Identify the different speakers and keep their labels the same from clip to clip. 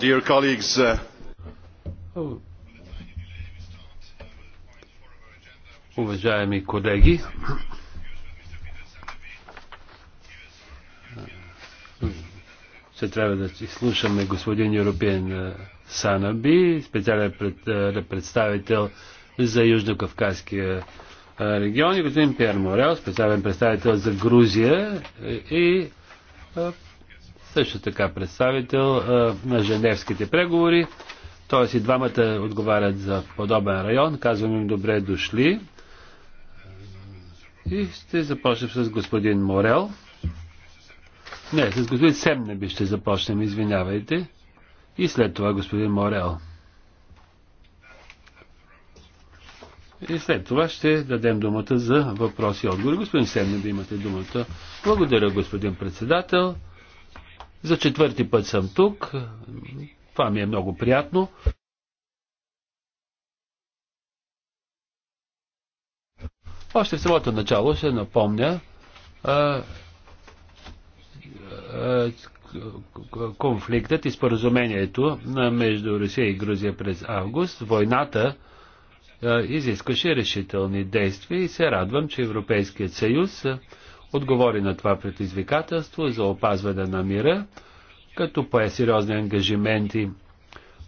Speaker 1: Dear colleagues,
Speaker 2: uh, уважаеми колеги, ще трябва да слушаме господин Европиен е, Санаби, специален е, представител за Южно-Кавказския е, регион и господин Пьер Морел, специален представител за Грузия и също така представител а, на женевските преговори. Т.е. и двамата отговарят за подобен район. Казвам им добре дошли. И ще започнем с господин Морел. Не, с господин Семнеби ще започнем, извинявайте. И след това господин Морел. И след това ще дадем думата за въпроси и отговори. Господин Семнеби, имате думата. Благодаря, господин председател. За четвърти път съм тук. Това ми е много приятно. Още в самото начало ще напомня а, а, конфликтът и споразумението между Русия и Грузия през август. Войната а, изискаше решителни действия и се радвам, че Европейският съюз отговори на това предизвикателство за опазване на мира, като пое сериозни ангажименти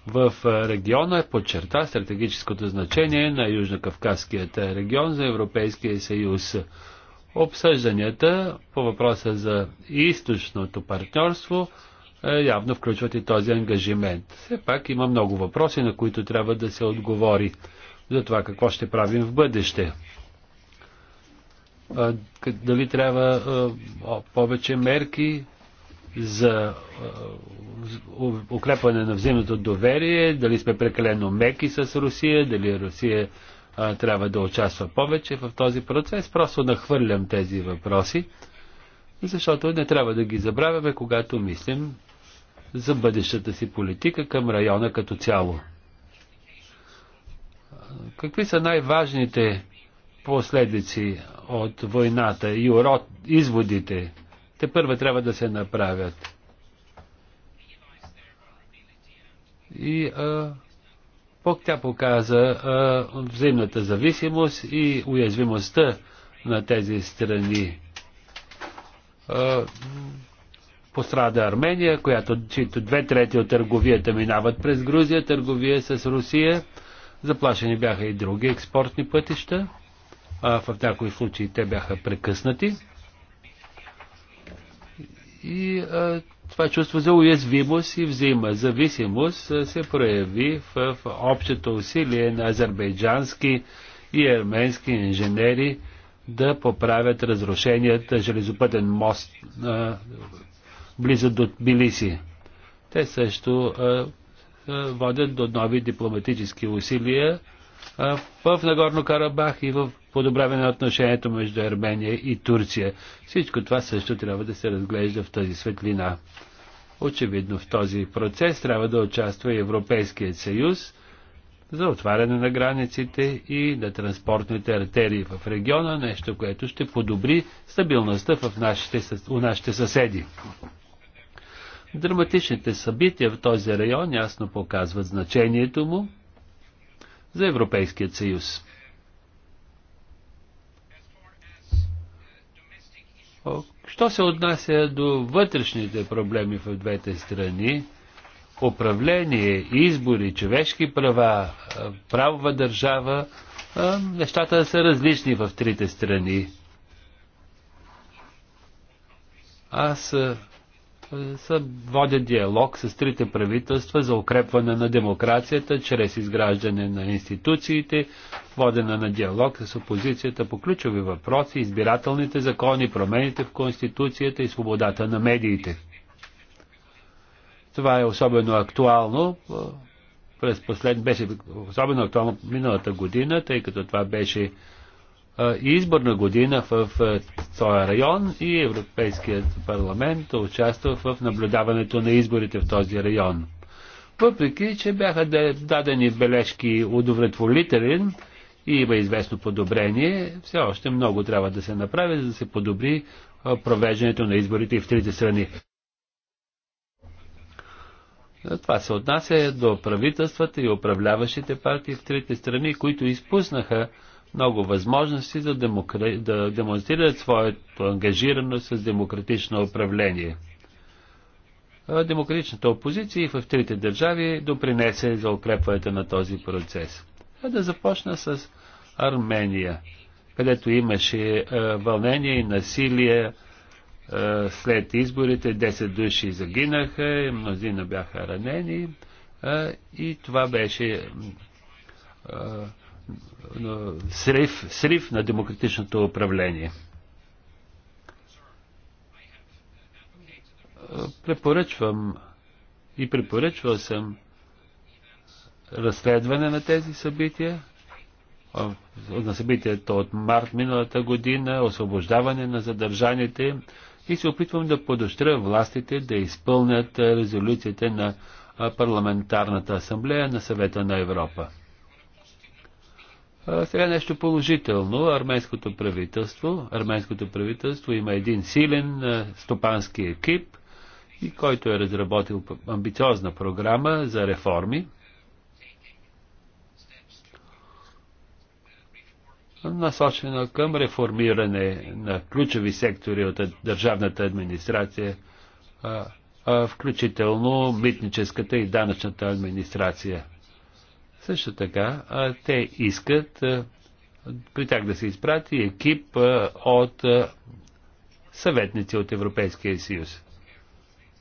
Speaker 2: в региона, подчерта стратегическото значение на Южно-Кавказският регион за Европейския съюз. Обсъжданията по въпроса за източното партньорство явно включват и този ангажимент. Все пак има много въпроси, на които трябва да се отговори за това какво ще правим в бъдеще дали трябва повече мерки за укрепване на взаимното доверие, дали сме прекалено меки с Русия, дали Русия трябва да участва повече в този процес. Просто нахвърлям тези въпроси, защото не трябва да ги забравяме, когато мислим за бъдещата си политика към района като цяло. Какви са най-важните последици от войната и урод, изводите, те първа трябва да се направят. И а, Бог тя показа а, взаимната зависимост и уязвимостта на тези страни. А, пострада Армения, която, чието две трети от търговията минават през Грузия, търговия с Русия. Заплашени бяха и други експортни пътища. В някои случаи те бяха прекъснати. И това чувство за уязвимост и взима зависимост се прояви в общото усилие на азербайджански и арменски инженери да поправят разрушенията железопътен мост а, близо до Тбилиси. Те също а, а, водят до нови дипломатически усилия в Нагорно Карабах и в подобряване на отношението между Армения и Турция. Всичко това също трябва да се разглежда в тази светлина. Очевидно в този процес трябва да участва и Европейският съюз за отваряне на границите и на транспортните артерии в региона, нещо, което ще подобри стабилността в нашите, у нашите съседи. Драматичните събития в този район ясно показват значението му за Европейският съюз. Що се отнася до вътрешните проблеми в двете страни, управление, избори, човешки права, правова държава, нещата са различни в трите страни. Аз са, водят диалог с трите правителства за укрепване на демокрацията чрез изграждане на институциите, водена на диалог с опозицията по ключови въпроси, избирателните закони, промените в Конституцията и свободата на медиите. Това е особено актуално през послед, беше особено актуално миналата година, тъй като това беше изборна година в този район и Европейският парламент участва в наблюдаването на изборите в този район. Въпреки, че бяха дадени бележки удовлетворителен и има известно подобрение, все още много трябва да се направи, за да се подобри провеждането на изборите в трите страни. Това се отнася до правителствата и управляващите партии в трите страни, които изпуснаха много възможности да, демокра... да демонстрират своето ангажираност с демократично управление. Демократичната опозиция в трите държави допринесе за укрепването на този процес. А да започна с Армения, където имаше вълнение и насилие след изборите. 10 души загинаха, мнозина бяха ранени и това беше срив, срив на демократичното управление. Препоръчвам и препоръчвал съм разследване на тези събития, на събитието от март миналата година, освобождаване на задържаните и се опитвам да подощря властите да изпълнят резолюциите на парламентарната асамблея на съвета на Европа. Сега нещо положително. Арменското правителство, арменското правителство има един силен стопански екип, и който е разработил амбициозна програма за реформи. насочена към реформиране на ключови сектори от държавната администрация, включително митническата и данъчната администрация. Също така, те искат при тях да се изпрати екип от съветници от Европейския съюз.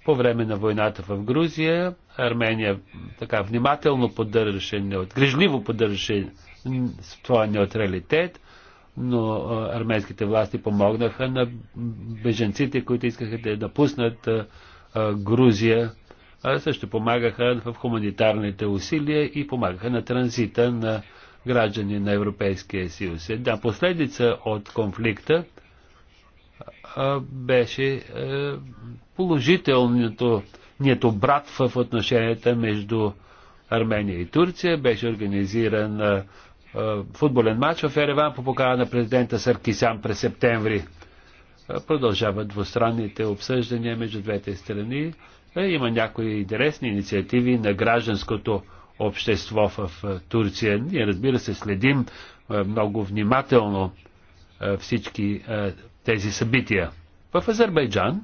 Speaker 2: По време на войната в Грузия, Армения така внимателно поддържаше, грижливо поддържаше своя неутралитет, но армейските власти помогнаха на беженците, които искаха да напуснат Грузия също помагаха в хуманитарните усилия и помагаха на транзита на граждани на Европейския съюз. Да, последица от конфликта беше положителното брат в отношенията между Армения и Турция. Беше организиран футболен матч в Ереван по покана на президента Саркисян през септември. Продължават двустранните обсъждания между двете страни. Е, има някои интересни инициативи на гражданското общество в е, Турция. Ние, разбира се, следим е, много внимателно всички тези събития. В Азербайджан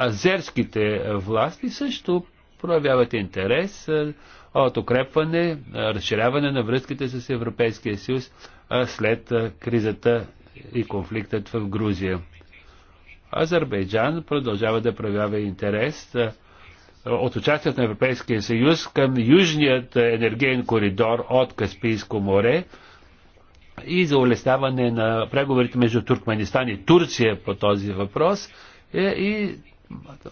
Speaker 2: азерските власти също проявяват интерес от укрепване, разширяване на връзките с Европейския съюз след кризата и конфликтът в Грузия. Азербайджан продължава да проявява интерес е, от участието на Европейския съюз към южният енергиен коридор от Каспийско море и за улесняване на преговорите между Туркменистан и Турция по този въпрос е, и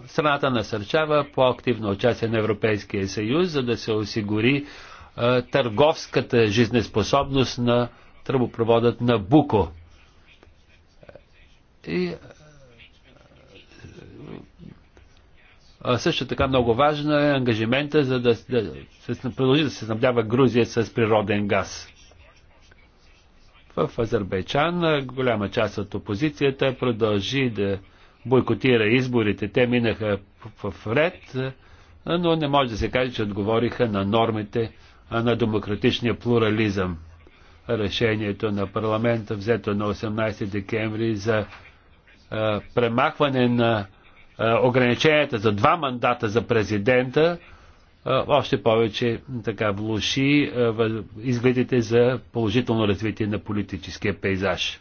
Speaker 2: страната насърчава по-активно участие на Европейския съюз, за да се осигури е, търговската жизнеспособност на тръбопроводът на Буко. И Също така много важна е ангажимента, за да, да се, продължи да се снабдява Грузия с природен газ. В Азербайджан голяма част от опозицията продължи да бойкотира изборите. Те минаха в ред, но не може да се каже, че отговориха на нормите на демократичния плурализъм. Решението на парламента, взето на 18 декември за премахване на е, ограниченията за два мандата за президента е, още повече така влуши е, изгледите за положително развитие на политическия пейзаж.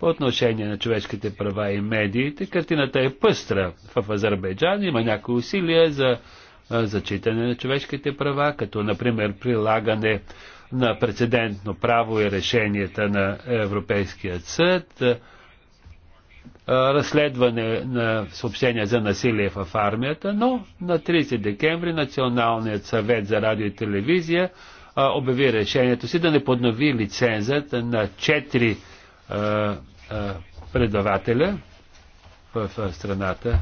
Speaker 2: По отношение на човешките права и медиите, картината е пъстра. В Азербайджан има някои усилия за зачитане на човешките права, като например прилагане на прецедентно право и решенията на Европейския съд, разследване на съобщения за насилие в армията, но на 30 декември Националният съвет за радио и телевизия обяви решението си да не поднови лицензията на 4 предавателя в страната.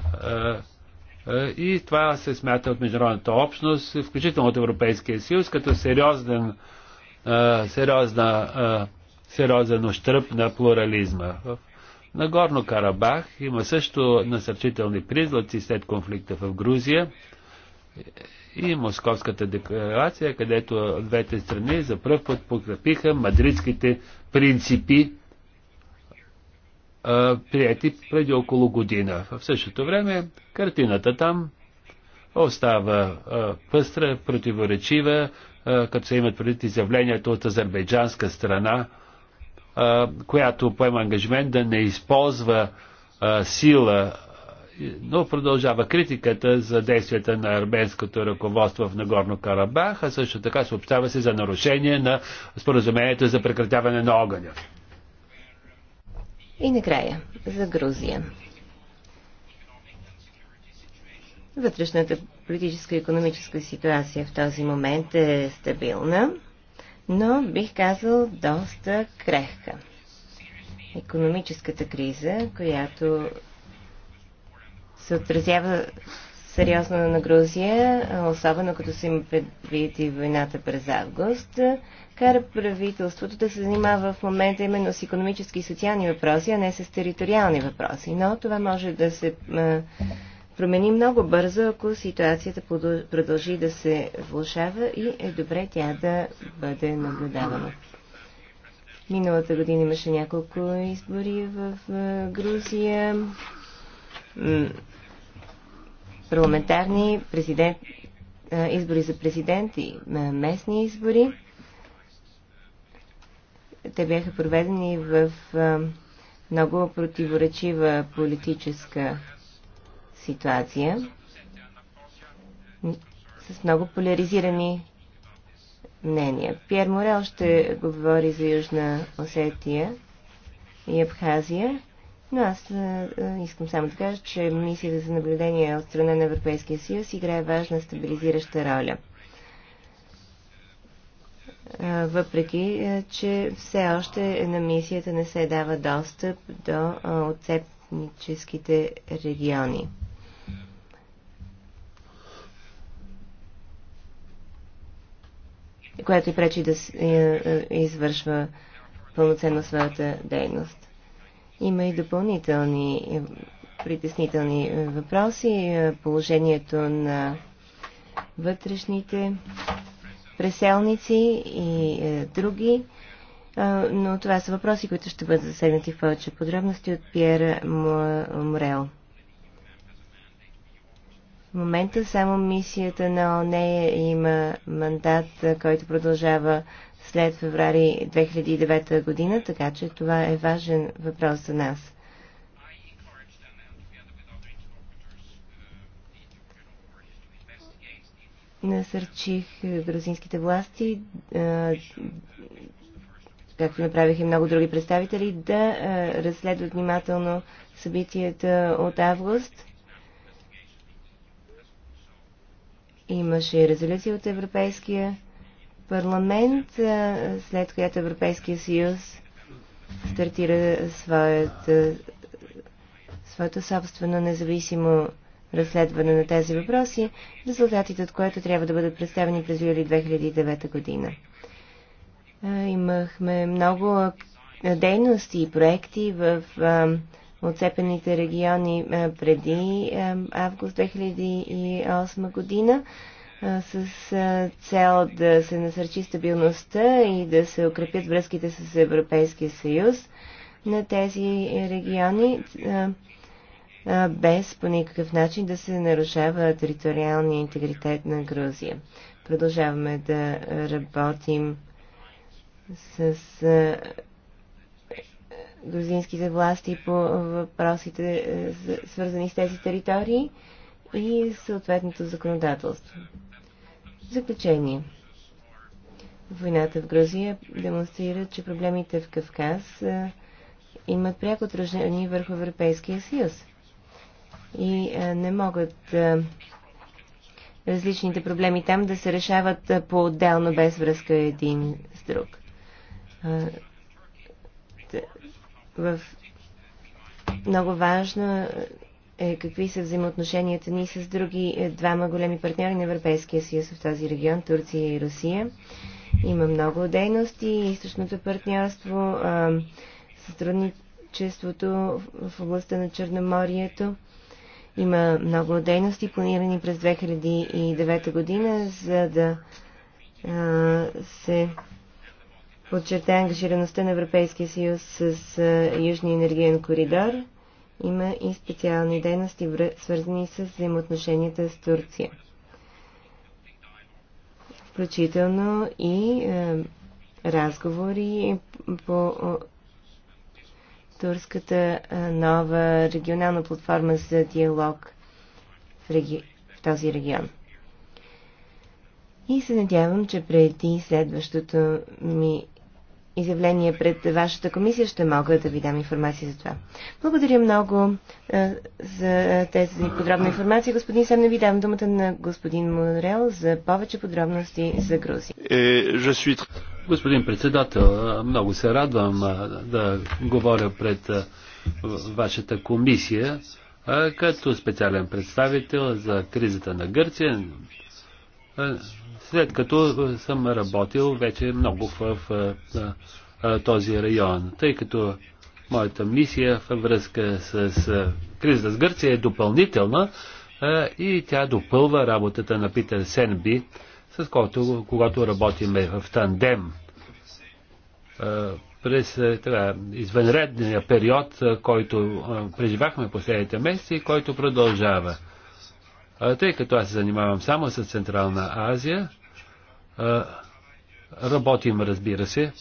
Speaker 2: И това се смята от международната общност, включително от Европейския съюз, като сериозен, сериозна, сериозен ощръп на плурализма. Нагорно Карабах има също насърчителни призлаци след конфликта в Грузия и Московската декларация, където двете страни за първ път покрепиха мадридските принципи, прияти преди около година. В същото време картината там остава пъстра, противоречива, като се имат преди изявлението от азербайджанска страна, която поема ангажимент да не използва сила, но продължава критиката за действията на арменското ръководство в Нагорно Карабах, а също така съобщава се за нарушение на споразумението за прекратяване на огъня.
Speaker 3: И накрая, за Грузия. Вътрешната политическа и економическа ситуация в този момент е стабилна но бих казал доста крехка. Економическата криза, която се отразява сериозно на Грузия, особено като се има предвид и войната през август, кара правителството да се занимава в момента именно с економически и социални въпроси, а не с териториални въпроси. Но това може да се промени много бързо, ако ситуацията продължи да се влушава и е добре тя да бъде наблюдавана. Миналата година имаше няколко избори в Грузия. Парламентарни президент, избори за президент и местни избори. Те бяха проведени в много противоречива политическа ситуация с много поляризирани мнения. Пьер Морел ще говори за Южна Осетия и Абхазия, но аз искам само да кажа, че мисията за наблюдение от страна на Европейския съюз играе важна стабилизираща роля. Въпреки, че все още на мисията не се дава достъп до отцепническите региони. която и пречи да е, е, извършва пълноценно своята дейност. Има и допълнителни е, притеснителни въпроси. Положението на вътрешните преселници и други. Но това са въпроси, които ще бъдат засегнати в повече подробности от Пьер Морел. В момента само мисията на ОНЕ има мандат, който продължава след феврари 2009 година, така че това е важен въпрос за нас. Насърчих грузинските власти, както направих и много други представители, да разследват внимателно събитията от август Имаше резолюция от Европейския парламент, след която Европейския съюз стартира своята, своето собствено независимо разследване на тези въпроси, резултатите от което трябва да бъдат представени през юли 2009 година. Имахме много дейности и проекти в отцепените региони е, преди е, август 2008 година е, с цел да се насърчи стабилността и да се укрепят връзките с Европейския съюз на тези региони, без по никакъв начин да се нарушава териториалния интегритет на Грузия. Продължаваме да работим с грузинските власти по въпросите, е, свързани с тези територии и съответното законодателство. Заключение. Войната в Грузия демонстрира, че проблемите в Кавказ е, имат пряко отражение върху Европейския съюз. И е, не могат различните проблеми там да се решават по-отделно без връзка един с друг в... много важно е какви са взаимоотношенията ни с други е, двама големи партньори на Европейския съюз в този регион, Турция и Русия. Има много дейности, източното партньорство, сътрудничеството в областта на Черноморието. Има много дейности, планирани през 2009 година, за да се подчерта ангажираността на Европейския съюз с Южния енергиен коридор. Има и специални дейности, свързани с взаимоотношенията с Турция. Включително и а, разговори по турската нова регионална платформа за диалог в, реги... в този регион. И се надявам, че преди следващото ми изявление пред вашата комисия, ще мога да ви дам информация за това. Благодаря много за тези подробна информация. Господин Семна, ви давам думата на господин Монрел за повече подробности за Грузия.
Speaker 2: Е, господин председател, много се радвам да говоря пред вашата комисия като специален представител за кризата на Гърция след като е, съм работил вече много в, в, в е, е, този район, тъй като моята мисия във връзка с кризата с Гърция е допълнителна и тя допълва работата на Питер Сенби, с който, когато работиме в тандем. През това, извънредния период, който преживяхме последните месеци и който продължава. Тъй като аз се занимавам само с Централна Азия, Работим, разбира се,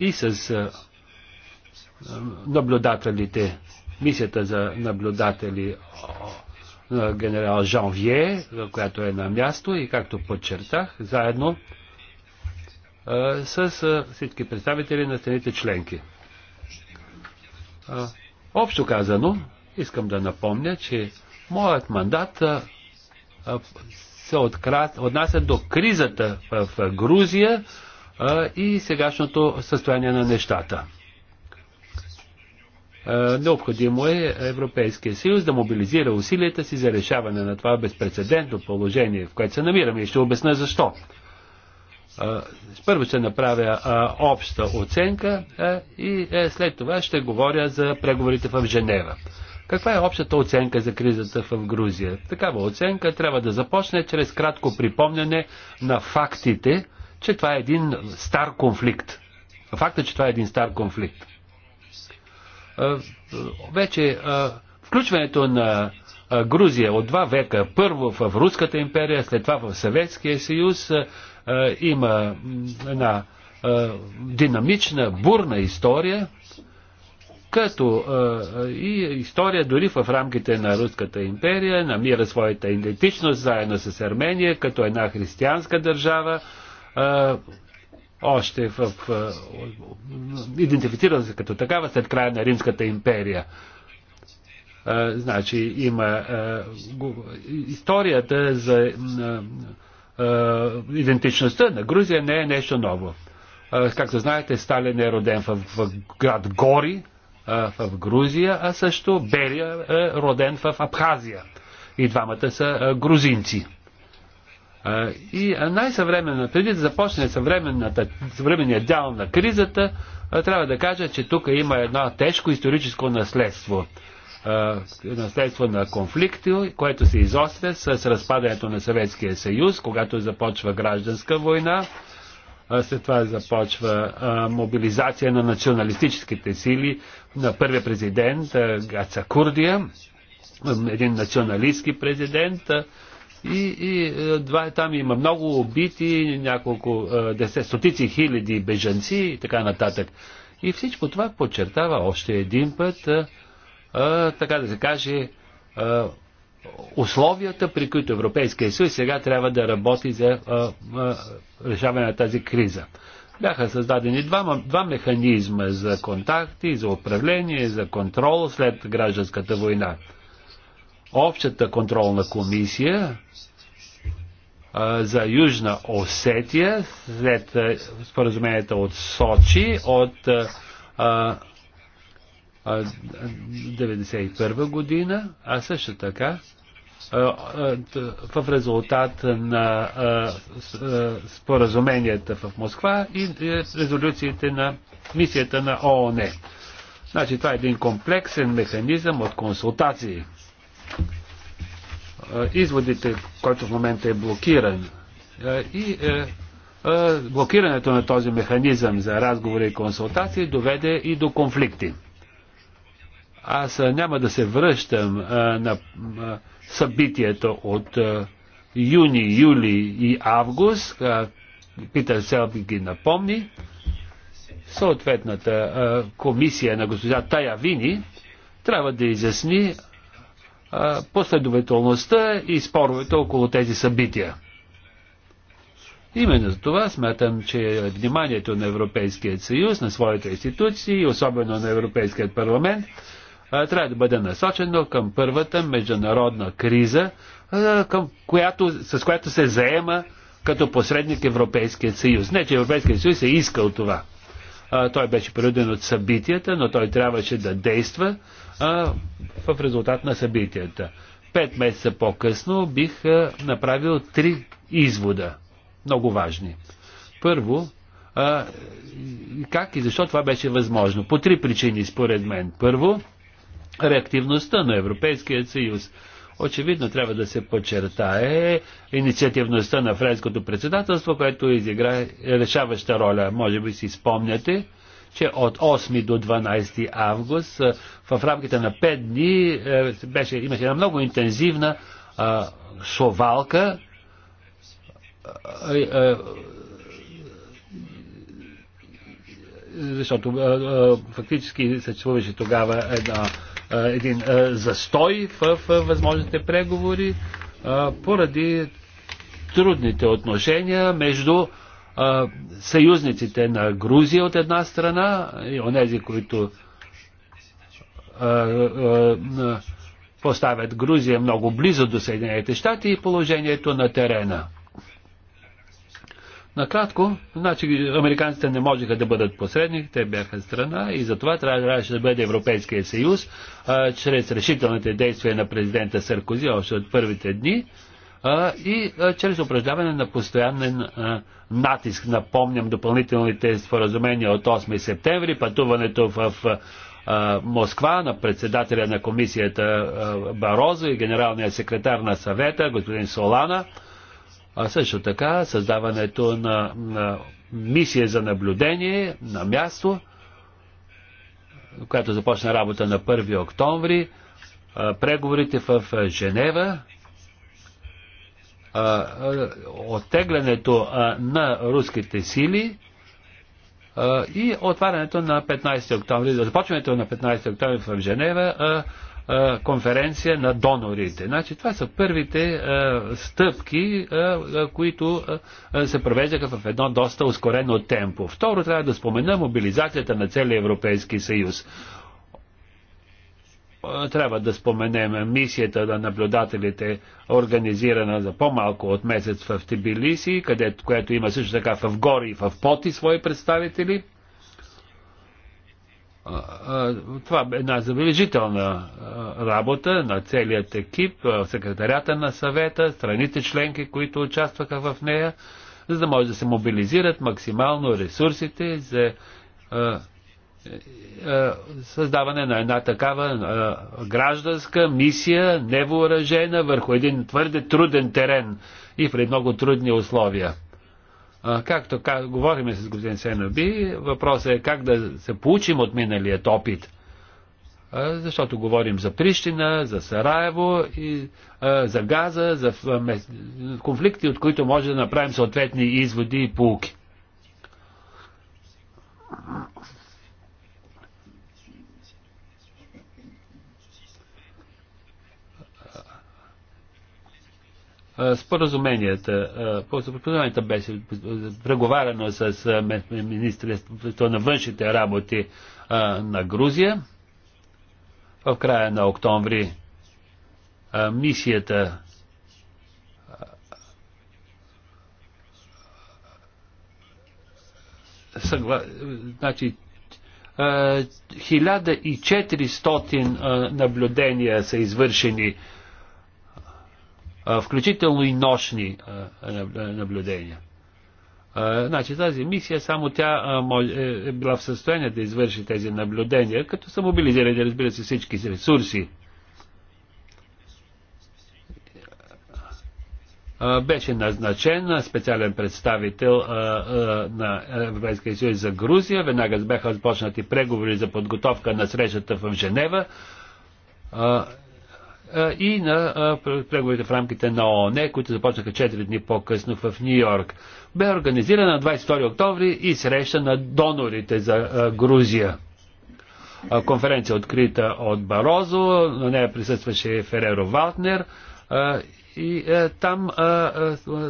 Speaker 2: и с наблюдателите, мисията за наблюдатели на генерал Жанвие, която е на място и както подчертах, заедно с всички представители на страните членки. Общо казано, искам да напомня, че моят мандат се отнася до кризата в Грузия и сегашното състояние на нещата. Необходимо е Европейския съюз да мобилизира усилията си за решаване на това безпредседентно положение, в което се намираме и ще обясня защо. Първо ще направя обща оценка и е, след това ще говоря за преговорите в Женева. Каква е общата оценка за кризата в Грузия? Такава оценка трябва да започне чрез кратко припомняне на фактите, че това е един стар конфликт. Факта, че това е един стар конфликт. Вече включването на Грузия от два века, първо в Руската империя, след това в Съветския съюз, има една динамична, бурна история, като а, и история дори в рамките на Руската империя намира своята идентичност заедно с Армения, като една християнска държава, а, още в, а, идентифицирана се като такава след края на Римската империя. А, значи има а, го, историята за а, а, идентичността на Грузия не е нещо ново. както знаете, Сталин е роден в град Гори, в Грузия, а също Берия е роден в Абхазия. И двамата са грузинци. И най-съвременно, преди да започне съвременния дял на кризата, трябва да кажа, че тук има едно тежко историческо наследство. Наследство на конфликти, което се изостря с разпадането на Съветския съюз, когато започва гражданска война, след това започва мобилизация на националистическите сили на първия президент Гаца Курдия, един националистски президент. И, и два, там има много убити, няколко десет, стотици хиляди бежанци и така нататък. И всичко това подчертава още един път, а, така да се каже, а, условията, при които Европейския съюз сега трябва да работи за а, а, решаване на тази криза. Бяха създадени два, два механизма за контакти, за управление, за контрол след гражданската война. Общата контролна комисия а, за Южна Осетия след споразумението от Сочи, от а, 1991 година, а също така в резултат на споразуменията в Москва и резолюциите на мисията на ООН. Значи това е един комплексен механизъм от консултации. Изводите, който в момента е блокиран и е, блокирането на този механизъм за разговори и консултации доведе и до конфликти. Аз няма да се връщам а, на а, събитието от а, юни, юли и август. А, Питър Селби ги напомни. Съответната а, комисия на госпожа Таявини трябва да изясни а, последователността и споровете около тези събития. Именно за това смятам, че вниманието на Европейският съюз, на своите институции, особено на Европейският парламент, трябва да бъде насочено към първата международна криза, към която, с която се заема като посредник Европейският съюз. Не, че Европейският съюз е искал това. Той беше принуден от събитията, но той трябваше да действа в резултат на събитията. Пет месеца по-късно бих направил три извода, много важни. Първо, как и защо това беше възможно? По три причини, според мен. Първо, реактивността на Европейския съюз. Очевидно трябва да се подчертае инициативността на френското председателство, което изигра решаваща роля. Може би си спомняте, че от 8 до 12 август в рамките на 5 дни е, беше, имаше една много интензивна а, шовалка. защото а, а, фактически съществуваше тогава една един застой в възможните преговори поради трудните отношения между съюзниците на Грузия от една страна и онези, които поставят Грузия много близо до Съединените щати и положението на терена. Накратко, значи американците не можеха да бъдат посредник, те бяха страна и затова трябваше да бъде Европейския съюз, а, чрез решителните действия на президента Саркози още от първите дни а, и а, чрез упражняване на постоянен а, натиск. Напомням допълнителните споразумения от 8 септември, пътуването в а, Москва на председателя на комисията а, Барозо и генералния секретар на съвета, господин Солана. А също така създаването на, на мисия за наблюдение на място, която започна работа на 1 октомври, преговорите в Женева, оттеглянето на руските сили и отварянето на 15 октомври, започването на 15 октомври в Женева конференция на донорите. Значи, това са първите а, стъпки, а, които а, се провеждаха в едно доста ускорено темпо. Второ, трябва да спомена мобилизацията на целия Европейски съюз. Трябва да споменем мисията на наблюдателите, организирана за по-малко от месец в Тбилиси, където, което има също така в Гори и в Поти свои представители. Това е една забележителна работа на целият екип, секретарята на съвета, страните членки, които участваха в нея, за да може да се мобилизират максимално ресурсите за създаване на една такава гражданска мисия, невооръжена, върху един твърде труден терен и при много трудни условия. Както говорим с господин Сеноби, въпросът е как да се получим от миналият опит. Защото говорим за Прищина, за Сараево, и, за Газа, за конфликти, от които може да направим съответни изводи и полки. споразуменията, споразуменията беше преговарено с Министерството на външните работи на Грузия. В края на октомври мисията съгла... значи, 1400 наблюдения са извършени включително и нощни наблюдения. Значи тази мисия, само тя е, е била в състояние да извърши тези наблюдения, като са мобилизирали, разбира се, всички ресурси. Беше назначен специален представител на Европейския съюз за Грузия. Веднага бяха започнати преговори за подготовка на срещата в Женева и на преговорите в рамките на ООН, които започнаха 4 дни по-късно в Нью Йорк. Бе организирана на 22 октомври и среща на донорите за Грузия. Конференция открита от Барозо, на нея присъстваше Фереро Валтнер и там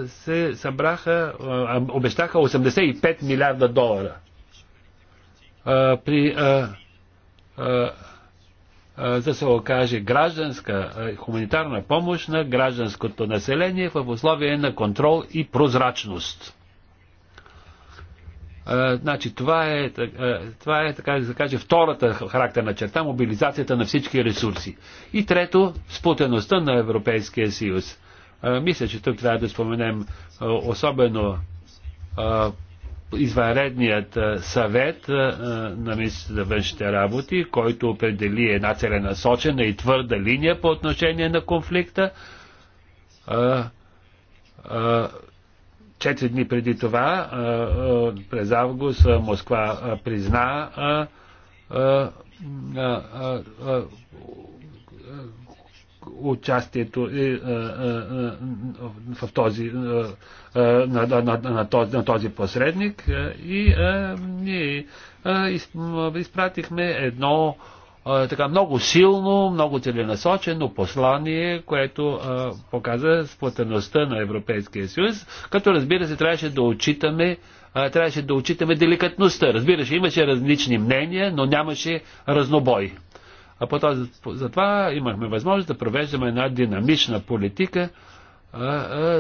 Speaker 2: се събраха, обещаха 85 милиарда долара. при да се окаже гражданска хуманитарна помощ на гражданското население в условия на контрол и прозрачност. Значи, това е, това е така да се каже, втората характерна черта мобилизацията на всички ресурси. И трето, спутеността на Европейския съюз. Мисля, че тук трябва да споменем особено извънредният съвет на министрите на външните работи, който определи една целенасочена и твърда линия по отношение на конфликта. Четири дни преди това, през август, Москва призна участието е, е, е, в този, е, на, на, на, на, този, на този посредник и ние из, изпратихме едно така много силно, много целенасочено послание, което а, показа сплатеността на Европейския съюз, като разбира се трябваше да отчитаме трябваше да отчитаме деликатността. Разбира се, имаше различни мнения, но нямаше разнобой. А по този, затова имахме възможност да провеждаме една динамична политика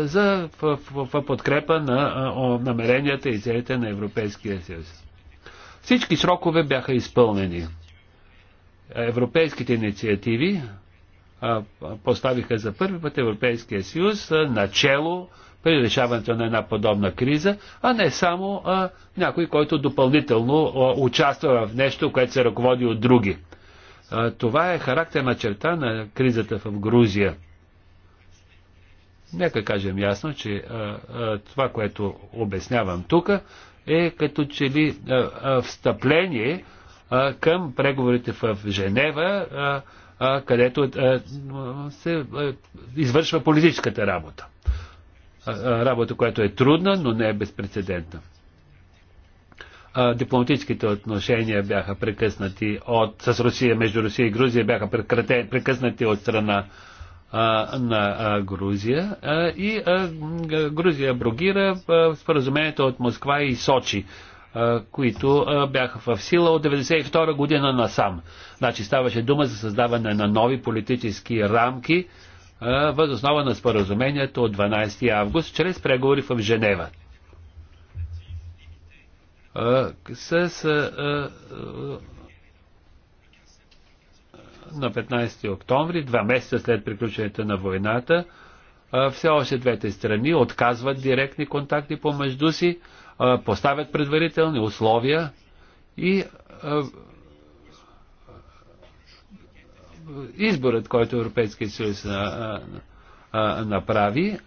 Speaker 2: за, в, в, в подкрепа на о, намеренията и целите на Европейския съюз. Всички срокове бяха изпълнени. Европейските инициативи а, поставиха за първи път Европейския съюз начало при решаването на една подобна криза, а не само а, някой, който допълнително а, участва в нещо, което се ръководи от други. Това е характерна черта на кризата в Грузия. Нека кажем ясно, че това, което обяснявам тук, е като че ли встъпление към преговорите в Женева, където се извършва политическата работа. работа, която е трудна, но не е безпредседентна дипломатическите отношения бяха прекъснати от, с Русия, между Русия и Грузия бяха прекъснати от страна а, на а, Грузия а, и а, Грузия брогира споразумението от Москва и Сочи а, които а, бяха в сила от 1992 година насам. Значи ставаше дума за създаване на нови политически рамки, възоснова на споразумението от 12 август чрез преговори в Женева с на 15 октомври, два месеца след приключването на войната, все още двете страни отказват директни контакти помежду си, поставят предварителни условия и изборът, който Европейския съюз направи,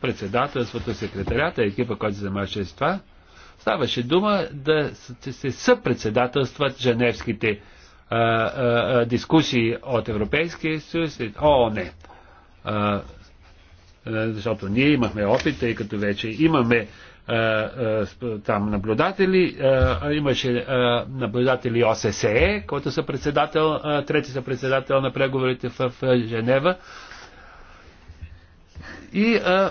Speaker 2: председателството, секретарята, екипа, който се занимаваше с това, Ставаше дума да се съпредседателстват женевските а, а, дискусии от Европейския съюз О, не, А, защото ние имахме опит, тъй като вече имаме а, а, там наблюдатели, а, имаше а, наблюдатели ОССЕ, който са председател, а, трети са председател на преговорите в, в Женева. И а,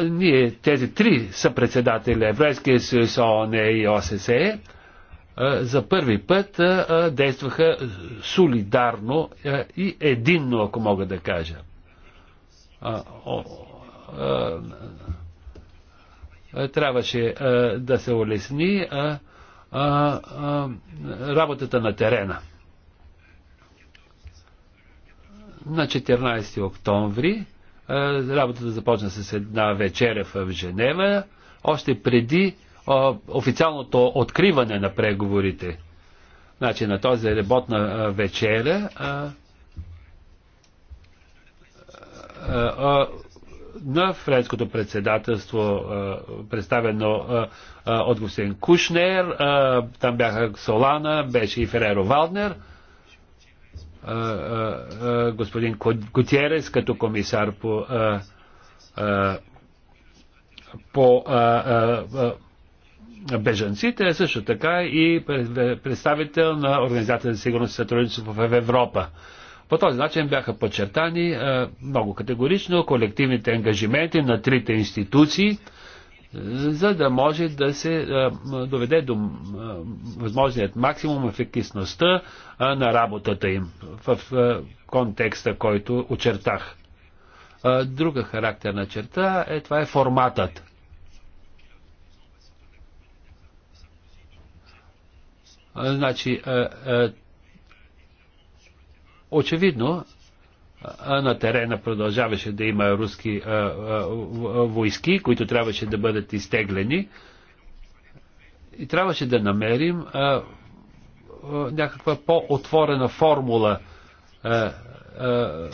Speaker 2: ние, тези три съпредседатели, Еврейския съюз, ООН и ОССЕ, за първи път действаха солидарно и единно, ако мога да кажа. Трябваше да се улесни работата на терена. На 14 октомври Работата започна с една вечеря в Женева, още преди официалното откриване на преговорите. Значи на този работна вечеря на френското председателство, представено от господин Кушнер, там бяха Солана, беше и Фереро Валднер – господин Кутиерес като комисар по, по бежанците, също така и представител на Организацията за сигурност и сътрудничество в Европа. По този начин бяха подчертани много категорично колективните ангажименти на трите институции, за да може да се доведе до възможният максимум ефективността на работата им в контекста, който очертах. Друга характерна черта е това е форматът. Значи, очевидно, а на терена продължаваше да има руски а, а, войски, които трябваше да бъдат изтеглени. И трябваше да намерим а, а, някаква по-отворена формула. А, а,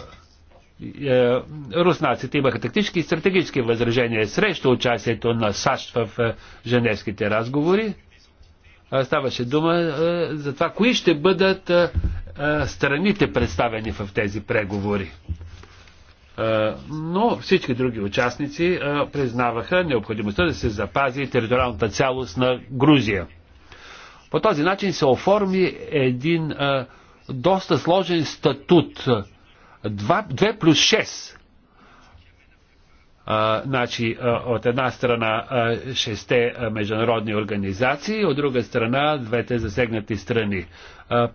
Speaker 2: руснаците имаха тактически и стратегически възражения срещу участието на САЩ в женевските разговори. Ставаше дума за това, кои ще бъдат страните представени в тези преговори. Но всички други участници признаваха необходимостта да се запази териториалната цялост на Грузия. По този начин се оформи един доста сложен статут. 2, плюс 6 значи, от една страна шесте международни организации, от друга страна двете засегнати страни.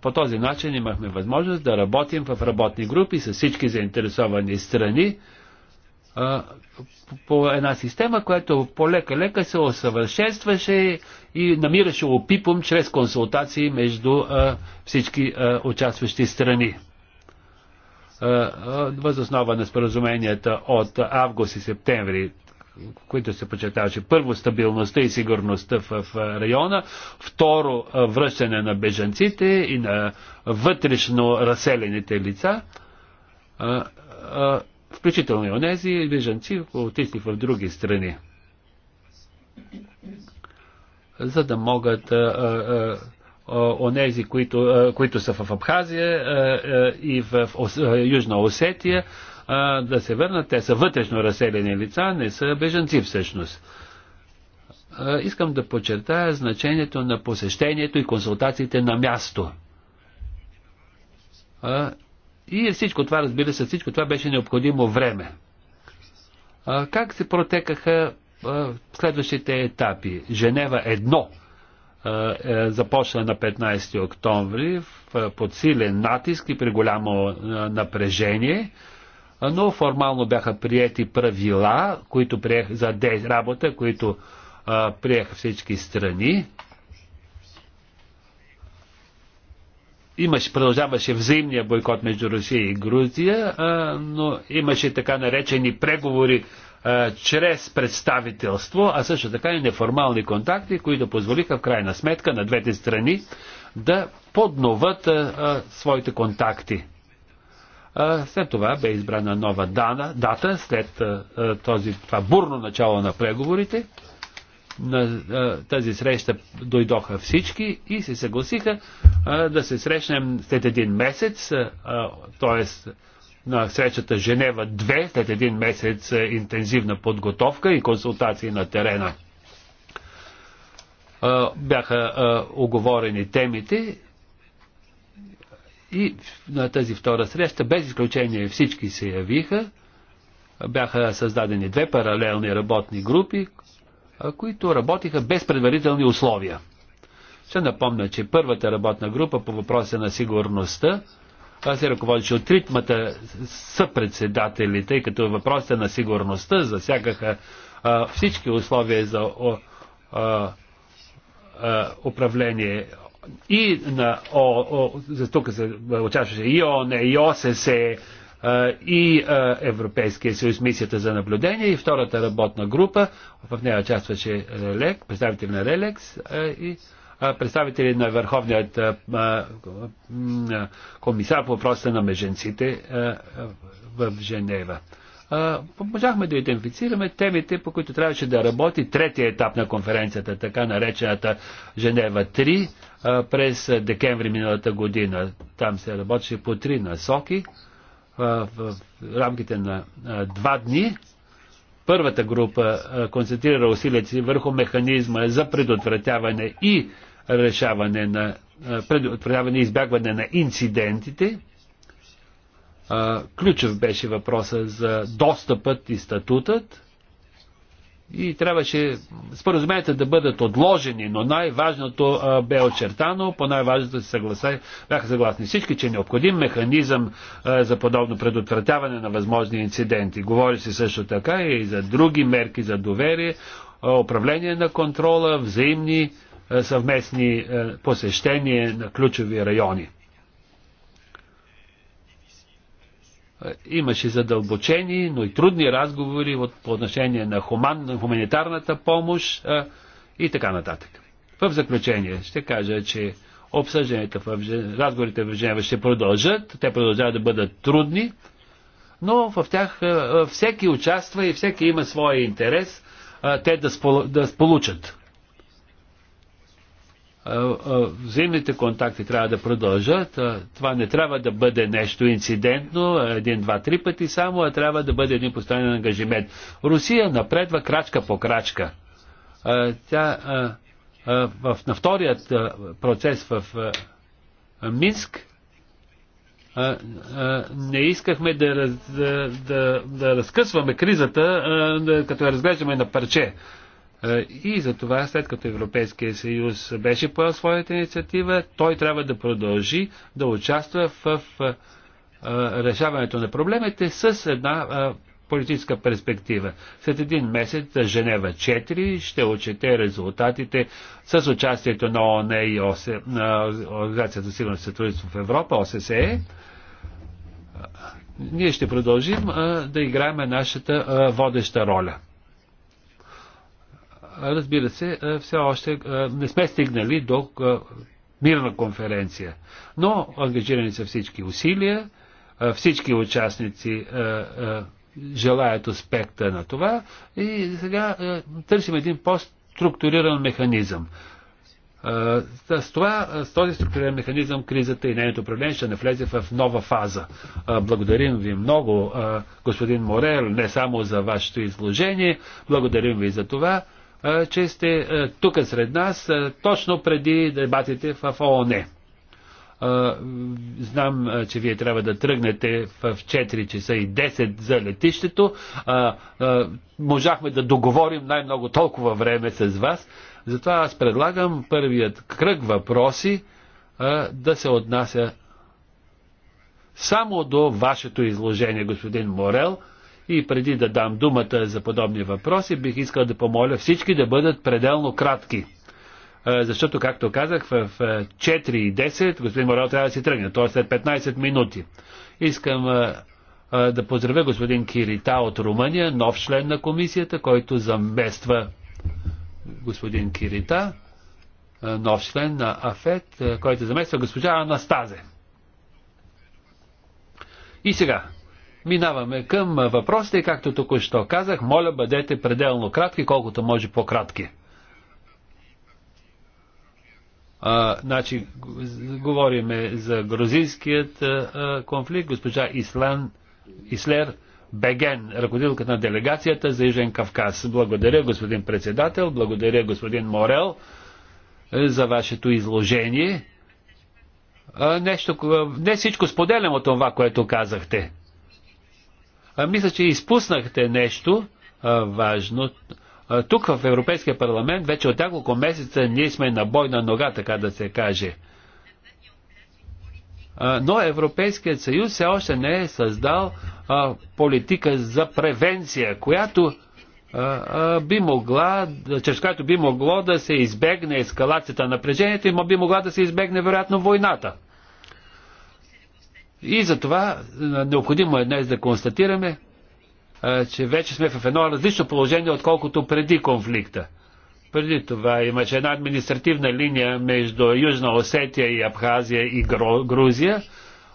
Speaker 2: по този начин имахме възможност да работим в работни групи с всички заинтересовани страни по една система, която полека-лека се усъвършенстваше и намираше опипом чрез консултации между всички участващи страни. Е, е, възоснова на споразуменията от август и септември, които се почетаваше първо стабилността и сигурността в района, второ е, връщане на бежанците и на вътрешно разселените лица, включително и онези бежанци, отишли в други страни, за да могат онези, които, които са в Абхазия и в Южна Осетия, да се върнат. Те са вътрешно разселени лица, не са бежанци всъщност. Искам да подчертая значението на посещението и консултациите на място. И всичко това, разбира се, всичко това беше необходимо време. Как се протекаха следващите етапи? Женева едно – е, е, започна на 15 октомври е, под силен натиск и при голямо е, напрежение, но формално бяха приети правила, които приех за де, работа, които е, приеха всички страни. имаше, продължаваше взаимния бойкот между Русия и Грузия, а, е, но имаше така наречени преговори чрез представителство, а също така и неформални контакти, които позволиха в крайна сметка на двете страни да подноват своите контакти. След това бе избрана нова дана, дата, след този, това бурно начало на преговорите. На тази среща дойдоха всички и се съгласиха да се срещнем след един месец, т.е на срещата Женева 2 след един месец е, интензивна подготовка и консултации на терена. Бяха оговорени темите и на тази втора среща, без изключение всички се явиха, бяха създадени две паралелни работни групи, които работиха без предварителни условия. Ще напомня, че първата работна група по въпроса на сигурността това се ръководеше от ритмата съпредседатели, тъй като въпросите на сигурността засягаха а, всички условия за о, а, а, управление и на О, О, за тук се участваше и ООН, и ОССЕ, и Европейския съюз, мисията за наблюдение и втората работна група, в нея участваше Релек, представител на Релекс и представители на Върховният комисар по въпроса на меженците в Женева. Можахме да идентифицираме темите, по които трябваше да работи третия етап на конференцията, така наречената Женева 3, през декември миналата година. Там се работеше по три насоки в рамките на два дни. Първата група концентрира усилици си върху механизма за предотвратяване и решаване на предотвратяване и избягване на инцидентите. Ключов беше въпроса за достъпът и статутът. И трябваше споразуменията да бъдат отложени, но най-важното бе очертано, по най-важното се съгласа, бяха съгласни всички, че е необходим механизъм за подобно предотвратяване на възможни инциденти. Говори се също така и за други мерки за доверие, управление на контрола, взаимни е, съвместни е, посещения на ключови райони. Е, имаше задълбочени, но и трудни разговори от, по отношение на хуман, хуманитарната помощ а, и така нататък. В заключение ще кажа, че обсъжданията в разговорите в Женева ще продължат. Те продължават да бъдат трудни, но в тях всеки участва и всеки има своя интерес те да, спол... да получат взаимните контакти трябва да продължат. Това не трябва да бъде нещо инцидентно, един, два, три пъти само, а трябва да бъде един постоянен ангажимент. Русия напредва крачка по крачка. Тя на вторият процес в Минск не искахме да, да, да, да разкъсваме кризата, като я разглеждаме на парче е, и за това, след като Европейския съюз беше поел своята инициатива, той трябва да продължи да участва в е, решаването на проблемите с една е, политическа перспектива. След един месец Женева 4 ще отчете резултатите с участието на ООН и ОСЕ, на Организацията за сигурност и сътрудничество в Европа, ОССЕ. Ние ще продължим да играем нашата водеща роля разбира се, все още не сме стигнали до мирна конференция. Но ангажирани са всички усилия, всички участници желаят аспекта на това и сега търсим един по-структуриран механизъм. С, това, с този структурен механизъм кризата и нейното управление ще навлезе в нова фаза. Благодарим ви много, господин Морел, не само за вашето изложение, благодарим ви за това че сте тук сред нас, точно преди дебатите в ООН. Знам, че вие трябва да тръгнете в 4 часа и 10 за летището. Можахме да договорим най-много толкова време с вас. Затова аз предлагам първият кръг въпроси да се отнася само до вашето изложение, господин Морел. И преди да дам думата за подобни въпроси, бих искал да помоля всички да бъдат пределно кратки. Е, защото, както казах, в 4 и 10 господин Морал трябва да си тръгне, т.е. след 15 минути. Искам е, е, да поздравя господин Кирита от Румъния, нов член на комисията, който замества господин Кирита, нов член на АФЕТ, който замества госпожа Анастазе. И сега, Минаваме към въпросите и както току-що казах, моля бъдете пределно кратки, колкото може по-кратки. А, значи, говориме за грузинският а, конфликт. Госпожа Ислан, Ислер Беген, ръководителката на делегацията за Южен Кавказ. Благодаря, господин председател, благодаря, господин Морел, е, за вашето изложение. А, нещо, не всичко споделям от това, което казахте. А, мисля, че изпуснахте нещо а, важно. А, тук в Европейския парламент вече от няколко месеца ние сме на бойна нога, така да се каже. А, но Европейският съюз все още не е създал а, политика за превенция, която би могла, чрез която би могло да се избегне ескалацията на напрежението и би могла да се избегне вероятно войната. И затова необходимо е днес да констатираме, че вече сме в едно различно положение, отколкото преди конфликта. Преди това имаше една административна линия между Южна Осетия и Абхазия и Грузия,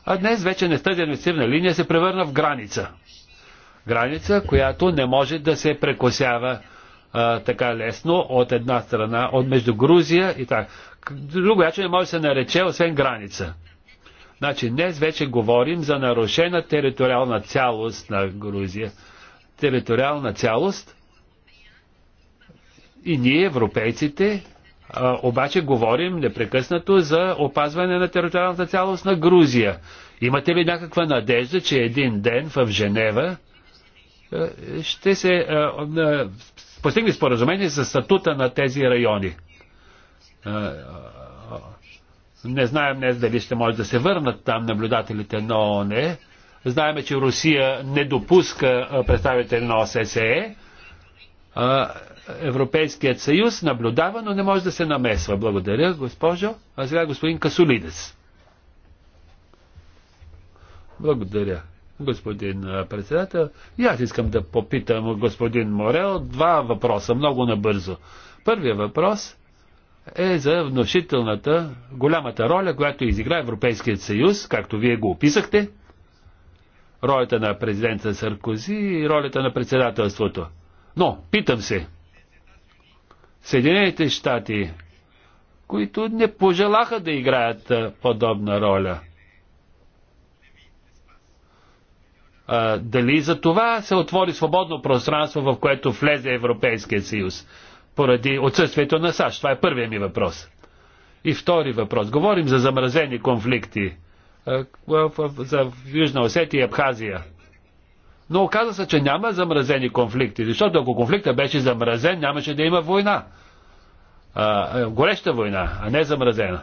Speaker 2: а днес вече не тази административна линия се превърна в граница. Граница, която не може да се прекосява а, така лесно от една страна, от между Грузия и така. Друго, че не може да се нарече, освен граница. Значи днес вече говорим за нарушена териториална цялост на Грузия. Териториална цялост и ние, европейците, обаче говорим непрекъснато за опазване на териториалната цялост на Грузия. Имате ли някаква надежда, че един ден в Женева ще се постигне споразумение за статута на тези райони? Не знаем днес дали ще може да се върнат там наблюдателите на ООН. Знаем, че Русия не допуска представители на ОССЕ. Европейският съюз наблюдава, но не може да се намесва. Благодаря, госпожо. А сега господин Касолидес. Благодаря, господин председател. И аз искам да попитам господин Морел два въпроса, много набързо. Първият въпрос е за внушителната, голямата роля, която изигра Европейският съюз, както вие го описахте, ролята на президента Саркози и ролята на председателството. Но, питам се, Съединените щати, които не пожелаха да играят подобна роля, а, дали за това се отвори свободно пространство, в което влезе Европейския съюз? поради отсъствието на САЩ? Това е първият ми въпрос. И втори въпрос. Говорим за замразени конфликти е, за Южна Осетия и Абхазия. Но оказа се, че няма замразени конфликти, защото ако конфликта беше замразен, нямаше да има война. А, е, гореща война, а не замразена.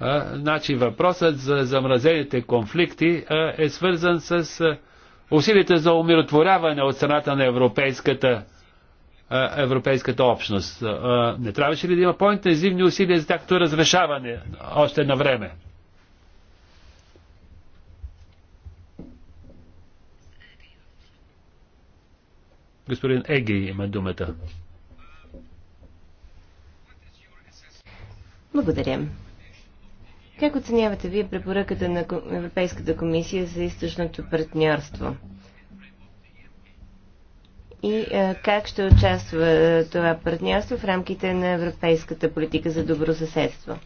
Speaker 2: А, значи въпросът за замразените конфликти а, е свързан с а, усилите за умиротворяване от страната на Европейската Европейската общност. Не трябваше ли да има по-интензивни усилия за тяхното разрешаване още на време? Господин Еги има думата. Благодаря.
Speaker 3: Как оценявате вие препоръката на Европейската комисия за източното партньорство? и е, как ще участва е, това партньорство в рамките на европейската политика за добро съседство.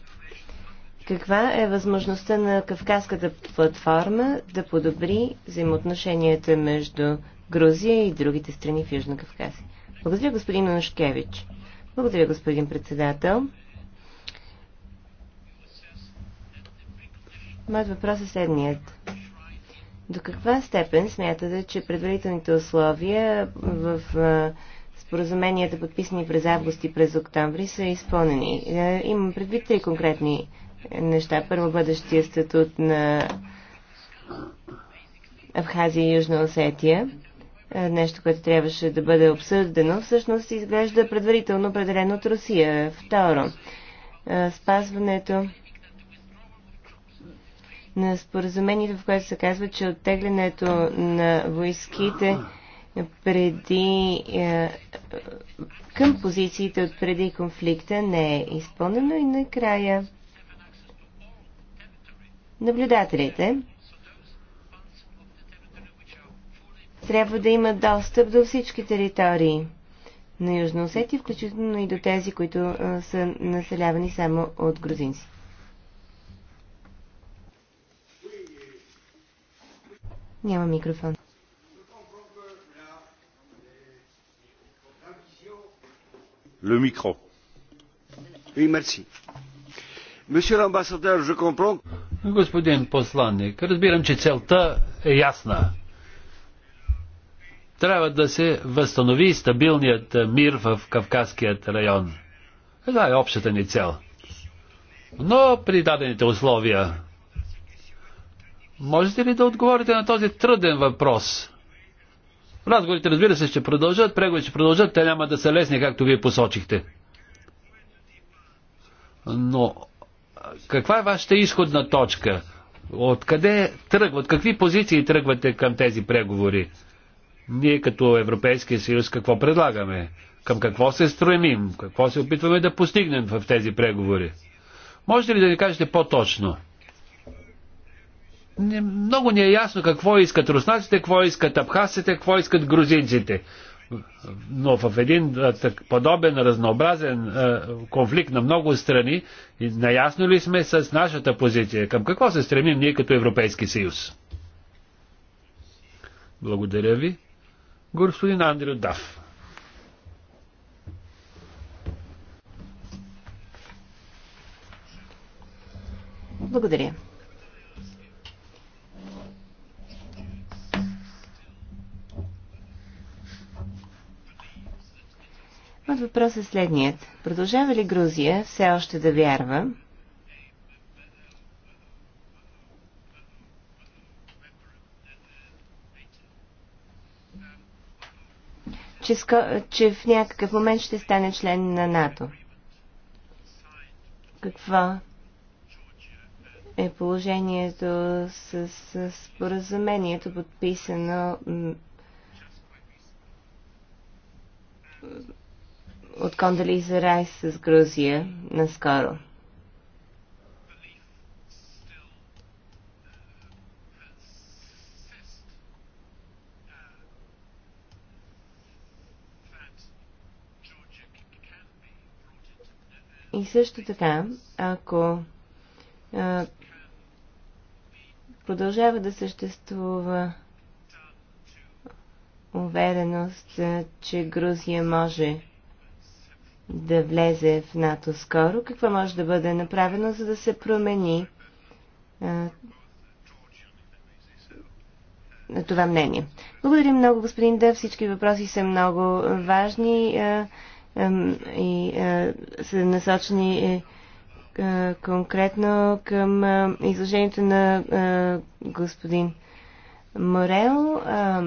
Speaker 3: Каква е възможността на Кавказската платформа да подобри взаимоотношенията между Грузия и другите страни в Южна Кавказ? Благодаря, господин Нашкевич. Благодаря, господин председател. Моят въпрос е следният. До каква степен смятате, че предварителните условия в споразуменията, подписани през август и през октомври, са изпълнени? Е, имам предвид три конкретни неща. Първо, бъдещия статут на Абхазия и Южна Осетия, е, нещо, което трябваше да бъде обсъждано, всъщност изглежда предварително определено от Русия. Второ, е, спазването на споразумението, в което се казва, че оттеглянето на войските преди, е, към позициите от преди конфликта не е изпълнено и накрая наблюдателите трябва да имат достъп до всички територии на южно Осетия, включително и до тези, които е, са населявани само от грузинците. Няма микрофон.
Speaker 2: Le micro. Oui, merci. Monsieur l'ambassadeur, je comprends. Господин посланник, разбирам, че целта е ясна. Трябва да се възстанови стабилният мир в Кавказският район. Това е общата ни цел. Но при дадените условия Можете ли да отговорите на този труден въпрос? Разговорите, разбира се, ще продължат, преговорите ще продължат, те няма да са лесни, както вие посочихте. Но каква е вашата изходна точка? Откъде тръгват? Какви позиции тръгвате към тези преговори? Ние като Европейския съюз какво предлагаме? Към какво се стремим? Какво се опитваме да постигнем в тези преговори? Можете ли да ни кажете по-точно? не, много ни е ясно какво искат руснаците, какво искат абхазците, какво искат грузинците. Но в един так, подобен разнообразен е, конфликт на много страни, наясно ли сме с нашата позиция? Към какво се стремим ние като Европейски съюз? Благодаря ви. Господин Андрю Дав.
Speaker 3: Благодаря. Моят въпрос е следният. Продължава ли Грузия все още да вярва, че, че в някакъв момент ще стане член на НАТО? Какво е положението с, с споразумението, подписано от Кондализа Райс с Грузия наскоро. И също така, ако а, продължава да съществува увереност, че Грузия може да влезе в НАТО скоро, какво може да бъде направено, за да се промени а, това мнение. Благодаря много, господин Дъв. Всички въпроси са много важни а, а, и а, са насочени е, а, конкретно към а, изложението на а, господин Морел. А,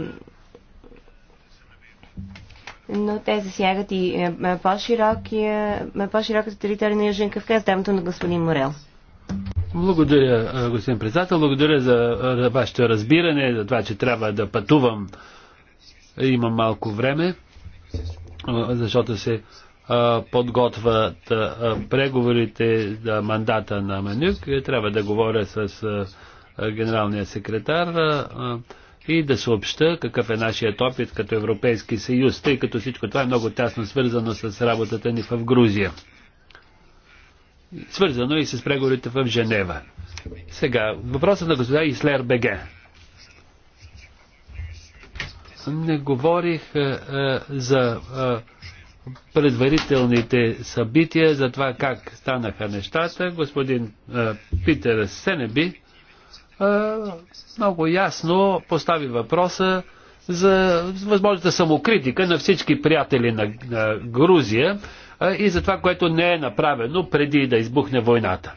Speaker 3: но те засягат и е, е, е, по-широката територия на Южен Кавказ, дамото на господин Морел.
Speaker 2: Благодаря, господин председател. Благодаря за, вашето разбиране, за това, че трябва да пътувам. Имам малко време, защото се подготвят преговорите за мандата на Манюк. Трябва да говоря с генералния секретар и да съобща какъв е нашият опит като Европейски съюз, тъй като всичко това е много тясно свързано с работата ни в Грузия. Свързано и с преговорите в Женева. Сега, въпросът на господа Ислер Беге. Не говорих а, е, а, е, за а, е, предварителните събития, за това как станаха нещата. Господин а, Питер Сенеби много ясно постави въпроса за възможната самокритика на всички приятели на, на Грузия и за това, което не е направено преди да избухне войната.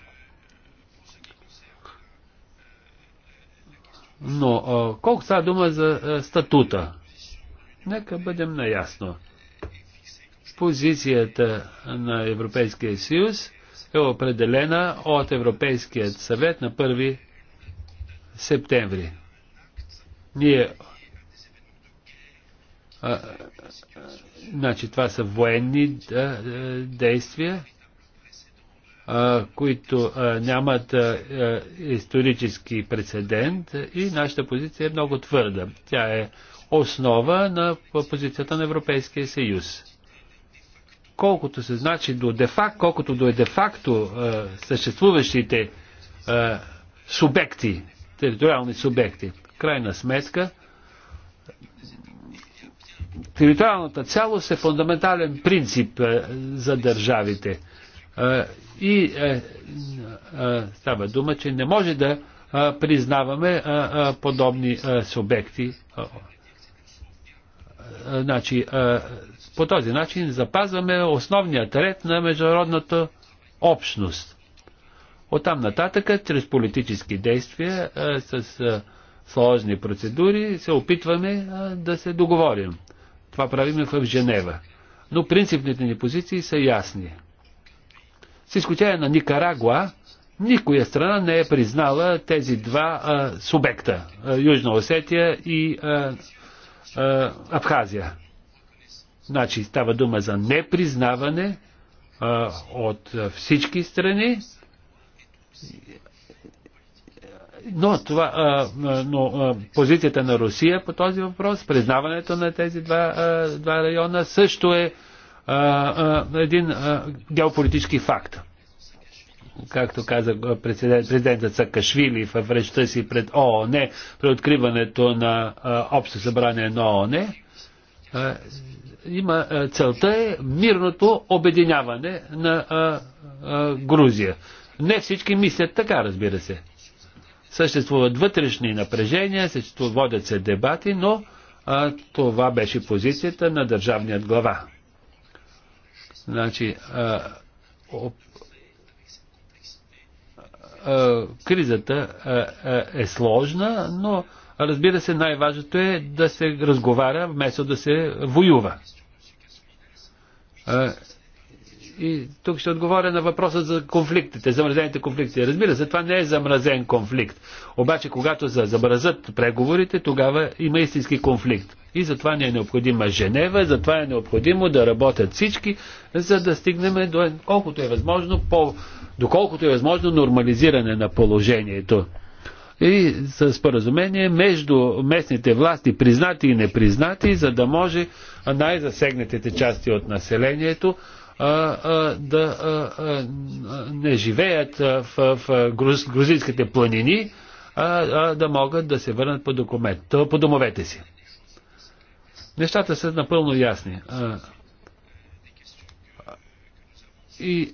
Speaker 2: Но колко става дума за статута? Нека бъдем наясно. Позицията на Европейския съюз е определена от Европейският съвет на 1 септември. Ние. А, значи, това са военни да, действия, а, които а, нямат а, исторически прецедент и нашата позиция е много твърда. Тя е основа на позицията на Европейския съюз. Колкото се значи до дефакт, колкото до е де-факто съществуващите субекти териториални субекти. Крайна сметка, териториалната цялост е фундаментален принцип е, за държавите. Е, и е, става дума, че не може да признаваме подобни субекти. Значи, по този начин запазваме основният ред на международната общност. Оттам нататъка, чрез политически действия, с сложни процедури, се опитваме да се договорим. Това правиме в Женева. Но принципните ни позиции са ясни. С изключение на Никарагуа, никоя страна не е признала тези два субекта Южна Осетия и Абхазия. Значи става дума за непризнаване от всички страни но, това, а, но а, позицията на Русия по този въпрос, признаването на тези два, а, два района също е а, а, един а, геополитически факт. Както каза президент, президентът Сакашвили в връща си пред ООН, при откриването на а, Общо събрание на ООН, а, има а, целта е мирното обединяване на а, а, Грузия. Не всички мислят така, разбира се. Съществуват вътрешни напрежения, съществуват, водят се дебати, но а, това беше позицията на държавният глава. Значи, а, оп, а, кризата а, а, е сложна, но разбира се най-важното е да се разговаря вместо да се воюва. А, и тук ще отговоря на въпроса за конфликтите, замразените конфликти. Разбира се, това не е замразен конфликт. Обаче, когато за замразат преговорите, тогава има истински конфликт. И затова ни е необходима Женева, затова е необходимо да работят всички, за да стигнем до колкото е възможно, по, доколкото е възможно нормализиране на положението. И с споразумение между местните власти, признати и непризнати, за да може най-засегнатите части от населението да не живеят в грузинските планини, а да могат да се върнат по, документ, по домовете си. Нещата са напълно ясни. И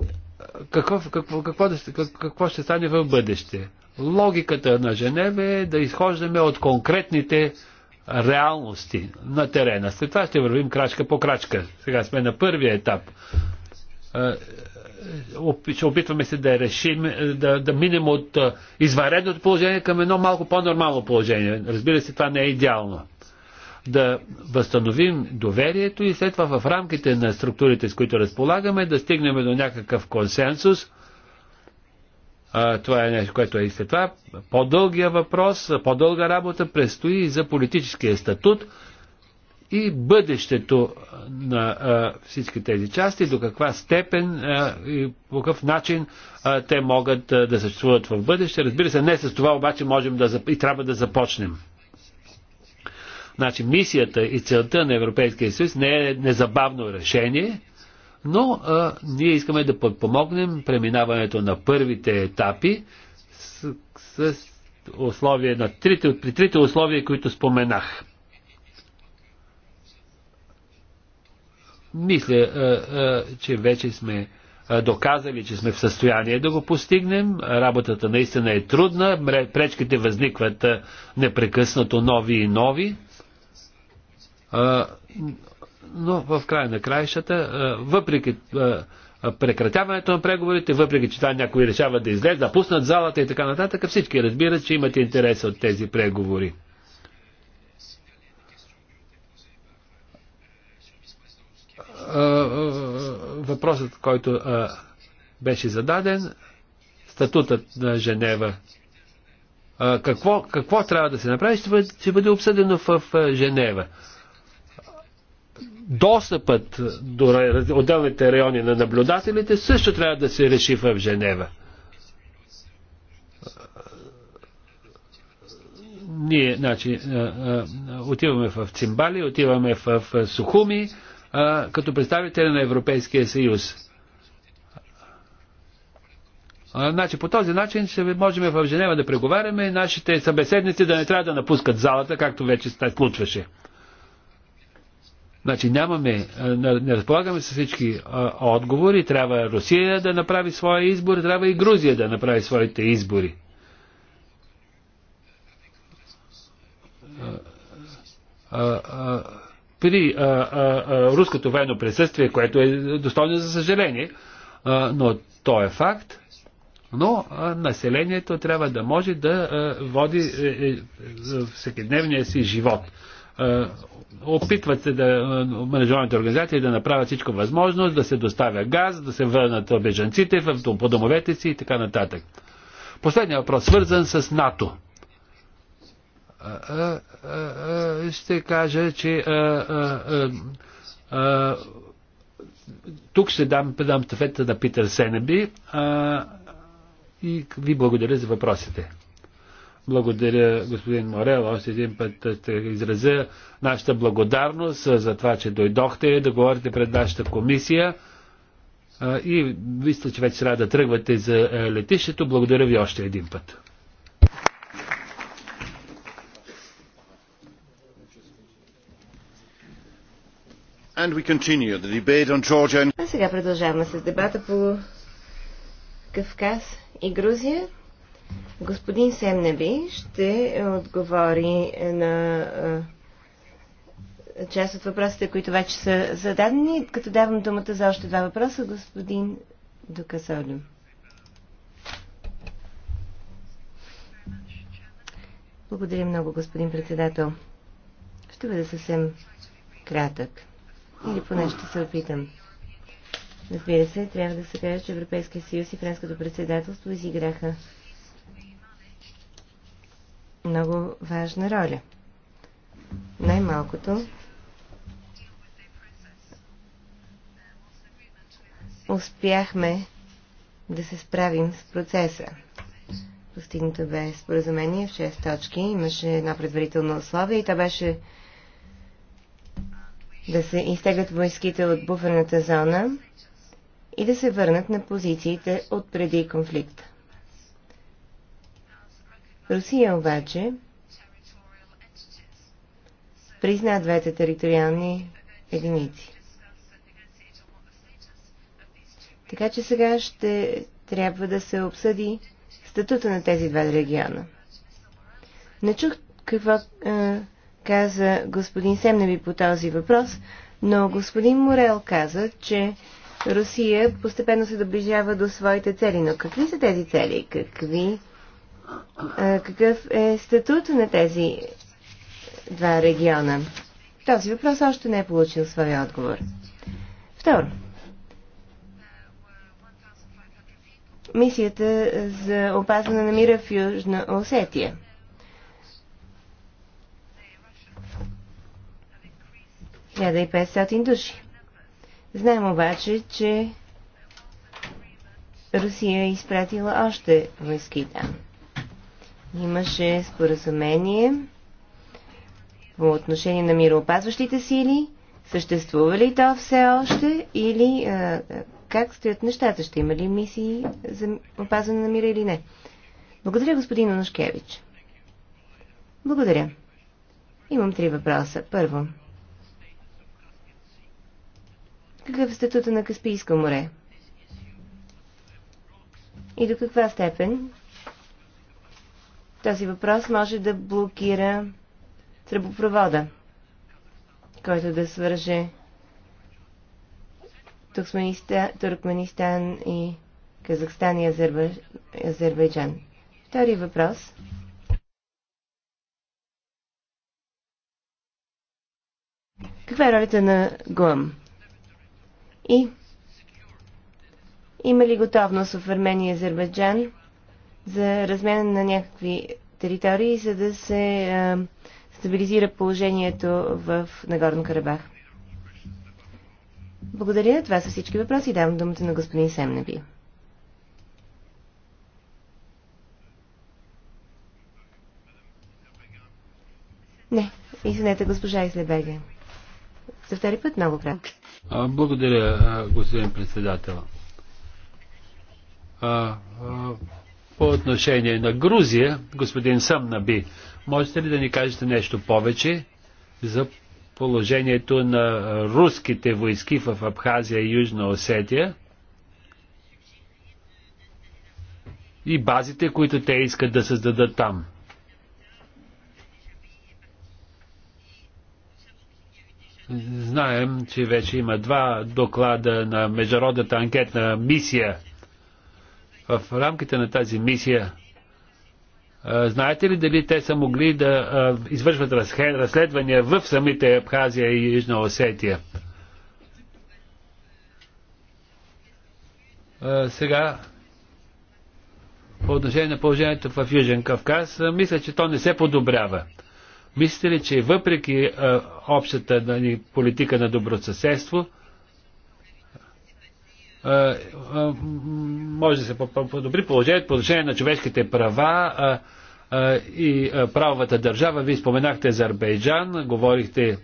Speaker 2: какво, какво, какво, какво ще стане в бъдеще? Логиката на Женеве е да изхождаме от конкретните реалности на терена. След това ще вървим крачка по крачка. Сега сме на първия етап. Е, е, ще опитваме се да решим, е, да, да минем от извареното положение към едно малко по-нормално положение. Разбира се, това не е идеално. Да възстановим доверието и след това в рамките на структурите, с които разполагаме, да стигнем до някакъв консенсус – това е нещо, което е и след това. По-дългия въпрос, по-дълга работа предстои за политическия статут и бъдещето на а, всички тези части, до каква степен а, и по какъв начин а, те могат а, да съществуват в бъдеще. Разбира се, не с това обаче можем да и трябва да започнем. Значи мисията и целта на Европейския съюз не е незабавно решение, но а, ние искаме да подпомогнем преминаването на първите етапи с, с условия на трите, при трите условия, които споменах. Мисля, а, а, че вече сме доказали, че сме в състояние да го постигнем. Работата наистина е трудна, пречките възникват непрекъснато нови и нови но в края на краищата, въпреки прекратяването на преговорите, въпреки че това някои решават да излезат, да пуснат залата и така нататък, всички разбират, че имат интерес от тези преговори. Въпросът, който беше зададен, статутът на Женева. Какво, какво трябва да се направи, ще бъде, ще бъде обсъдено в Женева достъпът до отделните райони на наблюдателите също трябва да се реши в Женева. Ние, значи, отиваме в Цимбали, отиваме в Сухуми, като представители на Европейския съюз. Значи, по този начин ще можем в Женева да преговаряме и нашите събеседници да не трябва да напускат залата, както вече се случваше. Значи нямаме, не разполагаме с всички отговори, трябва Русия да направи своя избор, трябва и Грузия да направи своите избори. При руското военно присъствие, което е достойно за съжаление, но то е факт, но населението трябва да може да води е, е, е, всекидневния си живот е, опитват се да, международните организации да направят всичко възможно, да се доставя газ, да се върнат бежанците в, по домовете си и така нататък. Последният въпрос, свързан с НАТО. Е, е, ще кажа, че тук ще дам, предам тафета на Питър Сенеби и ви благодаря за въпросите. Благодаря, господин Морел, още един път ще изразя нашата благодарност за това, че дойдохте да говорите пред нашата комисия. И вижте, че вече трябва да тръгвате за е, летището. Благодаря ви още един път.
Speaker 1: А
Speaker 3: сега продължаваме с дебата по Кавказ и Грузия. Господин Семневи ще отговори на част от въпросите, които вече са зададени, като давам думата за още два въпроса, господин Докасолю. Благодаря много, господин председател. Ще бъда съвсем кратък. Или поне ще се опитам. Разбира се, трябва да се каже, че Европейския съюз и Френското председателство изиграха много важна роля. Най-малкото успяхме да се справим с процеса. Постигнато бе споразумение в 6 точки. Имаше едно предварително условие и то беше да се изтеглят войските от буферната зона и да се върнат на позициите от преди конфликта. Русия обаче призна двете териториални единици. Така че сега ще трябва да се обсъди статута на тези два региона. Не чух какво е, каза господин Семневи по този въпрос, но господин Морел каза, че Русия постепенно се доближава до своите цели. Но какви са тези цели? Какви какъв е статут на тези два региона? Този въпрос още не е получил своя отговор. Второ. Мисията за опазване на мира в Южна Осетия. Тя и 500 души. Знаем обаче, че Русия е изпратила още войски там имаше споразумение по отношение на мироопазващите сили. Съществува ли то все още или а, как стоят нещата? Ще има ли мисии за опазване на мира или не? Благодаря, господин Онушкевич. Благодаря. Имам три въпроса. Първо. Какъв е статута на Каспийско море? И до каква степен този въпрос може да блокира тръбопровода, който да свърже Туркменистан и Казахстан и Азербай... Азербайджан. Втори въпрос. Каква е ролята на ГУАМ? И има ли готовност в Армения и Азербайджан за размяна на някакви територии, за да се а, стабилизира положението в Нагорно Карабах. Благодаря. Това са всички въпроси. Давам думата на господин Семнеби. Не, извинете, госпожа Излебеге. За втори път много кратко.
Speaker 2: Благодаря, господин председател. По отношение на Грузия, господин Съмнаби, можете ли да ни кажете нещо повече за положението на руските войски в Абхазия и Южна Осетия и базите, които те искат да създадат там? Знаем, че вече има два доклада на Международната анкетна мисия – в рамките на тази мисия, знаете ли дали те са могли да извършват разследвания в самите Абхазия и Южна Осетия? Сега, по отношение на положението в Южен Кавказ, мисля, че то не се подобрява. Мислите ли, че въпреки общата нали, политика на добросъседство, е, е, може да се подобри положението по отношение на човешките права е, и правовата държава. Вие споменахте за Арбейджан, говорихте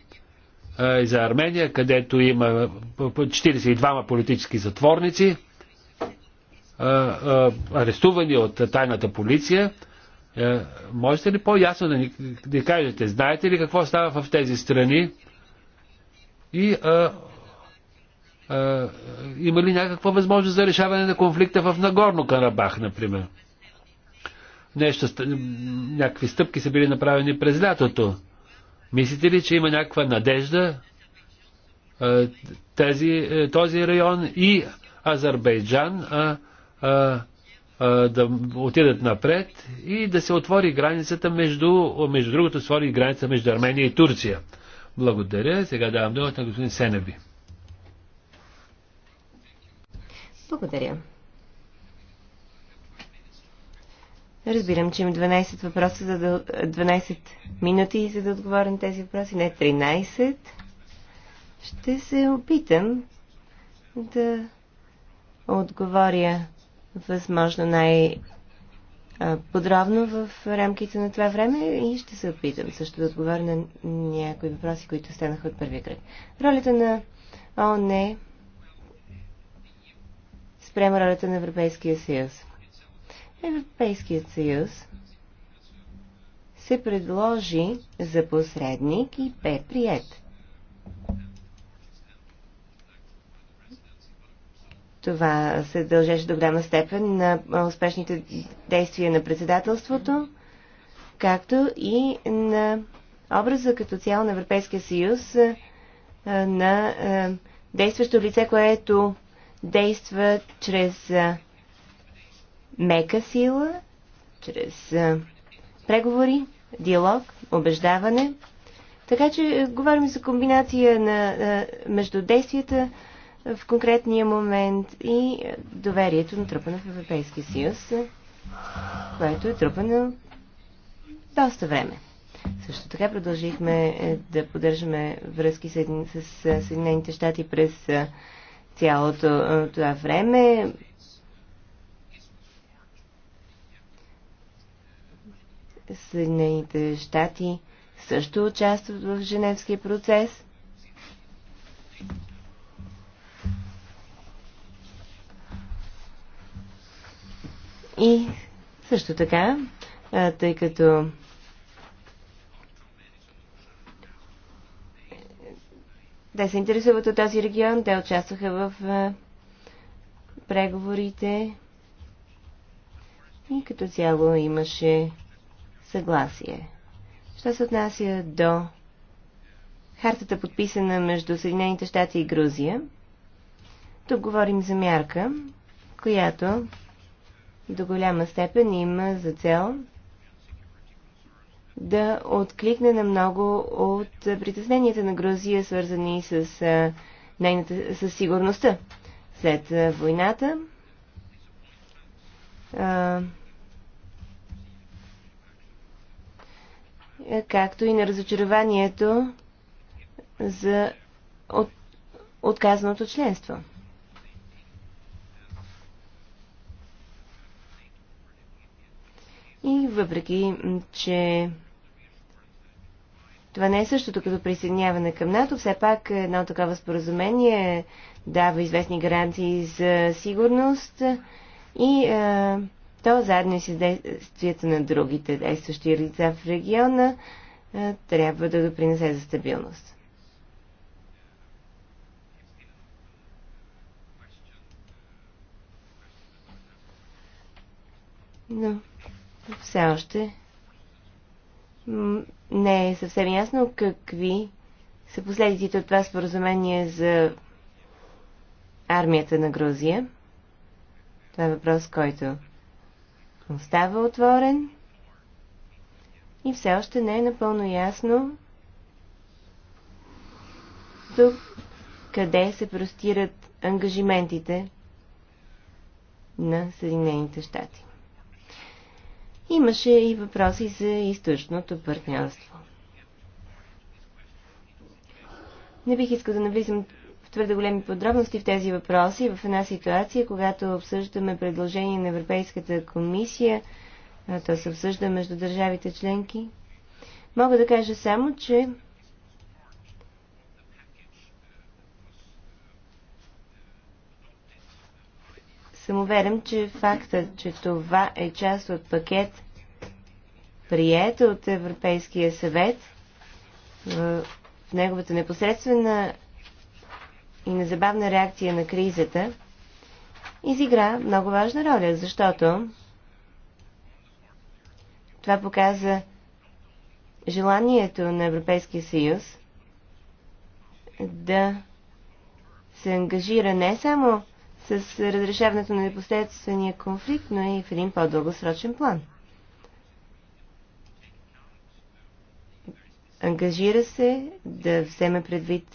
Speaker 2: и за Армения, където има 42 ма политически затворници, арестувани от тайната полиция. Можете ли по-ясно да ни, да кажете, знаете ли какво става в тези страни? И е, има ли някаква възможност за решаване на конфликта в Нагорно Карабах, например? Нещо, някакви стъпки са били направени през лятото. Мислите ли, че има някаква надежда е, тези, е, този район и Азербайджан а, а, а, да отидат напред и да се отвори границата между, между другото, отвори граница между Армения и Турция. Благодаря. Сега давам думата на господин Сенеби.
Speaker 3: Благодаря. Разбирам, че има 12 въпроса за да, 12 минути, за да отговоря на тези въпроси. Не, 13. Ще се опитам да отговоря възможно най-подробно в рамките на това време и ще се опитам също да отговоря на някои въпроси, които станаха от първия кръг. Ролята на ООН е Приема ролята на Европейския съюз. Европейският съюз се предложи за посредник и бе прият. Това се дължеше до голяма степен на успешните действия на председателството, както и на образа като цяло на Европейския съюз на действащо лице, което действа чрез мека сила, чрез преговори, диалог, убеждаване. Така че говорим за комбинация на, между действията в конкретния момент и доверието на трупа на в Европейския съюз, което е трупано доста време. Също така продължихме е, да поддържаме връзки с Съединените щати през цялото това време. Съединените щати също участват в Женевския процес. И също така, тъй като Те се интересуват от този регион, те участваха в е, преговорите и като цяло имаше съгласие. Що се отнася до хартата подписана между Съединените щати и Грузия, тук говорим за мярка, която до голяма степен има за цел да откликне на много от притесненията на Грузия, свързани с, нейната, с сигурността. След войната както и на разочарованието за от, отказаното членство. И въпреки, че това не е същото като присъединяване към НАТО. Все пак едно такова споразумение дава известни гаранции за сигурност и а, то заедно с действията на другите действащи лица в региона а, трябва да допринесе за стабилност. Но все още не е съвсем ясно какви са последиците от това споразумение за армията на Грузия. Това е въпрос, който остава отворен и все още не е напълно ясно до къде се простират ангажиментите на Съединените щати. Имаше и въпроси за източното партньорство. Не бих искал да навлизам в твърде големи подробности в тези въпроси в една ситуация, когато обсъждаме предложение на Европейската комисия, то се обсъжда между държавите членки. Мога да кажа само, че съм уверен, че факта, че това е част от пакет, прият от Европейския съвет, в неговата непосредствена и незабавна реакция на кризата, изигра много важна роля, защото това показа желанието на Европейския съюз да се ангажира не само с разрешаването на непосредствения конфликт, но и в един по-дългосрочен план. Ангажира се да вземе предвид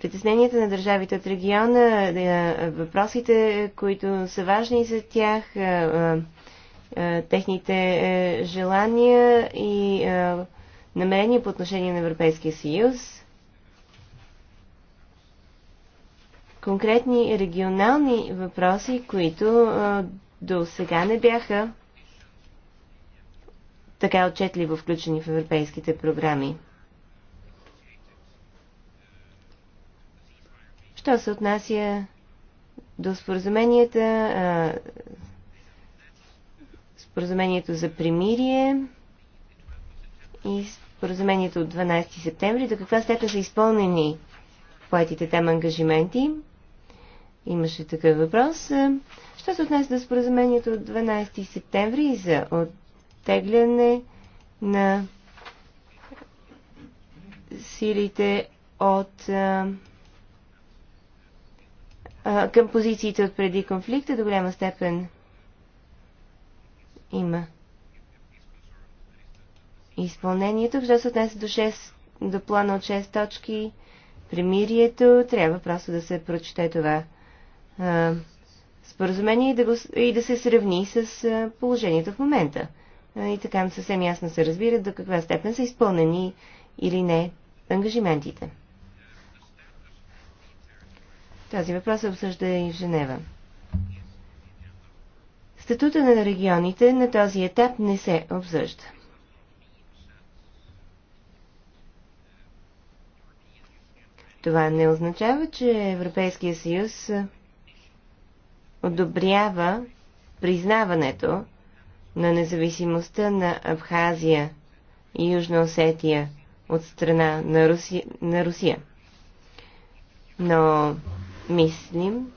Speaker 3: притесненията на държавите от региона, е, въпросите, които са важни за тях, е, е, техните желания и намерения по отношение на Европейския съюз, конкретни регионални въпроси, които а, до сега не бяха така отчетливо включени в европейските програми. Що се отнася до споразуменията, а, споразумението за примирие и споразумението от 12 септември, до каква степен са изпълнени поетите там ангажименти? имаше такъв въпрос. Е, Що се отнесе до споразумението от 12 септември и за оттегляне на силите от е, към позициите от преди конфликта до голяма степен има изпълнението. Що се отнесе до, 6, до плана от 6 точки, примирието, трябва просто да се прочете това споразумение и да, го, и да се сравни с а, положението в момента. А, и така съвсем ясно се разбира до каква степен са изпълнени или не ангажиментите. Този въпрос се обсъжда и в Женева. Статута на регионите на този етап не се обсъжда. Това не означава, че Европейския съюз одобрява признаването на независимостта на Абхазия и Южна Осетия от страна на Русия. На Русия. Но мислим,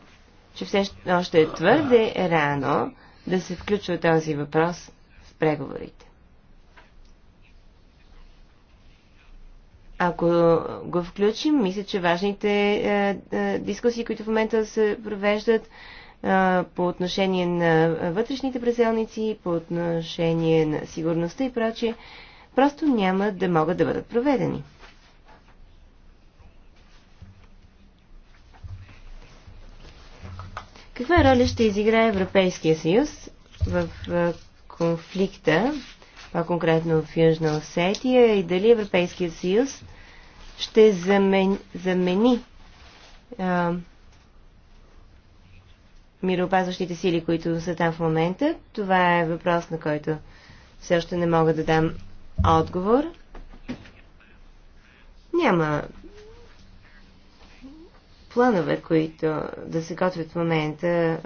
Speaker 3: че все още е твърде рано да се включва този въпрос в преговорите. Ако го включим, мисля, че важните е, е, дискусии, които в момента се провеждат, по отношение на вътрешните преселници, по отношение на сигурността и прочие, просто няма да могат да бъдат проведени. Каква роля ще изиграе Европейския съюз в конфликта, по-конкретно в Южна Осетия, и дали Европейския съюз ще замени, замени мироопазващите сили, които са там в момента. Това е въпрос, на който все още не мога да дам отговор. Няма планове, които да се готвят в момента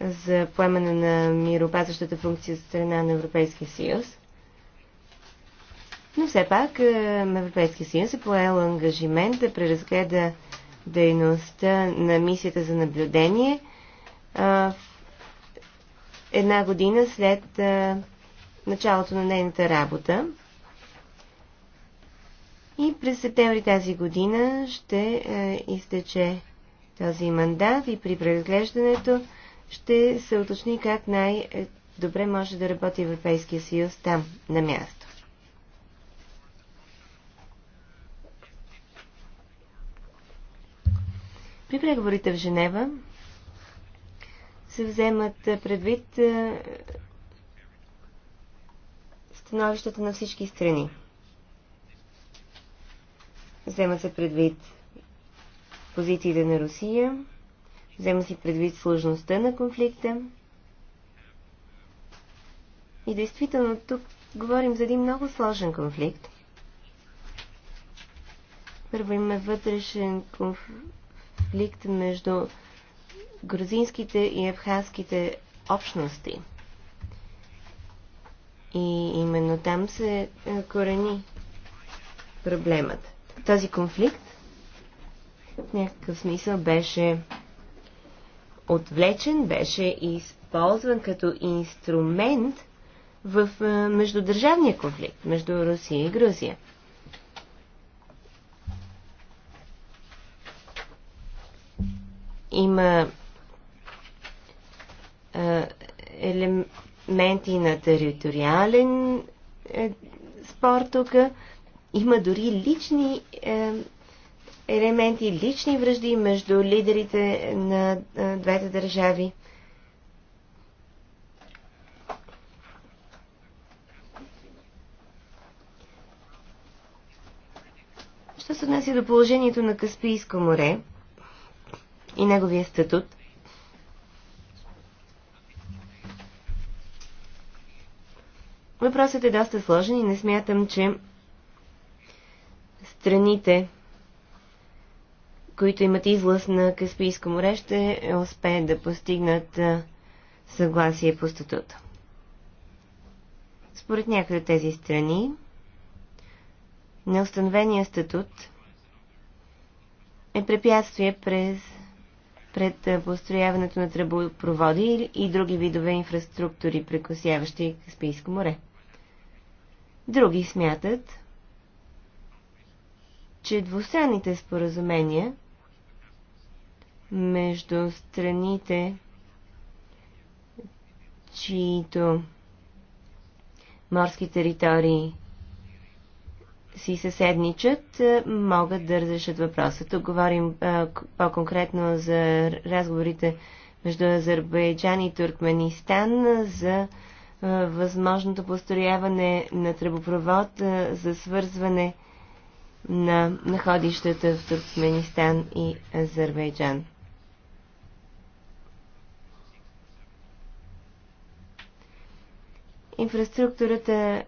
Speaker 3: за поемане на мироопазващата функция от страна на Европейския съюз. Но все пак е, Европейския съюз е поел ангажимент да преразгледа дейността на мисията за наблюдение – а, една година след а, началото на нейната работа. И през септември тази година ще а, изтече този мандат и при преразглеждането ще се уточни как най-добре може да работи Европейския съюз там, на място. При преговорите в Женева се вземат предвид е, становищата на всички страни. Вземат се предвид позициите на Русия, взема се предвид сложността на конфликта. И действително тук говорим за един много сложен конфликт. Първо има вътрешен конфликт между грузинските и абхазските общности. И именно там се е, корени проблемът. Този конфликт в някакъв смисъл беше отвлечен, беше използван като инструмент в е, междудържавния конфликт между Русия и Грузия. Има е, елементи на териториален е, спор тук. Има дори лични е, елементи, лични връжди между лидерите на двете държави. Що се отнася до положението на Каспийско море и неговия статут, Въпросът е доста сложен и не смятам, че страните, които имат излъз на Каспийско море, ще успеят да постигнат съгласие по статута. Според някои от тези страни, неустановения статут е препятствие през, пред построяването на тръбопроводи и други видове инфраструктури, прекосяващи Каспийско море. Други смятат, че двустранните споразумения между страните, чието морски територии си съседничат, е, могат да разрешат въпроса. Тук говорим е, по-конкретно за разговорите между Азербайджан и Туркменистан е, за възможното построяване на тръбопровод за свързване на находищата в Туркменистан и Азербайджан. Инфраструктурата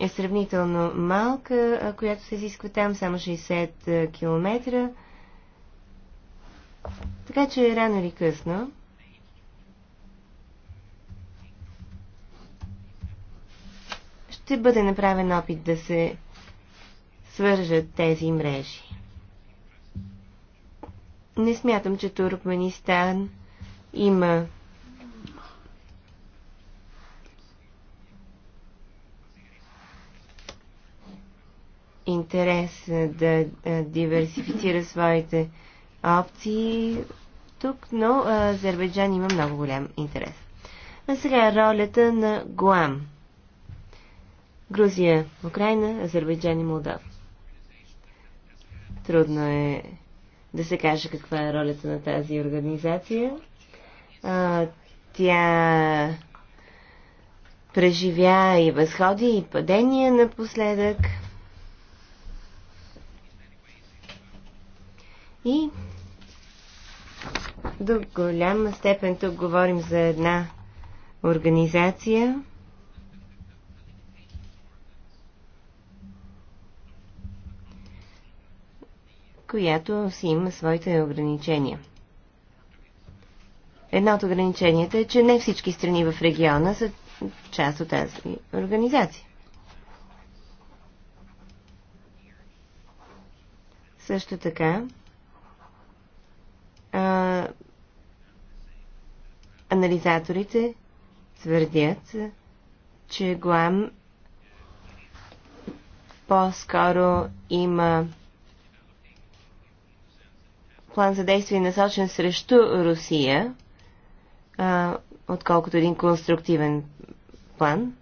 Speaker 3: е сравнително малка, която се изисква там само 60 км. Така че е рано или късно. ще бъде направен опит да се свържат тези мрежи. Не смятам, че Туркменистан има интерес да диверсифицира своите опции тук, но Азербайджан има много голям интерес. А сега ролята на Гуам – Грузия, Украина, Азербайджан и Молдав. Трудно е да се каже каква е ролята на тази организация. А, тя преживя и възходи, и падения напоследък. И до голяма степен тук говорим за една организация, която си има своите ограничения. Едно от ограниченията е, че не всички страни в региона са част от тази организация. Също така, а, анализаторите твърдят, че Глам по-скоро има план за действие насочен срещу Русия, а, отколкото един конструктивен план.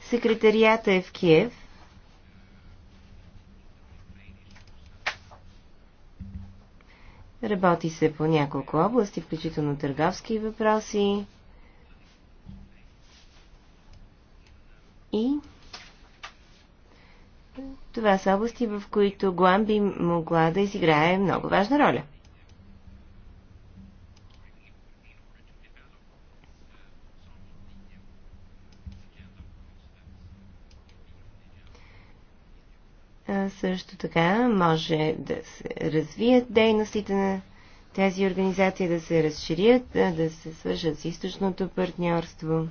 Speaker 3: Секретарията е в Киев. Работи се по няколко области, включително търговски въпроси. И това са области, в които Гуан би могла да изиграе много важна роля. също така може да се развият дейностите на тези организации, да се разширят, да се свържат с източното партньорство.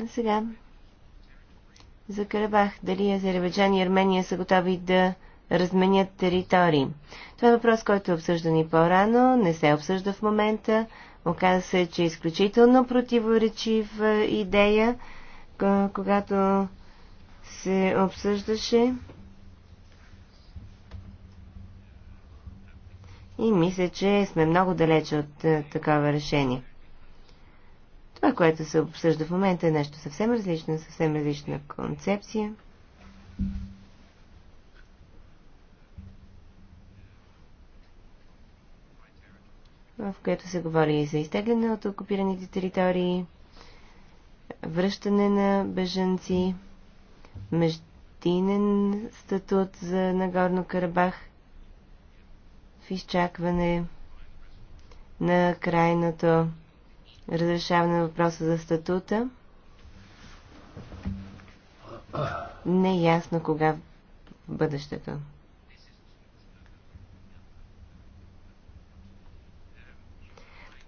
Speaker 3: А сега за Карабах. Дали Азербайджан и Армения са готови да разменят територии? Това е въпрос, който е обсъждан и по-рано, не се обсъжда в момента. Оказа се, че е изключително противоречива идея, когато се обсъждаше. И мисля, че сме много далече от такова решение. Това, което се обсъжда в момента е нещо съвсем различно, съвсем различна концепция. в което се говори и за изтегляне от окупираните територии, връщане на бежанци, междинен статут за Нагорно Карабах в изчакване на крайното разрешаване на въпроса за статута. Неясно кога в бъдещето.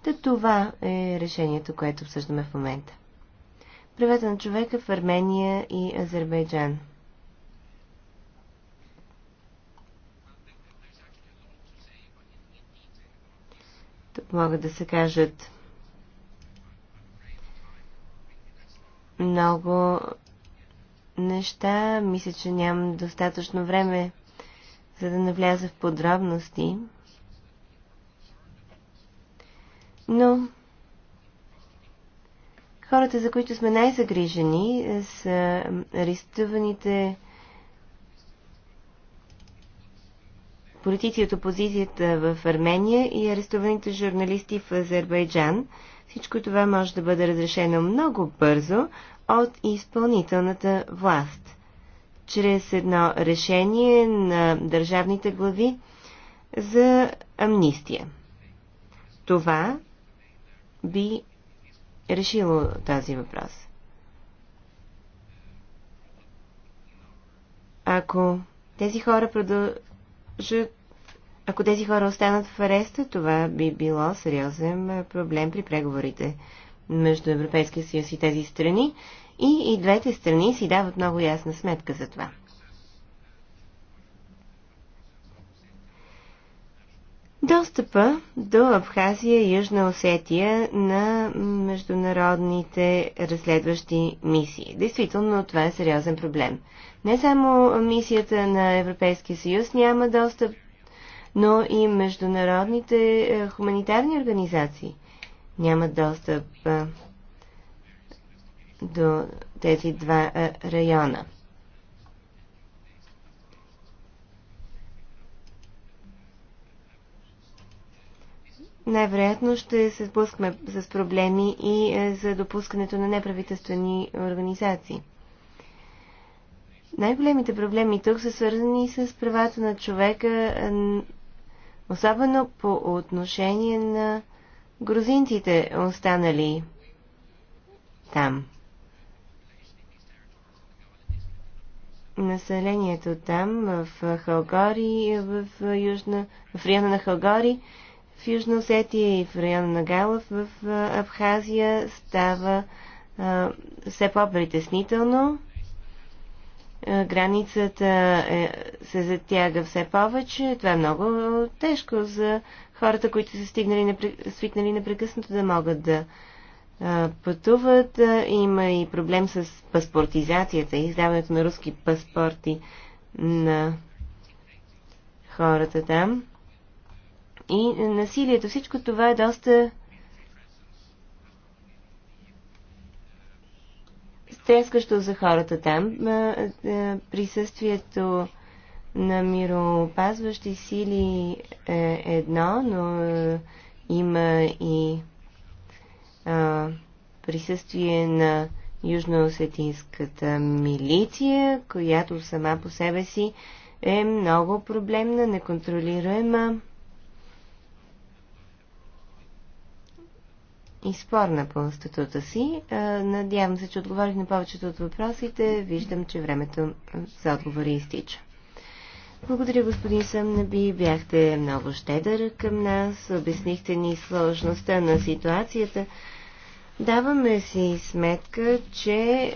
Speaker 3: Та това е решението, което обсъждаме в момента. Правата на човека в Армения и Азербайджан. Тук могат да се кажат много неща. Мисля, че нямам достатъчно време, за да навляза в подробности. Но хората, за които сме най-загрижени, е, са арестуваните политици от опозицията в Армения и арестуваните журналисти в Азербайджан. Всичко това може да бъде разрешено много бързо от изпълнителната власт. Чрез едно решение на държавните глави за амнистия. Това би решило тази въпрос. Ако тези хора продължат ако тези хора останат в ареста, това би било сериозен е, проблем при преговорите между Европейския съюз и тези страни. И и двете страни си дават много ясна сметка за това. Достъпа до Абхазия и Южна Осетия на международните разследващи мисии. Действително, това е сериозен проблем. Не само мисията на Европейския съюз няма достъп, но и международните е, хуманитарни организации нямат достъп е, до тези два е, района. най-вероятно ще се сблъскаме с проблеми и е, за допускането на неправителствени организации. Най-големите проблеми тук са свързани с правата на човека, е, особено по отношение на грузинците, останали там. Населението там, в Хългори в, южна, в района на Хългори в Южна Осетия и в района на Галав в Абхазия става а, все по-притеснително. Границата е, се затяга все повече. Това е много тежко за хората, които са стигнали, свикнали непрекъснато да могат да а, пътуват. Има и проблем с паспортизацията, издаването на руски паспорти на хората там и насилието. Всичко това е доста стрескащо за хората там. Присъствието на мироопазващи сили е едно, но има и присъствие на Южно-Осетинската милиция, която сама по себе си е много проблемна, неконтролируема. и спорна по статута си. Надявам се, че отговорих на повечето от въпросите. Виждам, че времето за отговори изтича. Благодаря, господин Съмнаби. Бяхте много щедър към нас. Обяснихте ни сложността на ситуацията. Даваме си сметка, че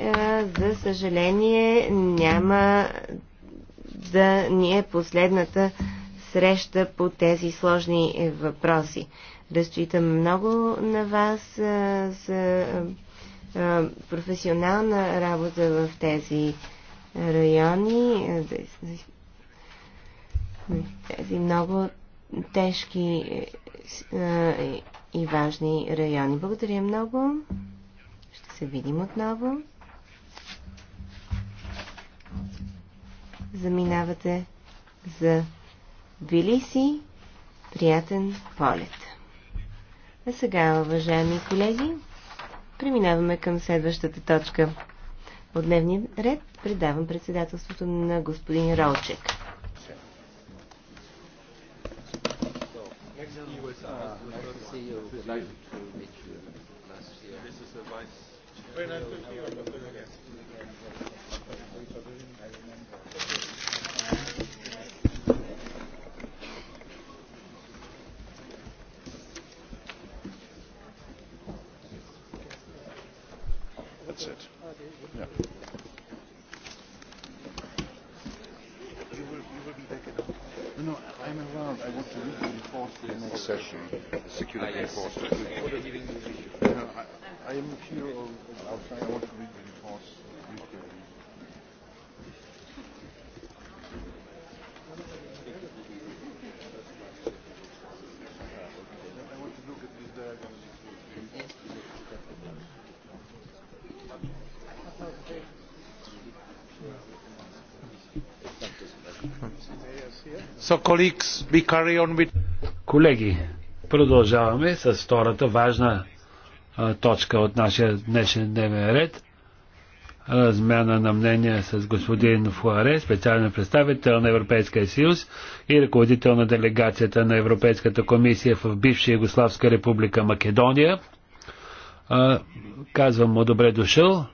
Speaker 3: за съжаление няма да ни е последната среща по тези сложни въпроси. Разчитам много на вас а, за а, професионална работа в тези райони, тези много тежки а, и важни райони. Благодаря много. Ще се видим отново. Заминавате за вилиси. Приятен полет! А сега, уважаеми колеги, преминаваме към следващата точка. От дневния ред предавам председателството на господин Ролчек.
Speaker 4: Very to you.
Speaker 1: No, I'm around. I want to reinforce the next session, the security enforcement. I am here outside. I want to reinforce.
Speaker 2: Колеги, продължаваме с втората важна точка от нашия днешен дневен ред. Размяна на мнение с господин Фуаре, специален представител на Европейския съюз и ръководител на делегацията на Европейската комисия в бивша Югославска република Македония. Казвам му добре дошъл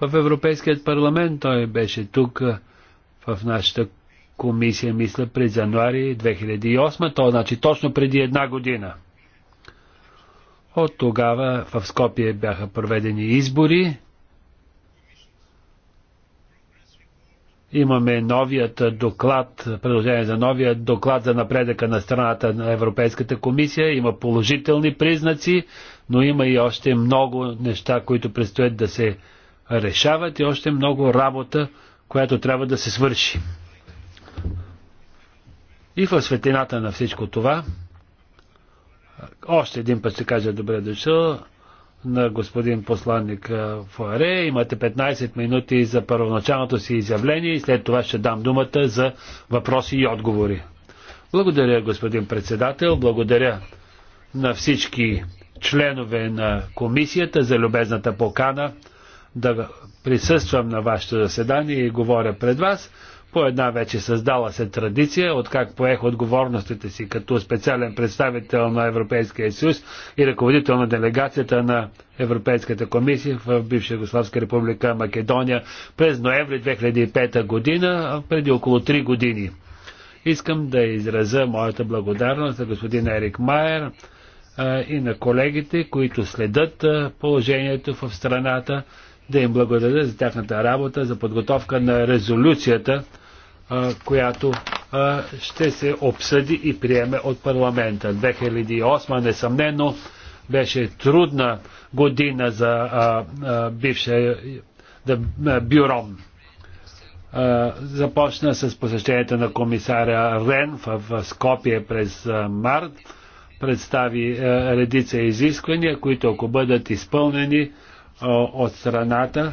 Speaker 2: в Европейският парламент. Той беше тук в нашата комисия, мисля, през януари 2008, то значи точно преди една година. От тогава в Скопие бяха проведени избори. Имаме новият доклад, предложение за новия доклад за напредъка на страната на Европейската комисия. Има положителни признаци, но има и още много неща, които предстоят да се решават и още много работа, която трябва да се свърши. И в светлината на всичко това, още един път ще кажа добре дошъл на господин посланник Фуаре. Имате 15 минути за първоначалното си изявление и след това ще дам думата за въпроси и отговори. Благодаря, господин председател. Благодаря на всички членове на комисията за любезната покана да присъствам на вашето заседание и говоря пред вас по една вече създала се традиция, от как поех отговорностите си като специален представител на Европейския съюз и ръководител на делегацията на Европейската комисия в бивша Югославска република Македония през ноември 2005 година, преди около 3 години. Искам да изразя моята благодарност на господин Ерик Майер и на колегите, които следят положението в страната, да им благодаря за тяхната работа, за подготовка на резолюцията, която ще се обсъди и приеме от парламента. 2008 несъмнено беше трудна година за бивше бюро. Започна с посещението на комисаря Рен в Скопие през март. Представи редица изисквания, които ако бъдат изпълнени от страната,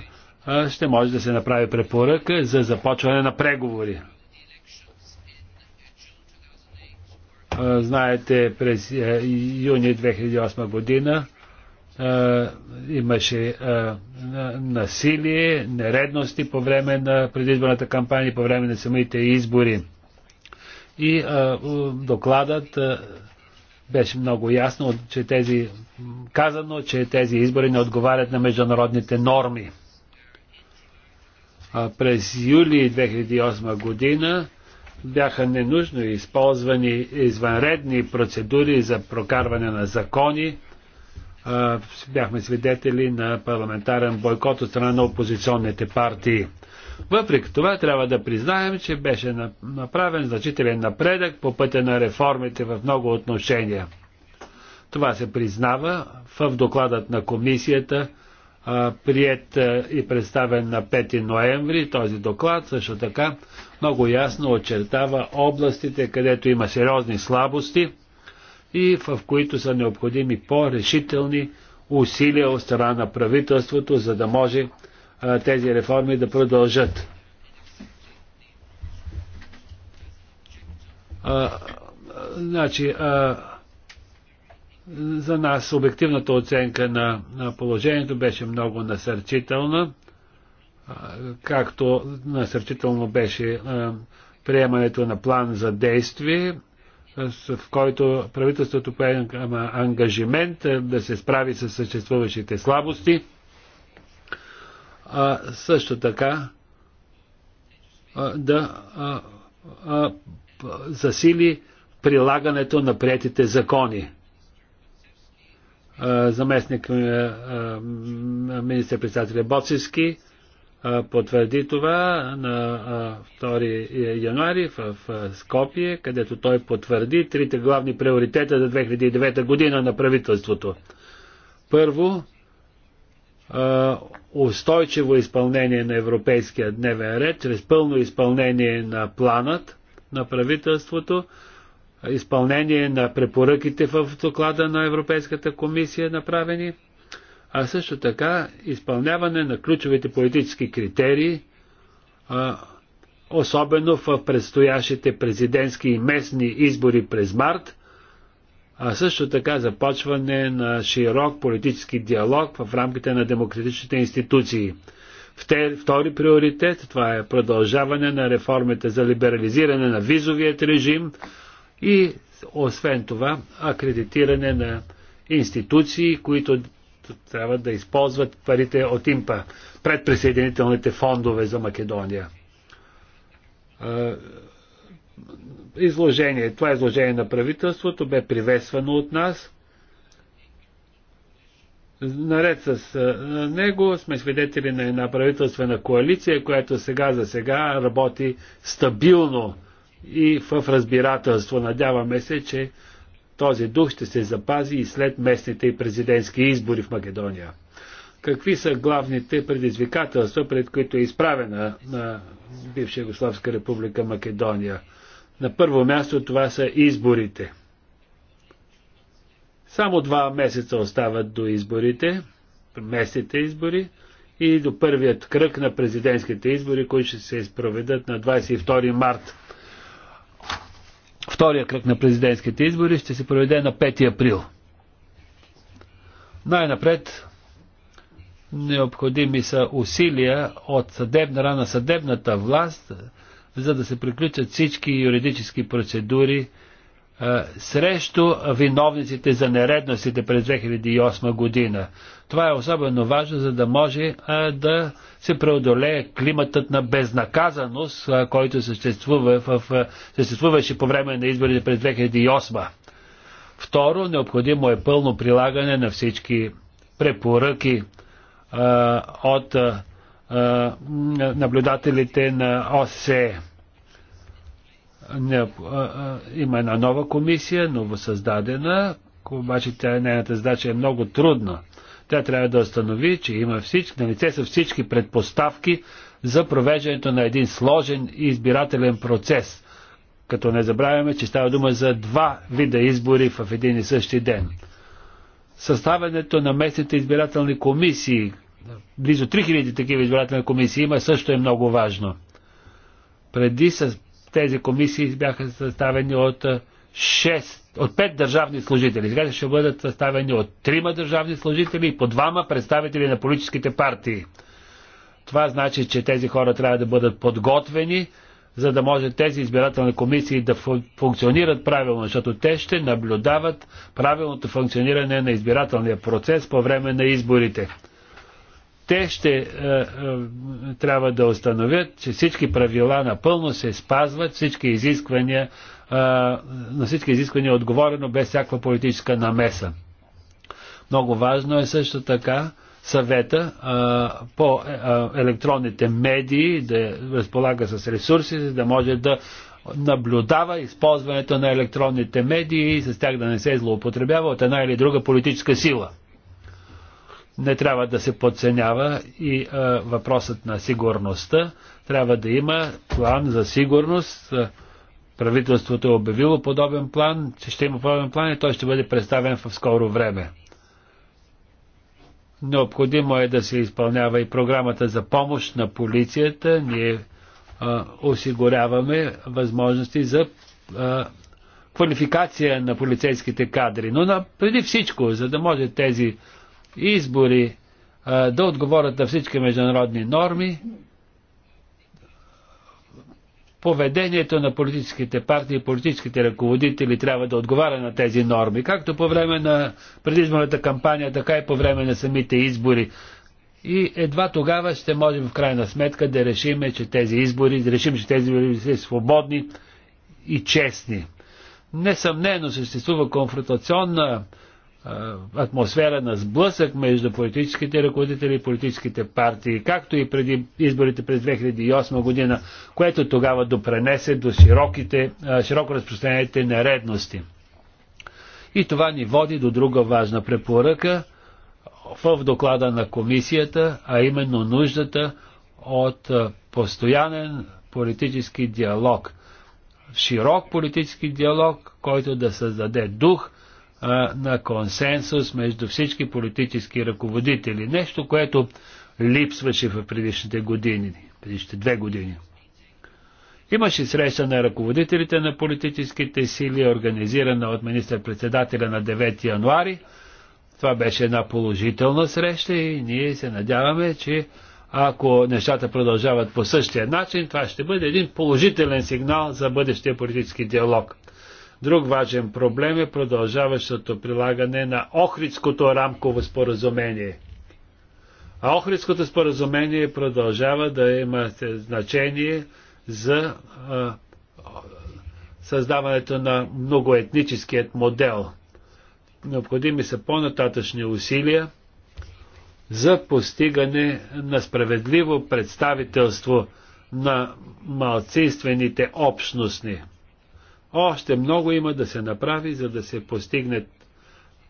Speaker 2: ще може да се направи препоръка за започване на преговори. Знаете, през юни 2008 година имаше насилие, нередности по време на предизборната кампания, по време на самите избори. И докладът беше много ясно, че тези, казано, че тези избори не отговарят на международните норми. А през юли 2008 година бяха ненужно използвани извънредни процедури за прокарване на закони. Бяхме свидетели на парламентарен бойкот от страна на опозиционните партии. Въпреки това трябва да признаем, че беше направен значителен напредък по пътя на реформите в много отношения. Това се признава в докладът на комисията, прият и представен на 5 ноември този доклад, също така много ясно очертава областите, където има сериозни слабости и в които са необходими по-решителни усилия от страна на правителството, за да може а, тези реформи да продължат. А, значи, а, за нас обективната оценка на, на положението беше много насърчителна както насърчително беше приемането на план за действие, в който правителството пое ангажимент да се справи с съществуващите слабости. А, също така а, да а, а, засили прилагането на приятите закони. А, заместник министър-председателя Боцевски потвърди това на 2 е, януари в Скопие, където той потвърди трите главни приоритета за 2009 година на правителството. Първо, устойчиво изпълнение на европейския дневен ред, чрез пълно изпълнение на планът на правителството, изпълнение на препоръките в доклада на Европейската комисия направени – а също така изпълняване на ключовите политически критерии, особено в предстоящите президентски и местни избори през март, а също така започване на широк политически диалог в рамките на демократичните институции. Втори приоритет това е продължаване на реформите за либерализиране на визовият режим и освен това акредитиране на институции, които трябва да използват парите от импа, предприсъединителните фондове за Македония. Изложение, това изложение на правителството бе приветствано от нас. Наред с него сме свидетели на една правителствена коалиция, която сега за сега работи стабилно и в разбирателство. Надяваме се, че този дух ще се запази и след местните и президентски избори в Македония. Какви са главните предизвикателства, пред които е изправена на бивша Югославска република Македония? На първо място това са изборите. Само два месеца остават до изборите, местните избори и до първият кръг на президентските избори, които ще се проведат на 22 март втория кръг на президентските избори ще се проведе на 5 април. Най-напред необходими са усилия от съдебна рана съдебната власт, за да се приключат всички юридически процедури, срещу виновниците за нередностите през 2008 година. Това е особено важно, за да може да се преодолее климатът на безнаказаност, който съществува в, съществуваше по време на изборите през 2008. Второ, необходимо е пълно прилагане на всички препоръки от наблюдателите на ОСЕ не, има една нова комисия, новосъздадена, обаче тя, нейната задача е много трудна. Тя трябва да установи, че има всички, на лице са всички предпоставки за провеждането на един сложен и избирателен процес. Като не забравяме, че става дума за два вида избори в един и същи ден. Съставянето на местните избирателни комисии, близо 3000 такива избирателни комисии има, също е много важно. Преди тези комисии бяха съставени от 6, от 5 държавни служители. Сега ще бъдат съставени от 3 държавни служители и по двама представители на политическите партии. Това значи, че тези хора трябва да бъдат подготвени, за да може тези избирателни комисии да функционират правилно, защото те ще наблюдават правилното функциониране на избирателния процес по време на изборите те ще е, е, трябва да установят, че всички правила напълно се спазват, всички изисквания, е, на всички изисквания е отговорено без всякаква политическа намеса. Много важно е също така съвета е, по е, е, електронните медии да разполага с ресурси, за да може да наблюдава използването на електронните медии и с тях да не се злоупотребява от една или друга политическа сила не трябва да се подценява и а, въпросът на сигурността. Трябва да има план за сигурност. Правителството е обявило подобен план, че ще има подобен план и той ще бъде представен в скоро време. Необходимо е да се изпълнява и програмата за помощ на полицията. Ние а, осигуряваме възможности за а, квалификация на полицейските кадри. Но на, преди всичко, за да може тези избори да отговорят на всички международни норми, поведението на политическите партии и политическите ръководители трябва да отговаря на тези норми, както по време на предизборната кампания, така и по време на самите избори. И едва тогава ще можем в крайна сметка да решим, че тези избори, да решим, че тези избори са свободни и честни. Несъмнено съществува конфронтационна атмосфера на сблъсък между политическите ръководители и политическите партии, както и преди изборите през 2008 година, което тогава допренесе до широките, широко разпространените нередности. И това ни води до друга важна препоръка в доклада на комисията, а именно нуждата от постоянен политически диалог. Широк политически диалог, който да създаде дух – на консенсус между всички политически ръководители. Нещо, което липсваше в предишните години, предишните две години. Имаше среща на ръководителите на политическите сили, организирана от министър-председателя на 9 януари. Това беше една положителна среща и ние се надяваме, че ако нещата продължават по същия начин, това ще бъде един положителен сигнал за бъдещия политически диалог. Друг важен проблем е продължаващото прилагане на Охридското рамково споразумение. А Охридското споразумение продължава да има значение за а, създаването на многоетническият модел. Необходими са по-нататъчни усилия за постигане на справедливо представителство на малцинствените общностни. Още много има да се направи, за да се постигне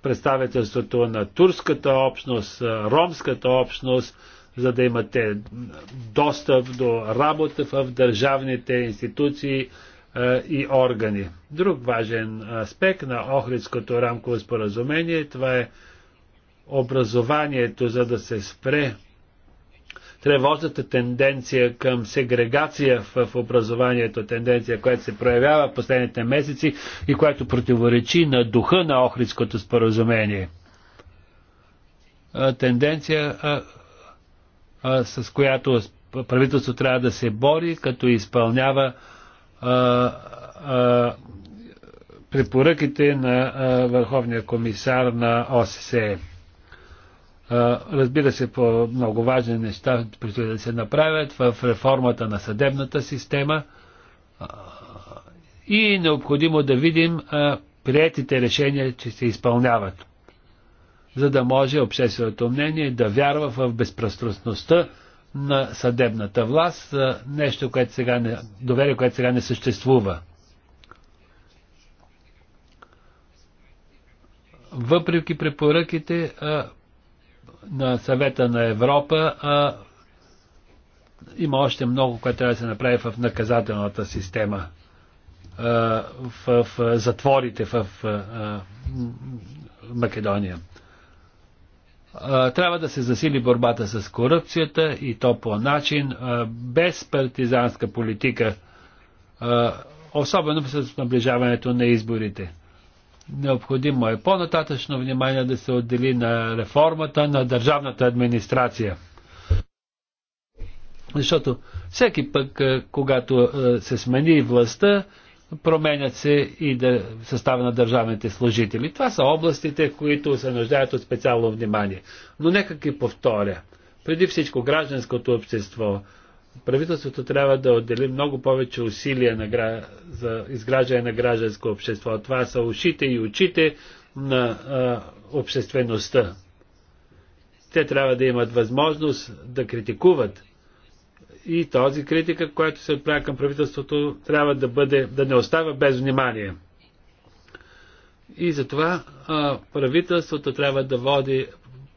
Speaker 2: представителството на турската общност, ромската общност, за да имате достъп до работа в държавните институции и органи. Друг важен аспект на Охридското рамково споразумение това е образованието, за да се спре тревожната тенденция към сегрегация в образованието, тенденция, която се проявява в последните месеци и която противоречи на духа на Охридското споразумение. Тенденция, с която правителство трябва да се бори, като изпълнява препоръките на Върховния комисар на ОССЕ. Разбира се, по много важни неща предстои да се направят в реформата на съдебната система и необходимо да видим приятите решения, че се изпълняват, за да може общественото мнение да вярва в безпристрастността на съдебната власт, нещо, което сега не, доверие, което сега не съществува. Въпреки препоръките, на съвета на Европа, а има още много, което трябва да се направи в наказателната система, в затворите в Македония. Трябва да се засили борбата с корупцията и то по начин без партизанска политика, особено с наближаването на изборите. Необходимо е по-нататъчно внимание да се отдели на реформата на държавната администрация. Защото всеки пък, е, когато е, се смени властта, променят се и да състава на държавните служители. Това са областите, които се нуждаят от специално внимание. Но нека ги повторя. Преди всичко гражданското общество, правителството трябва да отдели много повече усилия на, гра... за изграждане на гражданско общество. Това са ушите и очите на а, обществеността. Те трябва да имат възможност да критикуват. И този критика, която се отправя към правителството, трябва да, бъде, да не остава без внимание. И затова а, правителството трябва да води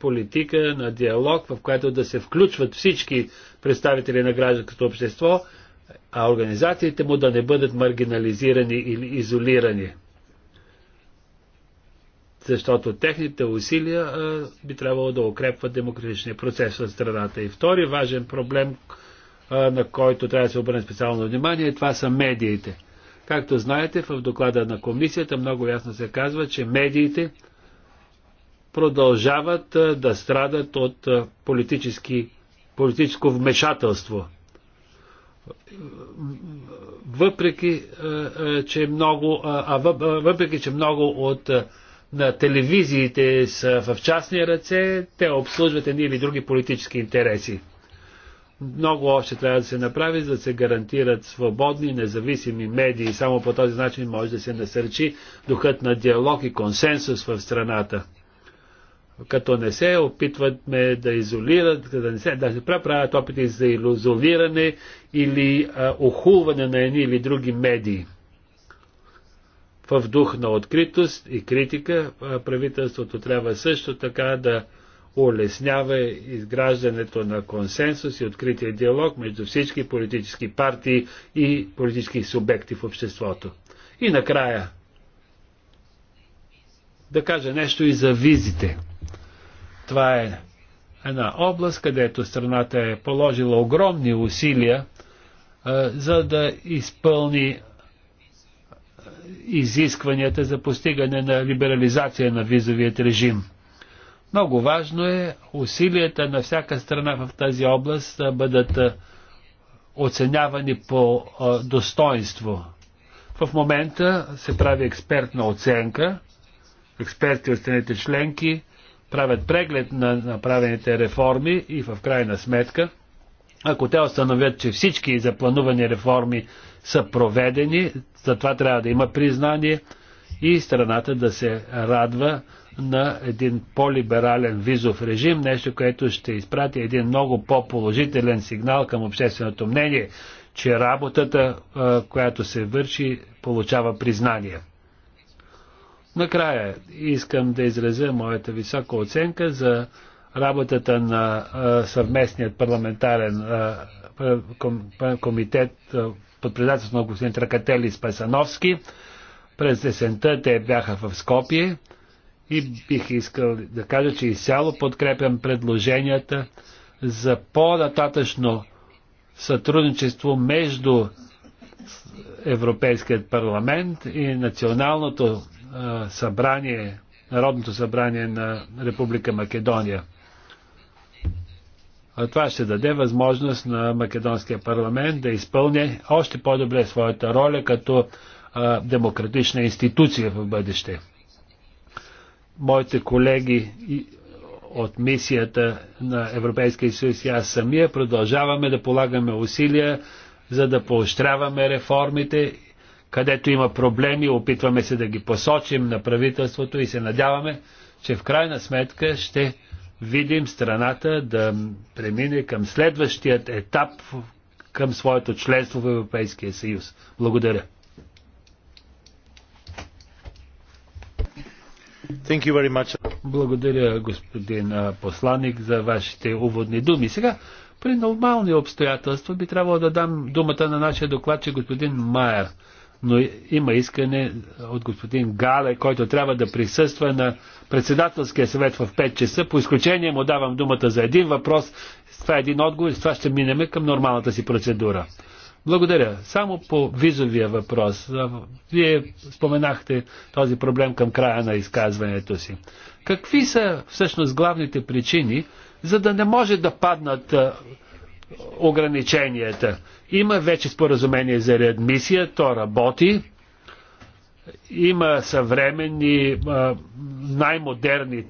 Speaker 2: политика на диалог, в която да се включват всички представители на гражданското общество, а организациите му да не бъдат маргинализирани или изолирани. Защото техните усилия а, би трябвало да укрепват демократичния процес в страната. И втори важен проблем, а, на който трябва да се обърне специално внимание, това са медиите. Както знаете, в доклада на комисията много ясно се казва, че медиите продължават да страдат от политически, политическо вмешателство. Въпреки, че много, а въпреки, че много от на телевизиите са в частни ръце, те обслужват едни или други политически интереси. Много още трябва да се направи, за да се гарантират свободни, независими медии. Само по този начин може да се насърчи духът на диалог и консенсус в страната като не се опитваме да изолират, да не се, да се правят опити за изолиране или а, охулване на едни или други медии. В дух на откритост и критика правителството трябва също така да улеснява изграждането на консенсус и открития диалог между всички политически партии и политически субекти в обществото. И накрая да кажа нещо и за визите. Това е една област, където страната е положила огромни усилия, за да изпълни изискванията за постигане на либерализация на визовият режим. Много важно е усилията на всяка страна в тази област да бъдат оценявани по достоинство. В момента се прави експертна оценка, експерти от страните членки правят преглед на направените реформи и в крайна сметка, ако те установят, че всички запланувани реформи са проведени, затова трябва да има признание и страната да се радва на един по-либерален визов режим, нещо, което ще изпрати един много по-положителен сигнал към общественото мнение, че работата, която се върши, получава признание. Накрая искам да изразя моята висока оценка за работата на а, съвместният парламентарен а, ком, комитет а, под председателството на господин Тракатели Спасановски. През десента те бяха в Скопие и бих искал да кажа, че изцяло подкрепям предложенията за по-нататъчно сътрудничество между Европейският парламент и националното събрание, Народното събрание на Република Македония. А това ще даде възможност на Македонския парламент да изпълне още по-добре своята роля като а, демократична институция в бъдеще. Моите колеги от мисията на Европейския съюз и аз самия продължаваме да полагаме усилия за да поощряваме реформите където има проблеми, опитваме се да ги посочим на правителството и се надяваме, че в крайна сметка ще видим страната да премине към следващият етап към своето членство в Европейския съюз. Благодаря. Thank you very much. Благодаря, господин посланник, за вашите уводни думи. Сега, при нормални обстоятелства би трябвало да дам думата на нашия докладчик господин Майер но има искане от господин Гале, който трябва да присъства на председателския съвет в 5 часа. По изключение му давам думата за един въпрос, с това е един отговор и с това ще минем към нормалната си процедура. Благодаря. Само по визовия въпрос. Вие споменахте този проблем към края на изказването си. Какви са всъщност главните причини, за да не може да паднат ограниченията. Има вече споразумение за реадмисия, то работи. Има съвременни, най-модерни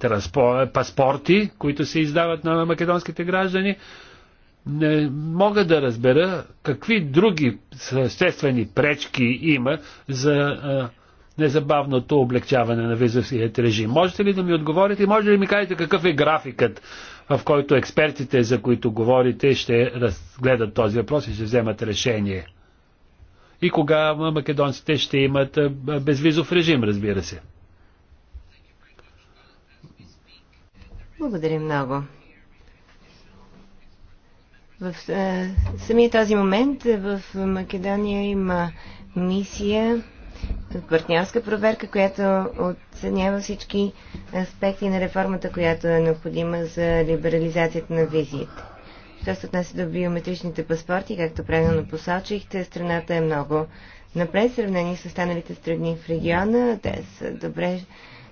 Speaker 2: паспорти, които се издават на македонските граждани. Не мога да разбера какви други съществени пречки има за незабавното облегчаване на визовият режим. Можете ли да ми отговорите? Може ли да ми кажете какъв е графикът в който експертите, за които говорите, ще разгледат този въпрос и ще вземат решение. И кога македонците ще имат безвизов режим, разбира се.
Speaker 3: Благодаря много. В е, самия този момент в Македония има мисия партньорска проверка, която оценява всички аспекти на реформата, която е необходима за либерализацията на визиите. Що се отнася до биометричните паспорти, както правилно посочихте, страната е много напред в сравнение с останалите страни в региона. Те са добре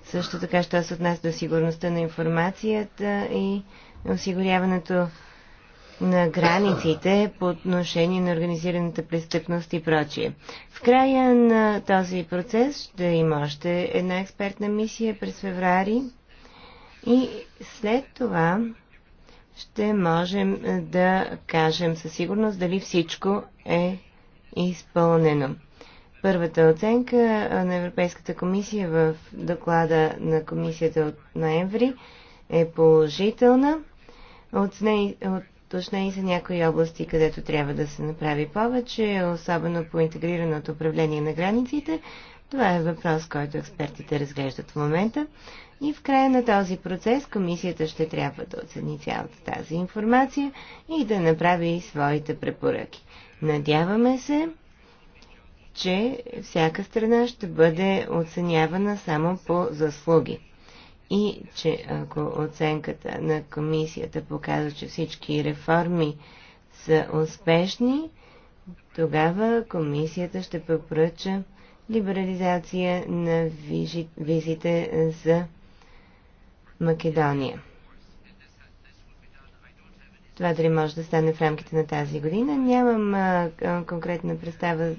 Speaker 3: също така, що се отнася до сигурността на информацията и осигуряването на границите по отношение на организираната престъпност и прочие. В края на този процес ще има още една експертна мисия през феврари и след това ще можем да кажем със сигурност дали всичко е изпълнено. Първата оценка на Европейската комисия в доклада на комисията от ноември е положителна. От, не, от точно и са някои области, където трябва да се направи повече, особено по интегрираното управление на границите. Това е въпрос, който експертите разглеждат в момента. И в края на този процес комисията ще трябва да оцени цялата тази информация и да направи своите препоръки. Надяваме се, че всяка страна ще бъде оценявана само по заслуги и че ако оценката на комисията показва, че всички реформи са успешни, тогава комисията ще препоръча либерализация на визите за Македония. Това дали може да стане в рамките на тази година. Нямам а, конкретна представа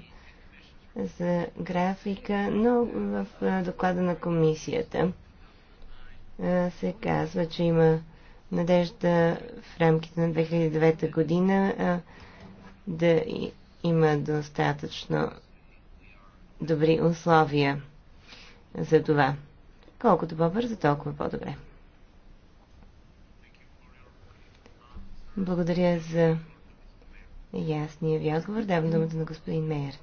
Speaker 3: за графика, но в доклада на комисията се казва, че има надежда в рамките на 2009 година да има достатъчно добри условия за това. Колкото по-бързо, толкова по-добре. Благодаря за ясния ви отговор. Давам думата на господин Мейер.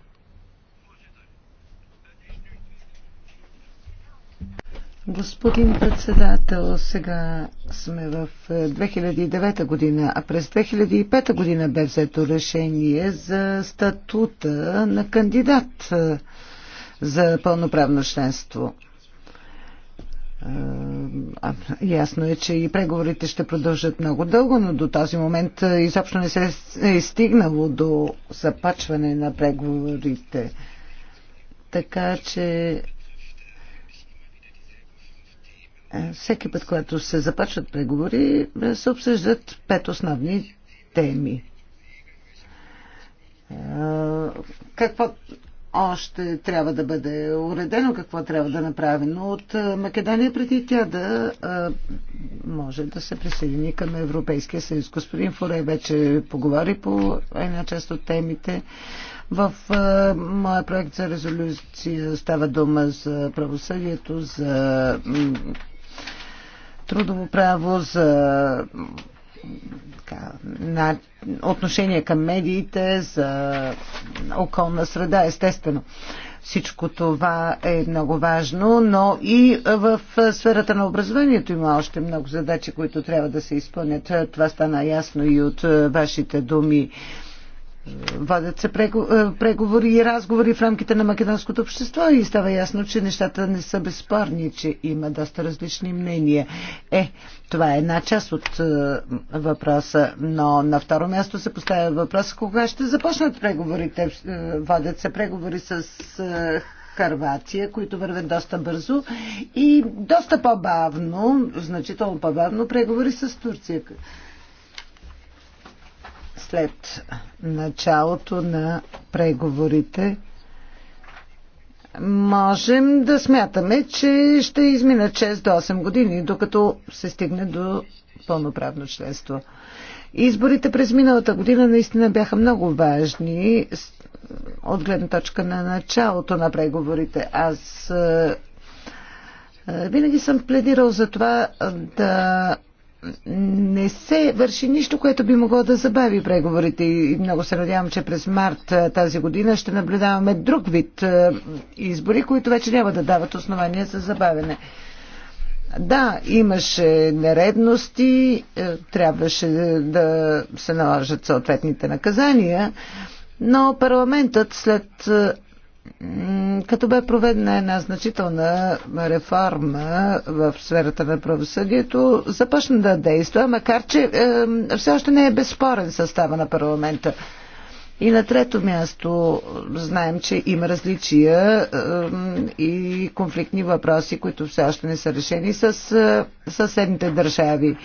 Speaker 5: Господин председател, сега сме в 2009 е, година, а през 2005 година бе взето решение за статута на кандидат е, за пълноправно членство. Е, ясно е, че и преговорите ще продължат много дълго, но до този момент изобщо не се е стигнало до започване на преговорите. Така че е, всеки път, когато се започват преговори, е, се обсъждат пет основни теми. Е, какво още трябва да бъде уредено, какво трябва да направено от Македония преди тя да може да се присъедини към Европейския съюз. Господин Фуре вече поговори по една част от темите. В моя проект за резолюция става дума за правосъдието, за трудово право, за така, на отношение към медиите, за околна среда, естествено. Всичко това е много важно, но и в сферата на образованието има още много задачи, които трябва да се изпълнят. Това стана ясно и от вашите думи. Вадят се е, преговори и разговори в рамките на македонското общество и става ясно, че нещата не са безспорни, че има доста различни мнения. Е, това е една част от е, въпроса, но на второ място се поставя въпрос кога ще започнат преговорите. Е, Вадят се преговори с Харватия, които вървят доста бързо и доста по-бавно, значително по-бавно преговори с Турция след началото на преговорите можем да смятаме, че ще изминат 6 до 8 години, докато се стигне до пълноправно членство. Изборите през миналата година наистина бяха много важни от гледна точка на началото на преговорите. Аз е, е, винаги съм пледирал за това да не се върши нищо, което би могло да забави преговорите и много се надявам, че през март тази година ще наблюдаваме друг вид избори, които вече няма да дават основания за забавене. Да, имаше нередности, трябваше да се наложат съответните наказания, но парламентът след като бе проведена една значителна реформа в сферата на правосъдието, започна да действа, макар че все още не е безспорен състава на парламента. И на трето място знаем, че има различия и конфликтни въпроси, които все още не са решени с е, съседните държави.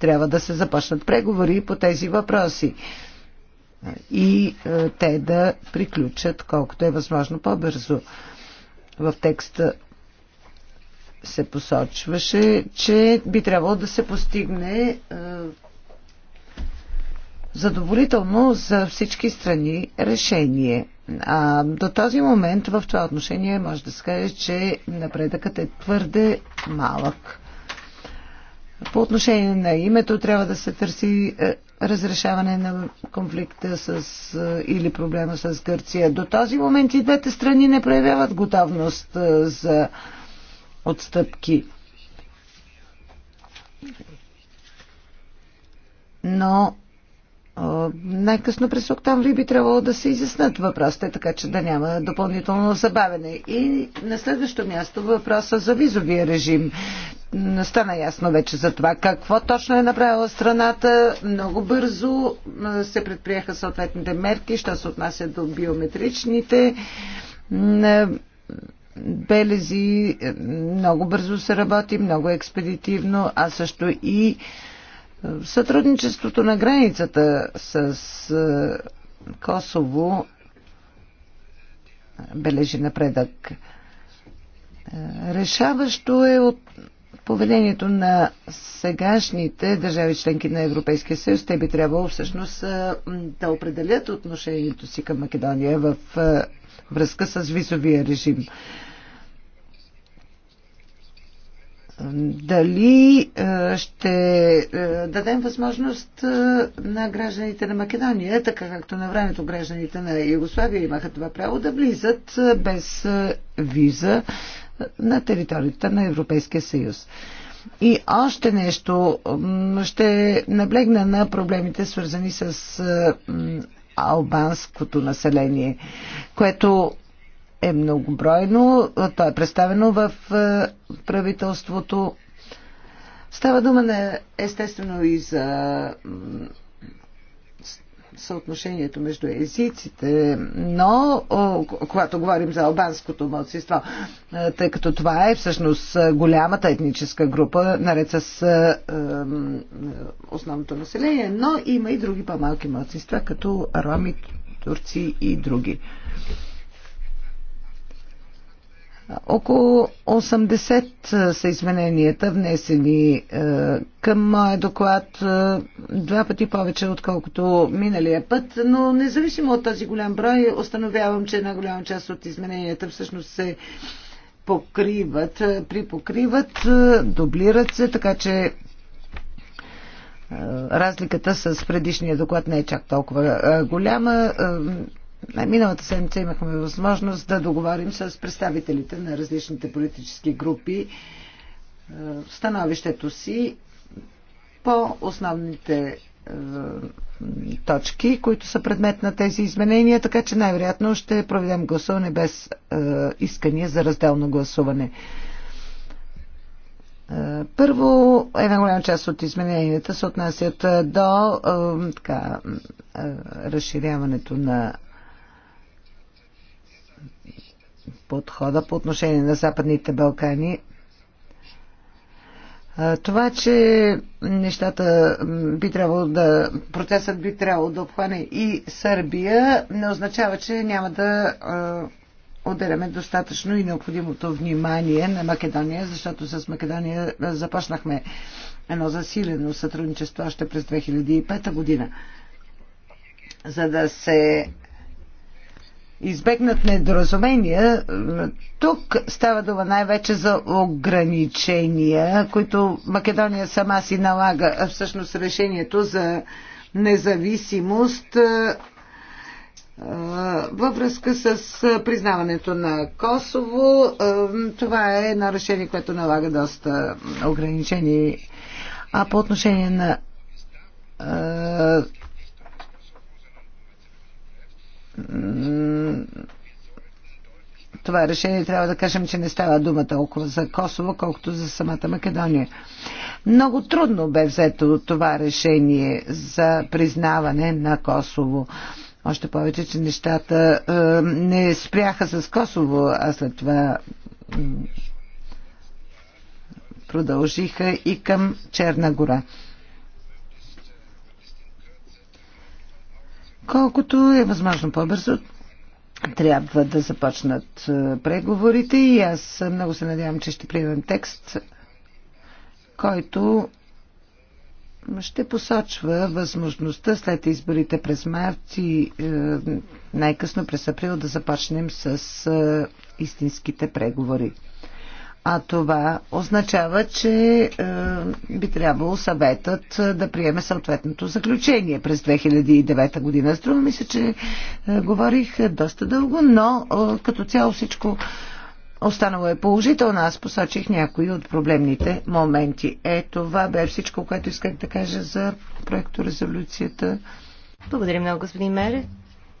Speaker 5: Трябва да се започнат преговори по тези въпроси и е, те да приключат колкото е възможно по-бързо. В текста се посочваше, че би трябвало да се постигне е, задоволително за всички страни решение. А до този момент в това отношение може да се каже, че напредъкът е твърде малък. По отношение на името трябва да се търси е, разрешаване на конфликта с, е, или проблема с Гърция. До този момент и двете страни не проявяват готовност е, за отстъпки. Но е, най-късно през октомври би трябвало да се изяснат въпросите, така че да няма допълнително забавене. И на следващо място въпроса за визовия режим стана ясно вече за това какво точно е направила страната. Много бързо се предприеха съответните мерки, що се отнася до биометричните белези. Много бързо се работи, много експедитивно, а също и сътрудничеството на границата с Косово бележи напредък. Решаващо е от поведението на сегашните държави членки на Европейския съюз, те би трябвало всъщност да определят отношението си към Македония в връзка с визовия режим. Дали ще дадем възможност на гражданите на Македония, така както на времето гражданите на Югославия имаха това право да влизат без виза на територията на Европейския съюз. И още нещо, ще наблегна на проблемите свързани с албанското население, което е многобройно, то е представено в правителството. Става дума на, естествено и за съотношението между езиците, но когато говорим за албанското младсинство, е, тъй като това е всъщност голямата етническа група, наред с е, е, основното население, но има и други по-малки младсинства, като роми, турци и други. Около 80 е, са измененията внесени е, към моя доклад, е, два пъти повече отколкото миналия път, но независимо от този голям брой, установявам, че една голяма част от измененията всъщност се покриват, припокриват, дублират се, така че разликата с предишния доклад не е чак толкова голяма. Миналата седмица имахме възможност да договорим с представителите на различните политически групи е, становището си по основните е, точки, които са предмет на тези изменения, така че най-вероятно ще проведем гласуване без е, искания за разделно гласуване. Първо, една голяма част от измененията се отнасят до така, разширяването на подхода по отношение на Западните Балкани. Това, че нещата би трябвало да, процесът би трябвало да обхване и Сърбия, не означава, че няма да отделяме достатъчно и необходимото внимание на Македония, защото с Македония започнахме едно засилено сътрудничество още през 2005 година, за да се избегнат недоразумения. Тук става дума най-вече за ограничения, които Македония сама си налага. А всъщност решението за независимост във връзка с признаването на Косово. Това е едно решение, което налага доста ограничени. А по отношение на това решение трябва да кажем, че не става дума толкова за Косово, колкото за самата Македония. Много трудно бе взето това решение за признаване на Косово. Още повече, че нещата е, не спряха с Косово, а след това е, продължиха и към Черна гора. колкото е възможно по-бързо трябва да започнат е, преговорите и аз много се надявам, че ще приемем текст, който ще посочва възможността след изборите през март и е, най-късно през април да започнем с е, истинските преговори. А това означава, че е, би трябвало съветът е, да приеме съответното заключение през 2009 година. Струва ми се, че е, говорих е, доста дълго, но е, като цяло всичко останало е положително. Аз посочих някои от проблемните моменти. Е, това бе всичко, което исках да кажа за проекто резолюцията.
Speaker 3: Благодаря много, господин Мерец.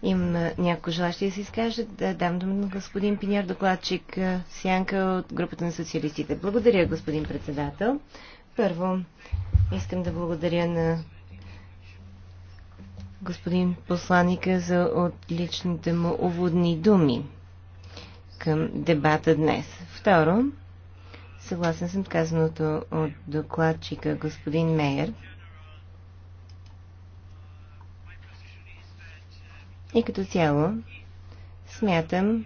Speaker 3: Имам някои желащи да се изкажат. Да, дам дума на господин Пиняр, докладчик Сянка от групата на социалистите. Благодаря, господин председател. Първо, искам да благодаря на господин посланика за отличните му уводни думи към дебата днес. Второ, съгласен съм казаното от докладчика господин Мейер – И като цяло, смятам,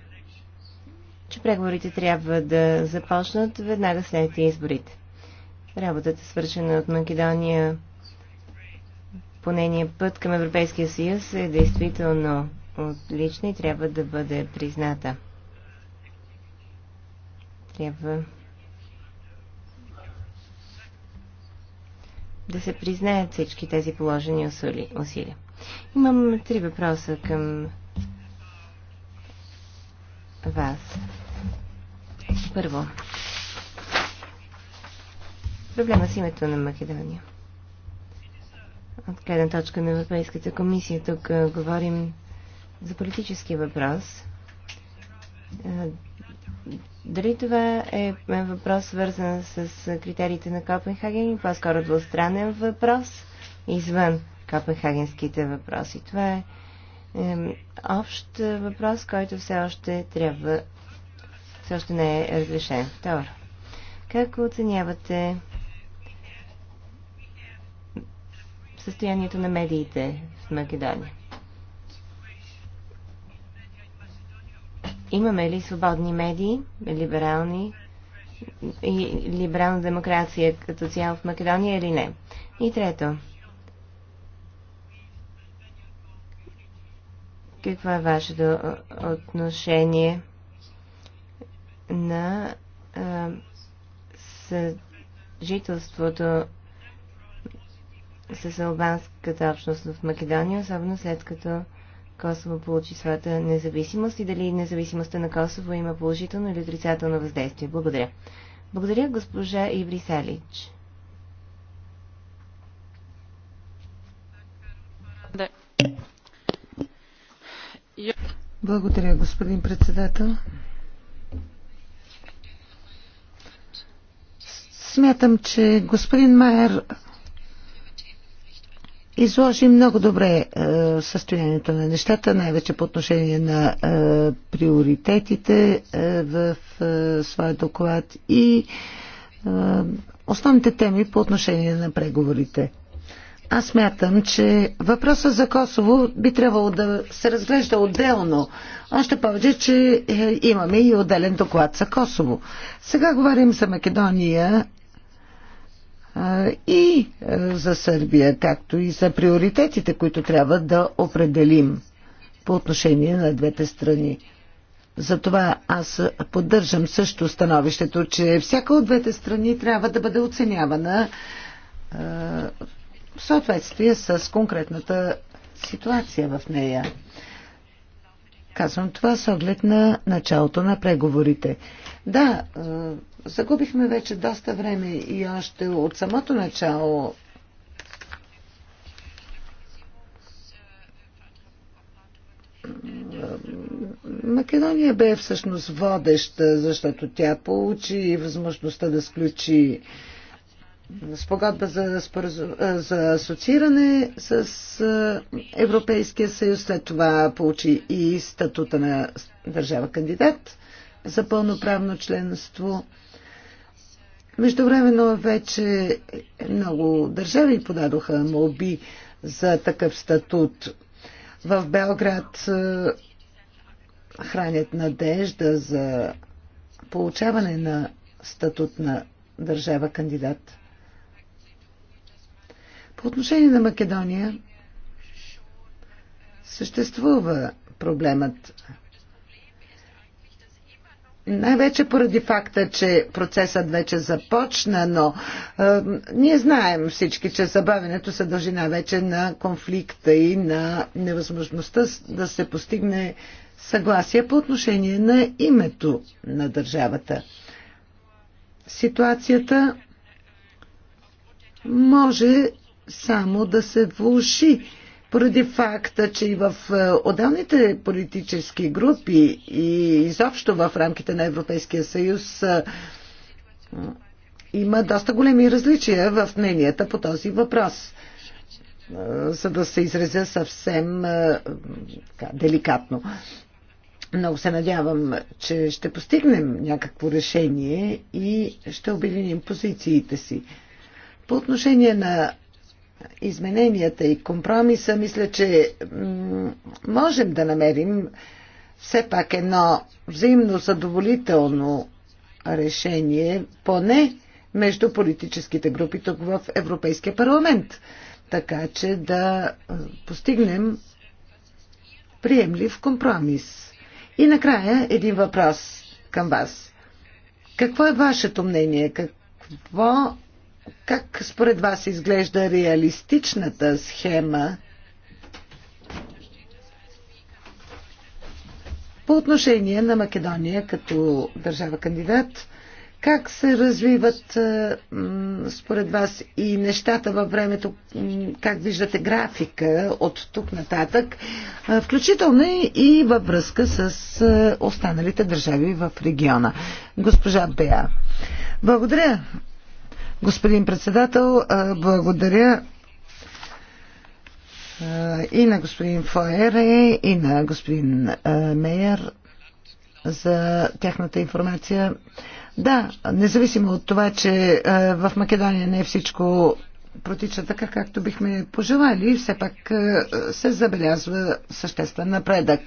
Speaker 3: че преговорите трябва да започнат веднага след изборите. Работата, свършена от Македония по нейния път към Европейския съюз, е действително отлична и трябва да бъде призната. Трябва да се признаят всички тези положени усилия. Имам три въпроса към вас. Първо. Проблема с името на Македония. От гледна точка на Европейската комисия, тук говорим за политически въпрос. дали това е, е въпрос свързан с критериите на Копенхаген и по-скоро двустранен въпрос извън копенхагенските въпроси. Това е, е общ въпрос, който все още трябва, все още не е разрешен. Второ, как оценявате състоянието на медиите в Македония? Имаме ли свободни медии, либерални и либерална демокрация като цяло в Македония или не? И трето, Какво е вашето отношение на съжителството с албанската общност в Македония, особено след като Косово получи своята независимост и дали независимостта на Косово има положително или отрицателно въздействие. Благодаря. Благодаря, госпожа Салич.
Speaker 4: Да.
Speaker 5: Благодаря, господин председател. Смятам, че господин Майер изложи много добре е, състоянието на нещата, най-вече по отношение на е, приоритетите е, в е, своя доклад и е, основните теми по отношение на преговорите. Аз мятам, че въпросът за Косово би трябвало да се разглежда отделно. Още повече, че е, имаме и отделен доклад за Косово. Сега говорим за Македония е, и е, за Сърбия, както и за приоритетите, които трябва да определим по отношение на двете страни. Затова аз поддържам също становището, че всяка от двете страни трябва да бъде оценявана в съответствие с конкретната ситуация в нея. Казвам това с оглед на началото на преговорите. Да, е, загубихме вече доста време и още от самото начало Македония бе всъщност водеща, защото тя получи възможността да сключи спогодба за, за асоцииране с Европейския съюз. След това получи и статута на държава кандидат за пълноправно членство. Междувременно вече много държави подадоха молби за такъв статут. В Белград хранят надежда за получаване на статут на държава кандидат. По отношение на Македония съществува проблемът. Най-вече поради факта, че процесът вече започна, но е, ние знаем всички, че забавенето се дължи най-вече на конфликта и на невъзможността да се постигне съгласие по отношение на името на държавата. Ситуацията може само да се влуши поради факта, че и в е, отделните политически групи и изобщо в рамките на Европейския съюз е, има доста големи различия в мненията по този въпрос. Е, за да се изразя съвсем така, деликатно. Много се надявам, че ще постигнем някакво решение и ще обединим позициите си. По отношение на измененията и компромиса, мисля, че можем да намерим все пак едно взаимно задоволително решение, поне между политическите групи тук в Европейския парламент, така че да постигнем приемлив компромис. И накрая един въпрос към вас. Какво е вашето мнение? Какво как според вас изглежда реалистичната схема по отношение на Македония като държава кандидат? Как се развиват според вас и нещата във времето, как виждате графика от тук нататък, включително и във връзка с останалите държави в региона? Госпожа Беа. Благодаря, Господин председател, благодаря и на господин Фоере, и на господин Мейер за тяхната информация. Да, независимо от това, че в Македония не е всичко протича така, както бихме пожелали, все пак се забелязва съществен напредък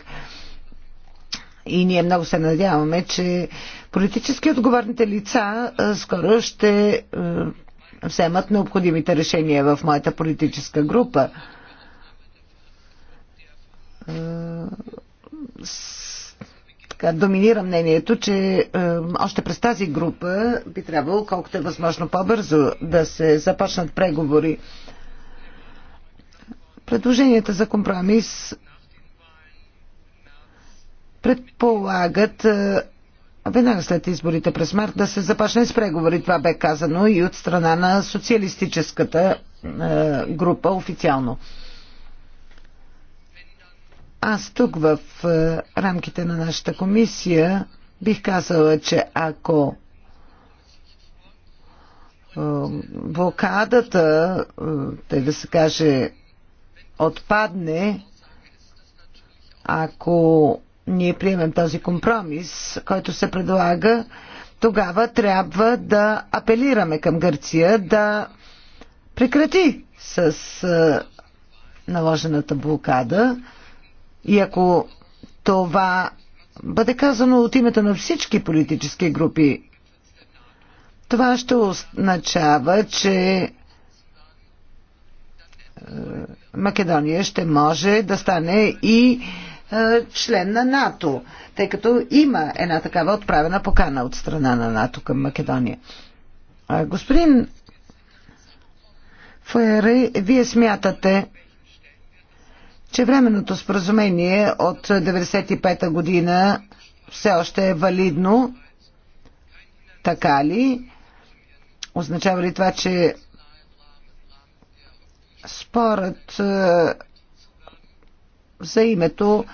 Speaker 5: и ние много се надяваме, че политически отговорните лица скоро ще вземат необходимите решения в моята политическа група. Така, доминира мнението, че още през тази група би трябвало колкото е възможно по-бързо да се започнат преговори. Предложенията за компромис предполагат е, веднага след изборите през март да се започне с преговори. Това бе казано и от страна на социалистическата е, група официално. Аз тук в е, рамките на нашата комисия бих казала, че ако блокадата, те да се каже, отпадне, ако ние приемем този компромис, който се предлага, тогава трябва да апелираме към Гърция да прекрати с е, наложената блокада. И ако това бъде казано от името на всички политически групи, това ще означава, че е, Македония ще може да стане и е, член на НАТО, тъй като има една такава отправена покана от страна на НАТО към Македония. Господин Фуери, вие смятате, че временното споразумение от 1995 година все още е валидно, така ли? Означава ли това, че спорът е, за името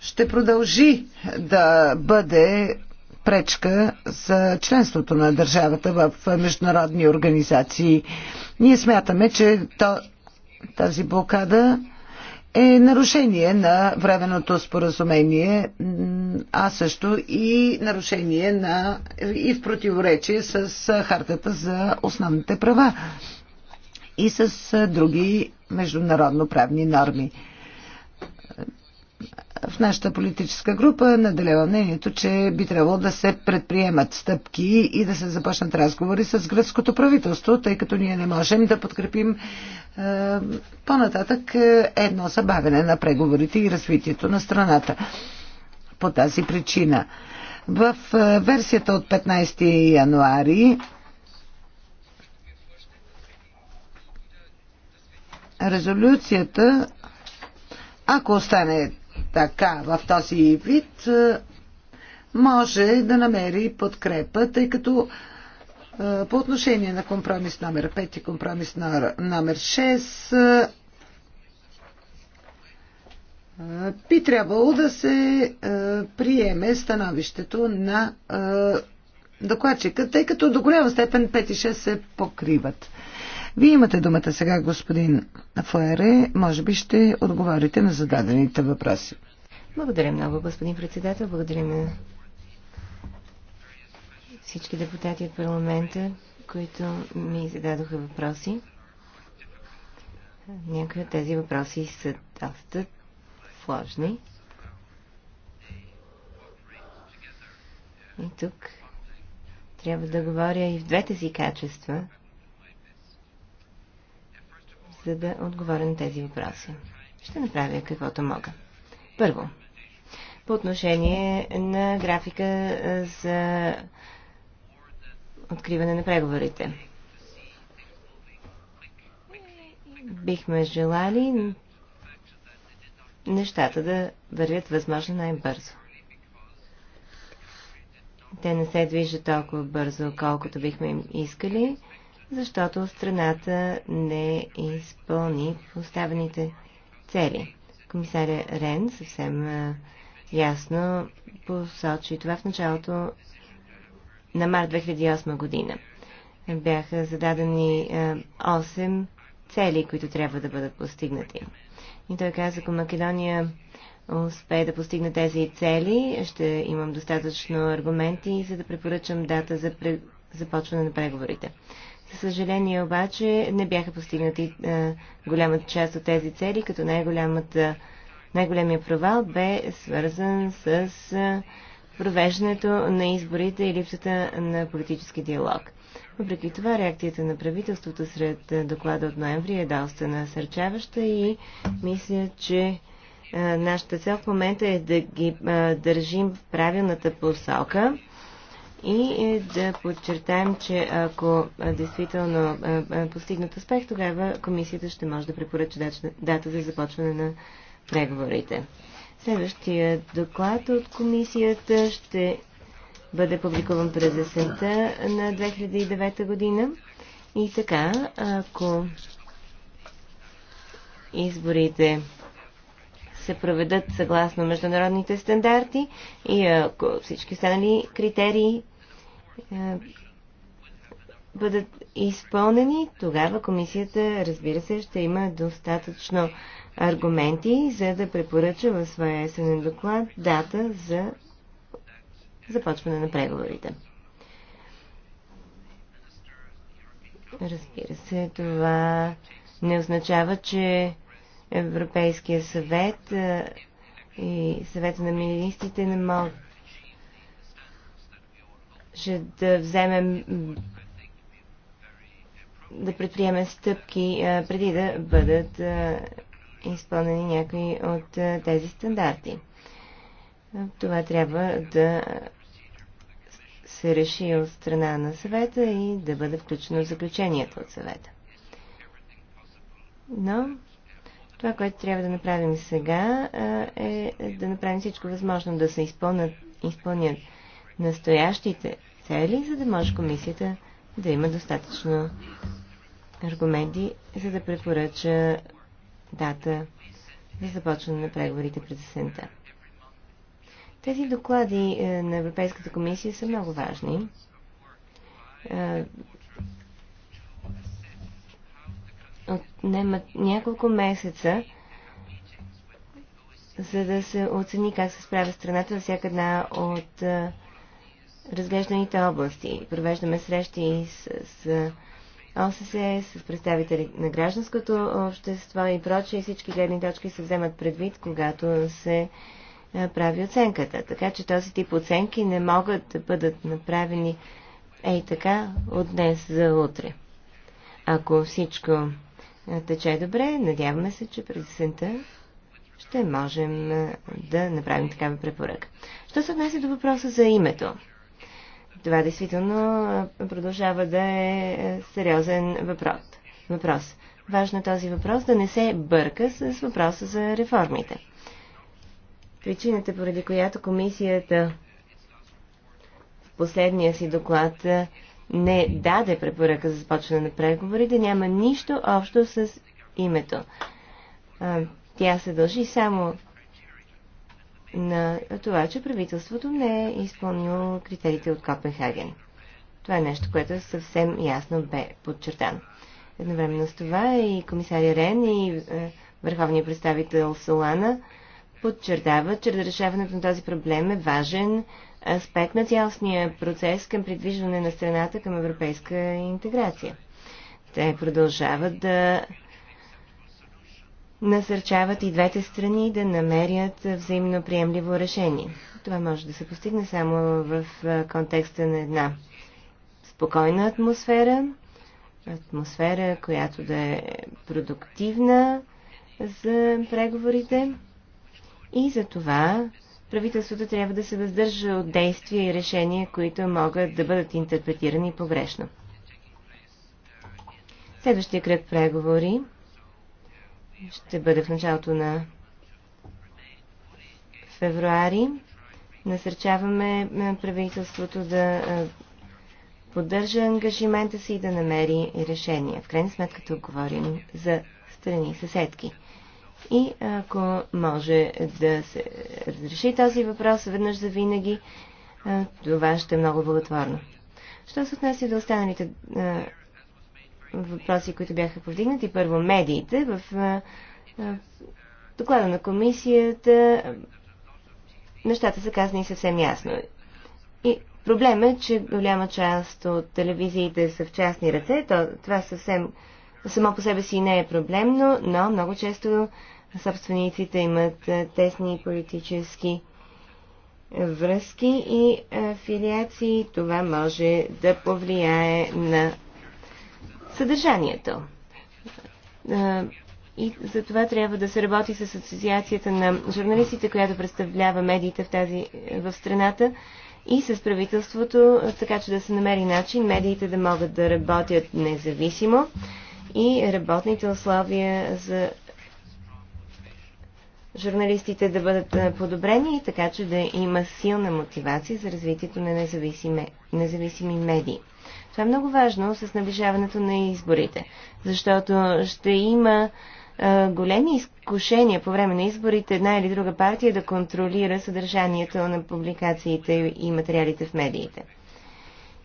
Speaker 5: ще продължи да бъде пречка за членството на държавата в международни организации. Ние смятаме, че то, тази блокада е нарушение на временното споразумение, а също и нарушение на и в противоречие с хартата за основните права и с други международно-правни норми. В нашата политическа група наделява мнението, че би трябвало да се предприемат стъпки и да се започнат разговори с гръцкото правителство, тъй като ние не можем да подкрепим е, по-нататък е, едно забавене на преговорите и развитието на страната. По тази причина. В е, версията от 15 януари резолюцията, ако остане така в този вид, е, може да намери подкрепа, тъй като е, по отношение на компромис номер 5 и компромис номер 6 е, би трябвало да се приеме становището на докладчика, тъй като до голяма степен 5 и 6 се покриват. Вие имате думата сега, господин Фуере. Може би ще отговорите на зададените въпроси.
Speaker 3: Благодаря много, господин председател. Благодаря на всички депутати от парламента, които ми зададоха въпроси. Някои от тези въпроси са доста сложни. И тук трябва да говоря и в двете си качества – за да отговоря на тези въпроси. Ще направя каквото мога. Първо, по отношение на графика за откриване на преговорите. Бихме желали нещата да вървят възможно най-бързо. Те не се движат толкова бързо, колкото бихме им искали, защото страната не изпълни поставените цели. Комисаря Рен съвсем ясно посочи това в началото на март 2008 година. Бяха зададени 8 цели, които трябва да бъдат постигнати. И той каза, ако Македония успее да постигне тези цели, ще имам достатъчно аргументи, за да препоръчам дата за започване на преговорите. За съжаление обаче не бяха постигнати а, е, голямата част от тези цели, като най-голямата, най-големия провал бе свързан с а, е, провеждането на изборите и липсата на политически диалог. Въпреки това, реакцията на правителството сред е, доклада от ноември е доста насърчаваща и мисля, че нашата цел в момента е да ги държим в правилната посока и е, да подчертаем, че ако е, действително е, постигнат успех, тогава комисията ще може да препоръча дата за започване на преговорите. Следващия доклад от комисията ще бъде публикуван през есента на 2009 година. И така, ако изборите се проведат съгласно международните стандарти и ако всички останали критерии е, бъдат изпълнени, тогава комисията, разбира се, ще има достатъчно аргументи, за да препоръча в своя есенен доклад дата за започване на преговорите. Разбира се, това не означава, че Европейския съвет е, и съвета на министрите не могат ще да вземем да предприемем стъпки преди да бъдат изпълнени някои от тези стандарти. Това трябва да се реши от страна на съвета и да бъде включено в заключението от съвета. Но това, което трябва да направим сега е да направим всичко възможно да се изпълнят, изпълнят настоящите цели, за да може комисията да има достатъчно аргументи, за да препоръча дата за започване на преговорите през есента. Тези доклади е, на Европейската комисия са много важни. Е, Отнемат няколко месеца, за да се оцени как се справя страната във всяка една от е, разглежданите области. Провеждаме срещи с, с ОССЕ, с представители на гражданското общество и прочие, Всички гледни точки се вземат предвид, когато се прави оценката. Така че този тип оценки не могат да бъдат направени ей така от днес за утре. Ако всичко тече добре, надяваме се, че през сента ще можем да направим такава препоръка. Що се отнася до въпроса за името? Това действително продължава да е, е сериозен въпрос. въпрос. Важно е този въпрос да не се бърка с въпроса за реформите. Причината, поради която комисията в последния си доклад не даде препоръка за започване на преговори, да няма нищо общо с името. Тя се дължи само на това, че правителството не е изпълнило критериите от Копенхаген. Това е нещо, което съвсем ясно бе подчертано. Едновременно с това е и комисаря Рен и е, върховният представител Солана подчертават, че разрешаването на този проблем е важен аспект на цялостния процес към придвижване на страната към европейска интеграция. Те продължават да насърчават и двете страни да намерят взаимно приемливо решение. Това може да се постигне само в контекста на една спокойна атмосфера, атмосфера, която да е продуктивна за преговорите и за това правителството трябва да се въздържа от действия и решения, които могат да бъдат интерпретирани погрешно. Следващия кръг преговори ще бъде в началото на февруари. Насърчаваме правителството да поддържа ангажимента си и да намери решение. В крайна сметка тук говорим за страни съседки. И ако може да се разреши този въпрос веднъж за винаги, това ще е много благотворно. Що се отнася до останалите въпроси, които бяха повдигнати. Първо, медиите. В доклада на комисията нещата са казани съвсем ясно. И проблем е, че голяма част от телевизиите са в частни ръце. То, това съвсем само по себе си не е проблемно, но много често собствениците имат тесни политически връзки и афилиации. Това може да повлияе на съдържанието. И за това трябва да се работи с Асоциацията на журналистите, която представлява медиите в, тази, в страната и с правителството, така че да се намери начин медиите да могат да работят независимо и работните условия за журналистите да бъдат подобрени, така че да има силна мотивация за развитието на независими, независими медии. Това е много важно с наближаването на изборите, защото ще има а, големи изкушения по време на изборите една или друга партия да контролира съдържанието на публикациите и материалите в медиите.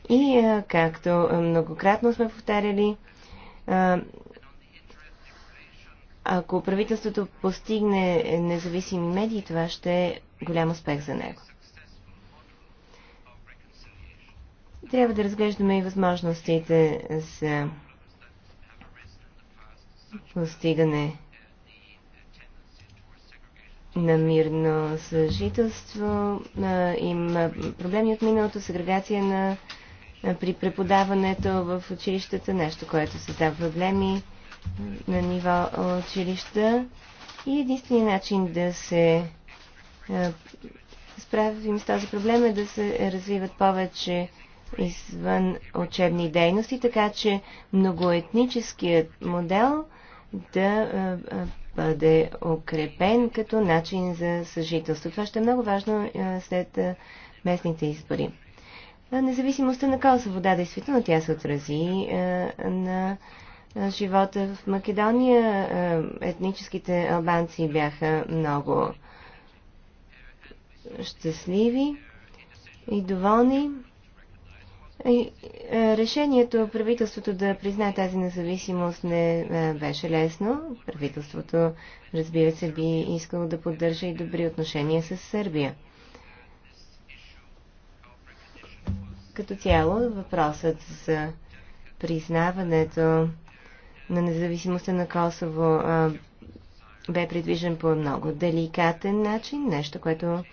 Speaker 3: И а, както многократно сме повтаряли, а, ако правителството постигне независими медии, това ще е голям успех за него. Трябва да разглеждаме и възможностите за постигане на мирно съжителство. Има проблеми от миналото, сегрегация на, при преподаването в училищата, нещо, което създава проблеми на ниво училища. И единственият начин да се справим с този проблем е да се развиват повече извън учебни дейности, така че многоетническият модел да бъде укрепен като начин за съжителство. Това ще е много важно след местните избори. Независимостта на Косово, да, действително тя се отрази на живота в Македония. Етническите албанци бяха много щастливи и доволни. Е, е, решението правителството да признае тази независимост не е, беше лесно. Правителството, разбира се, би искало да поддържа и добри отношения с Сърбия. Като цяло, въпросът за признаването на независимостта на Косово бе придвижен по много деликатен начин, нещо, което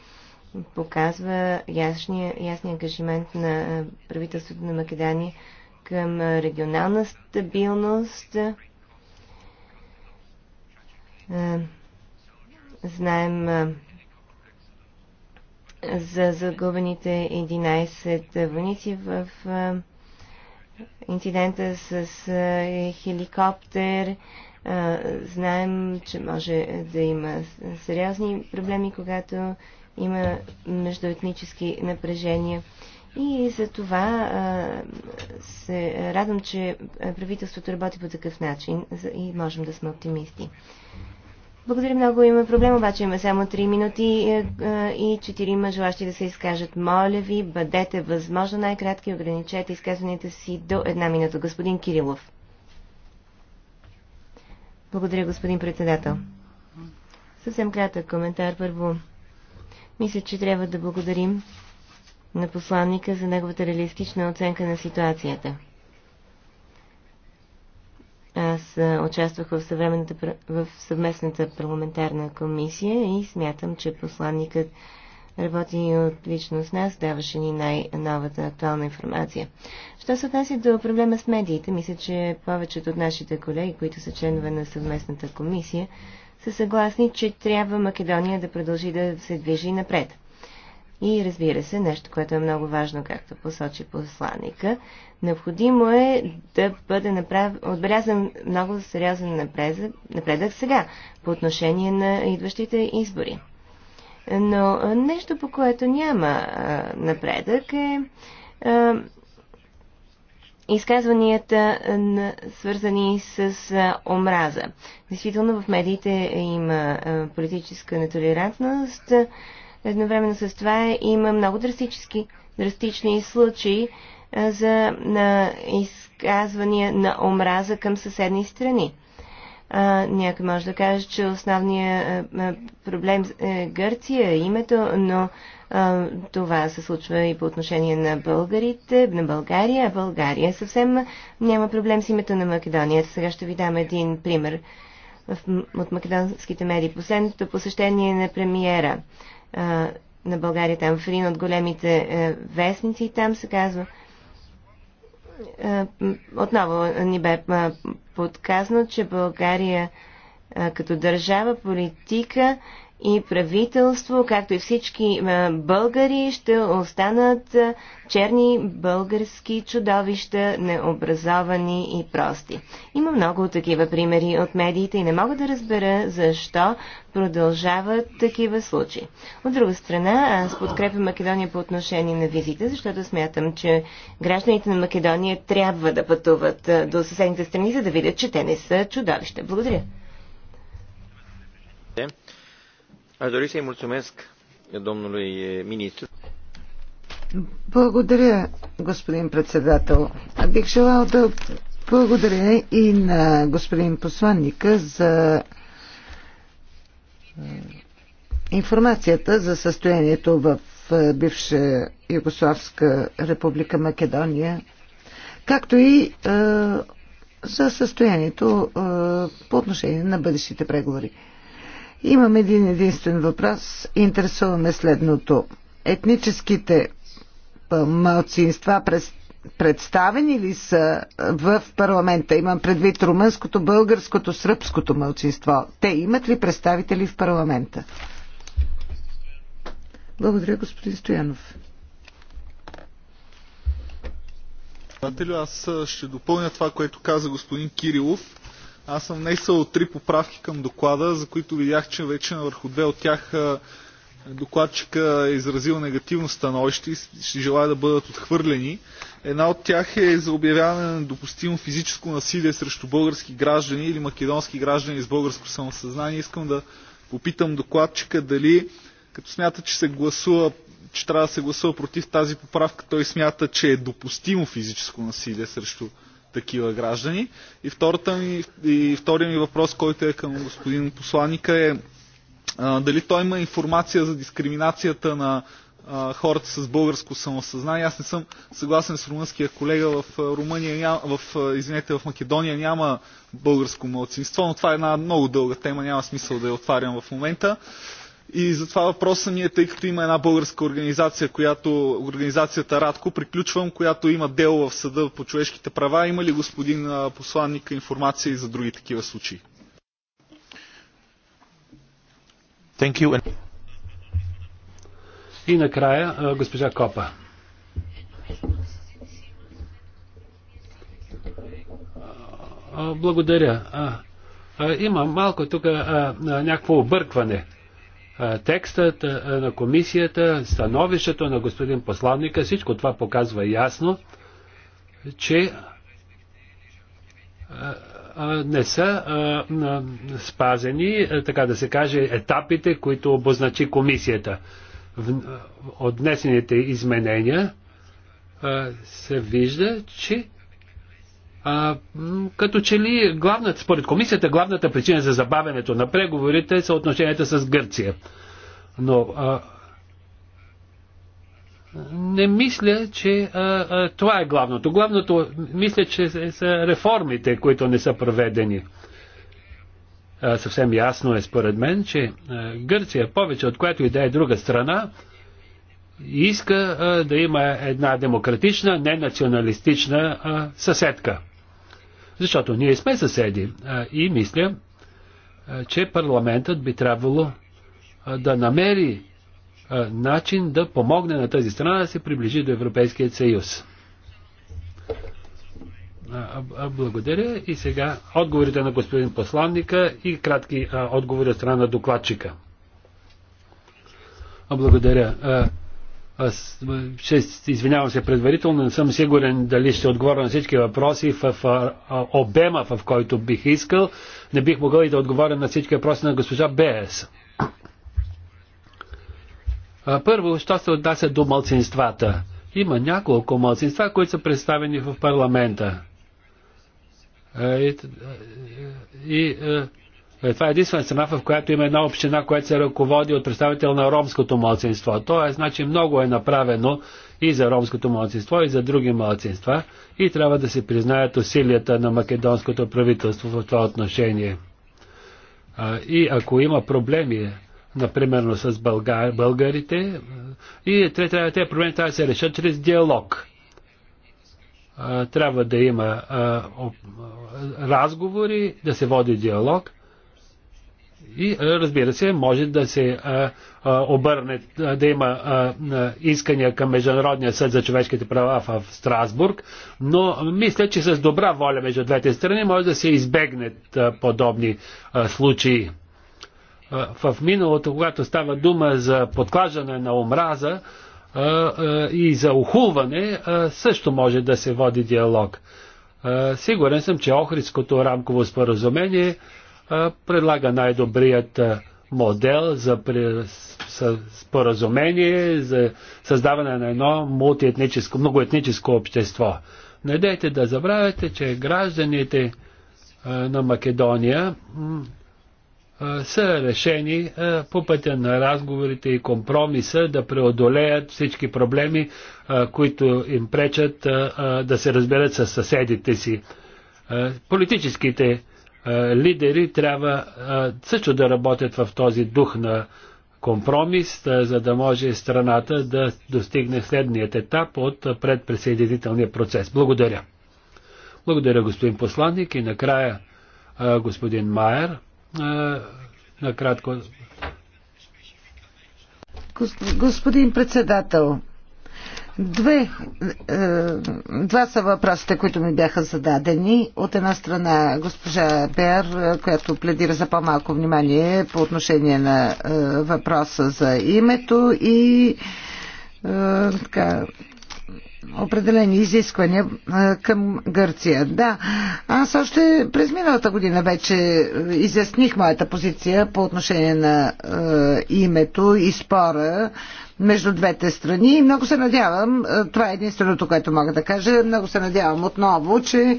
Speaker 3: показва ясния, ясния ангажимент на правителството на Македония към регионална стабилност. Знаем за загубените 11 войници в инцидента с хеликоптер. Знаем, че може да има сериозни проблеми, когато има междуетнически напрежения. И за това а, се радвам, че правителството работи по такъв начин и можем да сме оптимисти. Благодаря много. Има проблем, обаче има само 3 минути и 4 желащи да се изкажат. Моля ви, бъдете възможно най-кратки ограничете изказванията си до една минута. Господин Кирилов. Благодаря, господин председател. Съвсем кратък коментар. Първо, мисля, че трябва да благодарим на посланника за неговата реалистична оценка на ситуацията. Аз участвах в, в съвместната парламентарна комисия и смятам, че посланникът работи лично с нас, даваше ни най-новата актуална информация. Що се отнася до проблема с медиите, мисля, че повечето от нашите колеги, които са членове на съвместната комисия, са съгласни, че трябва Македония да продължи да се движи напред. И разбира се, нещо, което е много важно, както посочи посланника, необходимо е да бъде направ... отбелязан много сериозен напредък сега по отношение на идващите избори. Но нещо, по което няма а, напредък е а, изказванията, свързани с омраза. Действително в медиите има политическа нетолерантност. Едновременно с това има много драстически, драстични случаи за на изказвания на омраза към съседни страни. А, някой може да каже, че основният проблем е Гърция, името, но това се случва и по отношение на българите, на България. България съвсем няма проблем с името на Македония. Сега ще ви дам един пример от македонските медии. Последното посещение на премиера на България там в един от големите вестници и там се казва отново ни бе подказано, че България като държава, политика и правителство, както и всички българи, ще останат черни български чудовища, необразовани и прости. Има много такива примери от медиите и не мога да разбера защо продължават такива случаи. От друга страна, аз подкрепям Македония по отношение на визите, защото смятам, че гражданите на Македония трябва да пътуват до съседните страни, за да видят, че те не са чудовища. Благодаря.
Speaker 6: Aș dori să-i mulțumesc domnului eh, ministru.
Speaker 5: Благодаря, господин председател. Бих желал да благодаря и на господин посланника за е, информацията за състоянието в е, бивша Югославска република Македония, както и е, за състоянието по отношение на бъдещите преговори. Имам един единствен въпрос. Интересуваме следното. Етническите малцинства през представени ли са в парламента? Имам предвид румънското, българското, сръбското мълчинство. Те имат ли представители в парламента? Благодаря, господин Стоянов.
Speaker 7: Аз ще допълня това, което каза господин Кирилов аз съм внесъл три поправки към доклада, за които видях, че вече на върху две от тях докладчика е изразил негативно становище и ще желая да бъдат отхвърлени. Една от тях е за обявяване на допустимо физическо насилие срещу български граждани или македонски граждани с българско самосъзнание. Искам да попитам докладчика дали, като смята, че се гласува че трябва да се гласува против тази поправка, той смята, че е допустимо физическо насилие срещу такива граждани. И, втората ми, и втория ми въпрос, който е към господин посланника е а, дали той има информация за дискриминацията на а, хората с българско самосъзнание. Аз не съм съгласен с румънския колега. В Румъния, в, извинете, в Македония няма българско младсинство, но това е една много дълга тема, няма смисъл да я отварям в момента. И затова въпросът ми е, тъй като има една българска организация, която, организацията Радко, приключвам, която има дело в съда по човешките права. Има ли господин посланник информация и за други такива случаи?
Speaker 2: Thank you. И накрая госпожа Копа. Благодаря. Има малко тук някакво объркване текстът на комисията, становището на господин посланника, всичко това показва ясно, че не са спазени, така да се каже, етапите, които обозначи комисията. От днесените изменения се вижда, че а, като че ли главната, според комисията главната причина за забавянето на преговорите са отношенията с Гърция. Но а, не мисля, че а, а, това е главното. Главното, мисля, че е, са реформите, които не са проведени. А, съвсем ясно е според мен, че а, Гърция, повече от която и да е друга страна, иска а, да има една демократична, ненационалистична а, съседка. Защото ние сме съседи и мисля, че парламентът би трябвало да намери начин да помогне на тази страна да се приближи до Европейския съюз. Благодаря. И сега отговорите на господин посланника и кратки отговори от страна на докладчика. Благодаря. Аз ще, извинявам се предварително, не съм сигурен дали ще отговоря на всички въпроси в, в, обема, в който бих искал. Не бих могъл и да отговоря на всички въпроси на госпожа Беес. Първо, що се отнася до малцинствата? Има няколко малцинства, които са представени в парламента. И, и, и е, това е единствена страна, в която има една община, която се ръководи от представител на ромското младсинство. Тоест, значи много е направено и за ромското младсинство, и за други младсинства и трябва да се признаят усилията на македонското правителство в това отношение. И ако има проблеми, например, с българ, българите, и те, трябва, те проблеми трябва да се решат чрез диалог. Трябва да има разговори, да се води диалог и разбира се, може да се а, а, обърне, да има а, искания към Международния съд за човешките права в Страсбург, но мисля, че с добра воля между двете страни може да се избегнат подобни случаи. В миналото, когато става дума за подклаждане на омраза и за ухулване, също може да се води диалог. Сигурен съм, че Охридското рамково споразумение предлага най-добрият модел за споразумение, за създаване на едно мултиетническо, многоетническо общество. Не дайте да забравяте, че гражданите на Македония са решени по пътя на разговорите и компромиса да преодолеят всички проблеми, които им пречат да се разберат с съседите си. Политическите лидери трябва също да работят в този дух на компромис, за да може страната да достигне следният етап от предприсъединителния процес. Благодаря. Благодаря, господин посланник. И накрая, господин Майер, накратко.
Speaker 5: Господин председател, Две, е, два са въпросите, които ми бяха зададени. От една страна госпожа Бер, е, която пледира за по-малко внимание по отношение на е, въпроса за името и така, определени изисквания към Гърция. Да, аз още през миналата година вече изясних моята позиция по отношение на името и спора между двете страни и много се надявам, е, това е единственото, което мога да кажа, много се надявам отново, че е,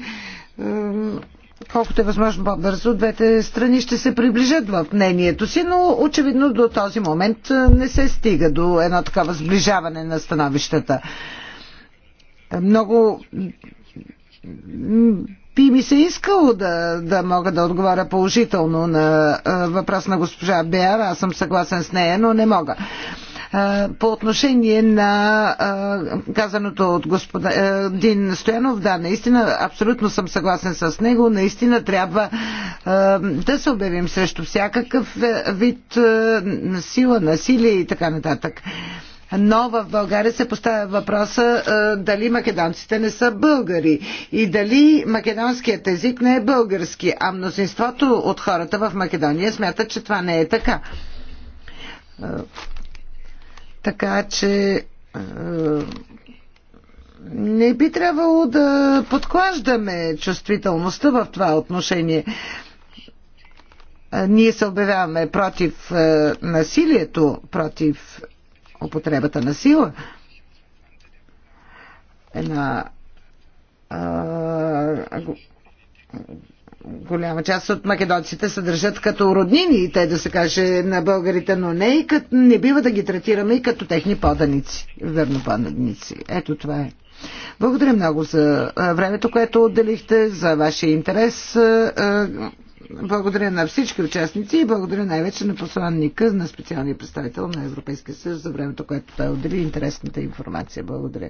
Speaker 5: колкото е възможно по-бързо, двете страни ще се приближат в мнението си, но очевидно до този момент е, не се стига до едно такова сближаване на становищата. Много би ми се искало да, да мога да отговоря положително на въпрос на госпожа Беара. Аз съм съгласен с нея, но не мога. По отношение на казаното от господин Стоянов, да, наистина, абсолютно съм съгласен с него. Наистина трябва да се обявим срещу всякакъв вид сила, насилие и така нататък. Но в България се поставя въпроса дали македонците не са българи и дали македонският език не е български, а мнозинството от хората в Македония смятат, че това не е така. Така че не би трябвало да подклаждаме чувствителността в това отношение. Ние се обявяваме против насилието, против употребата на сила. Една голяма част от македонците се държат като роднини, те да се каже на българите, но не и като, не бива да ги третираме и като техни поданици, верно поданици. Ето това е. Благодаря много за времето, което отделихте, за вашия интерес. Благодаря на всички участници и благодаря най-вече на посланника, на специалния представител на Европейския съюз за времето, което той отдели интересната информация. Благодаря.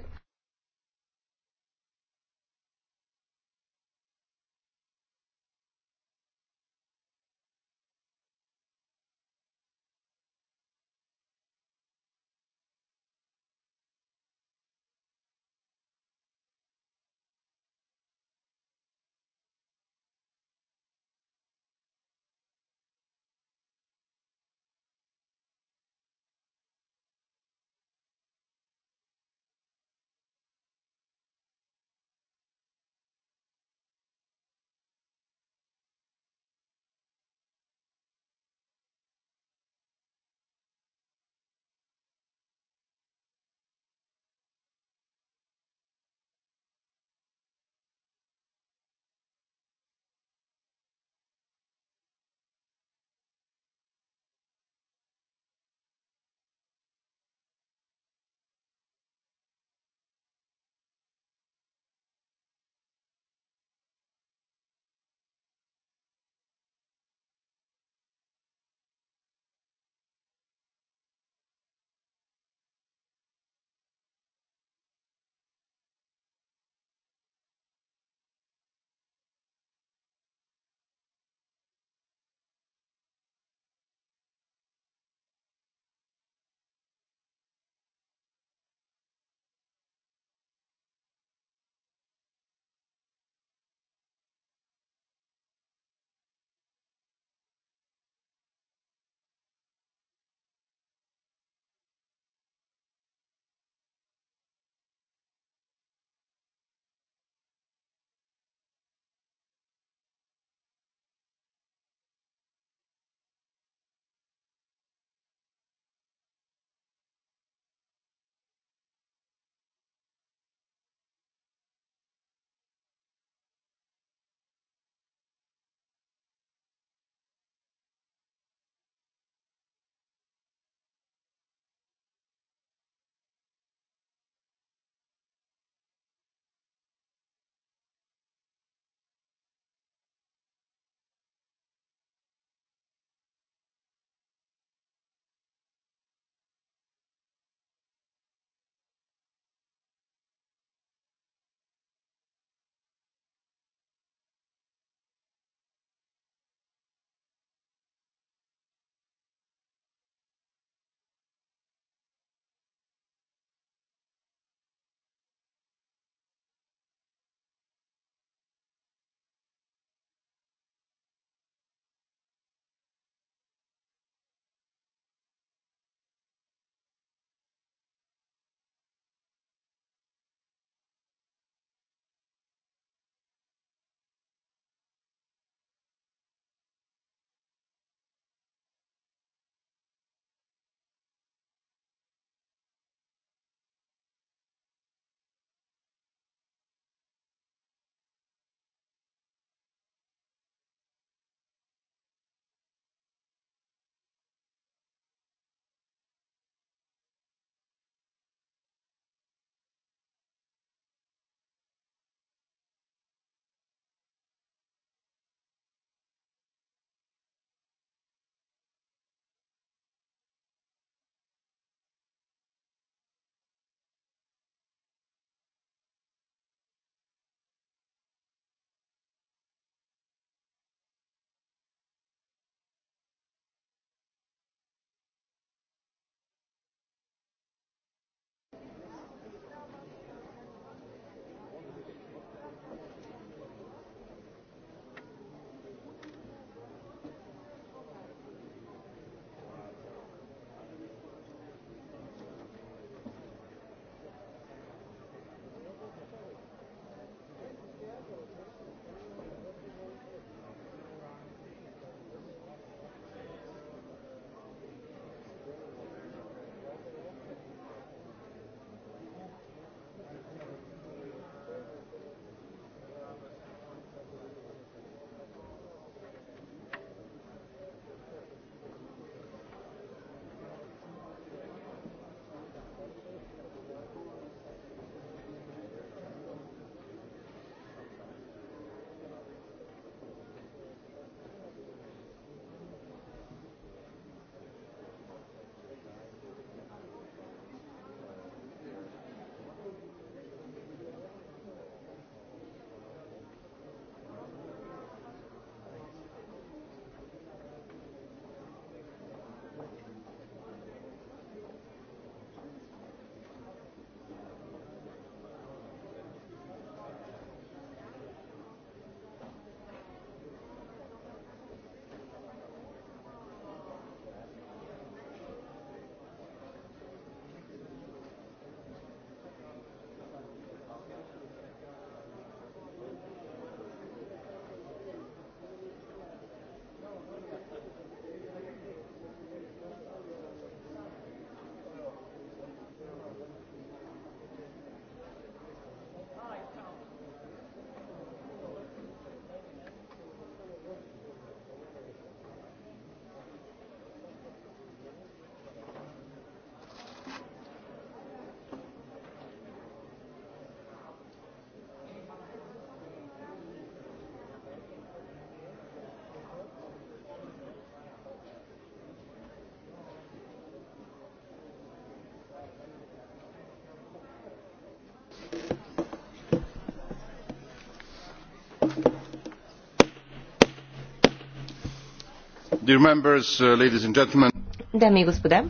Speaker 1: Uh,
Speaker 3: Дами и господа,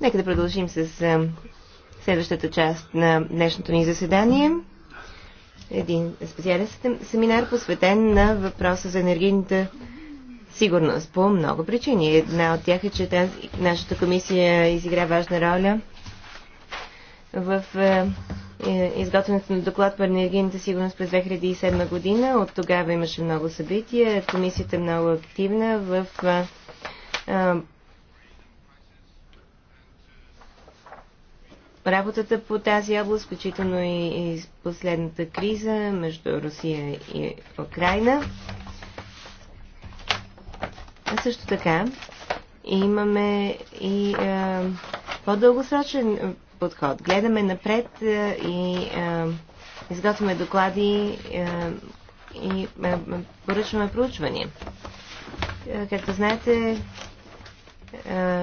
Speaker 3: нека да продължим с следващата част на днешното ни заседание. Един специален семинар, посветен на въпроса за енергийната сигурност по много причини. Една от тях е, че тази, нашата комисия изигра важна роля в е, изготвянето на доклад по енергийната сигурност през 2007 година. От тогава имаше много събития. Комисията е много активна в а, работата по тази област, включително и, и последната криза между Русия и Украина. А също така имаме и а, по-дългосрочен подход. Гледаме напред е, и е, изготвяме доклади е, и поръчваме проучвания. Както знаете,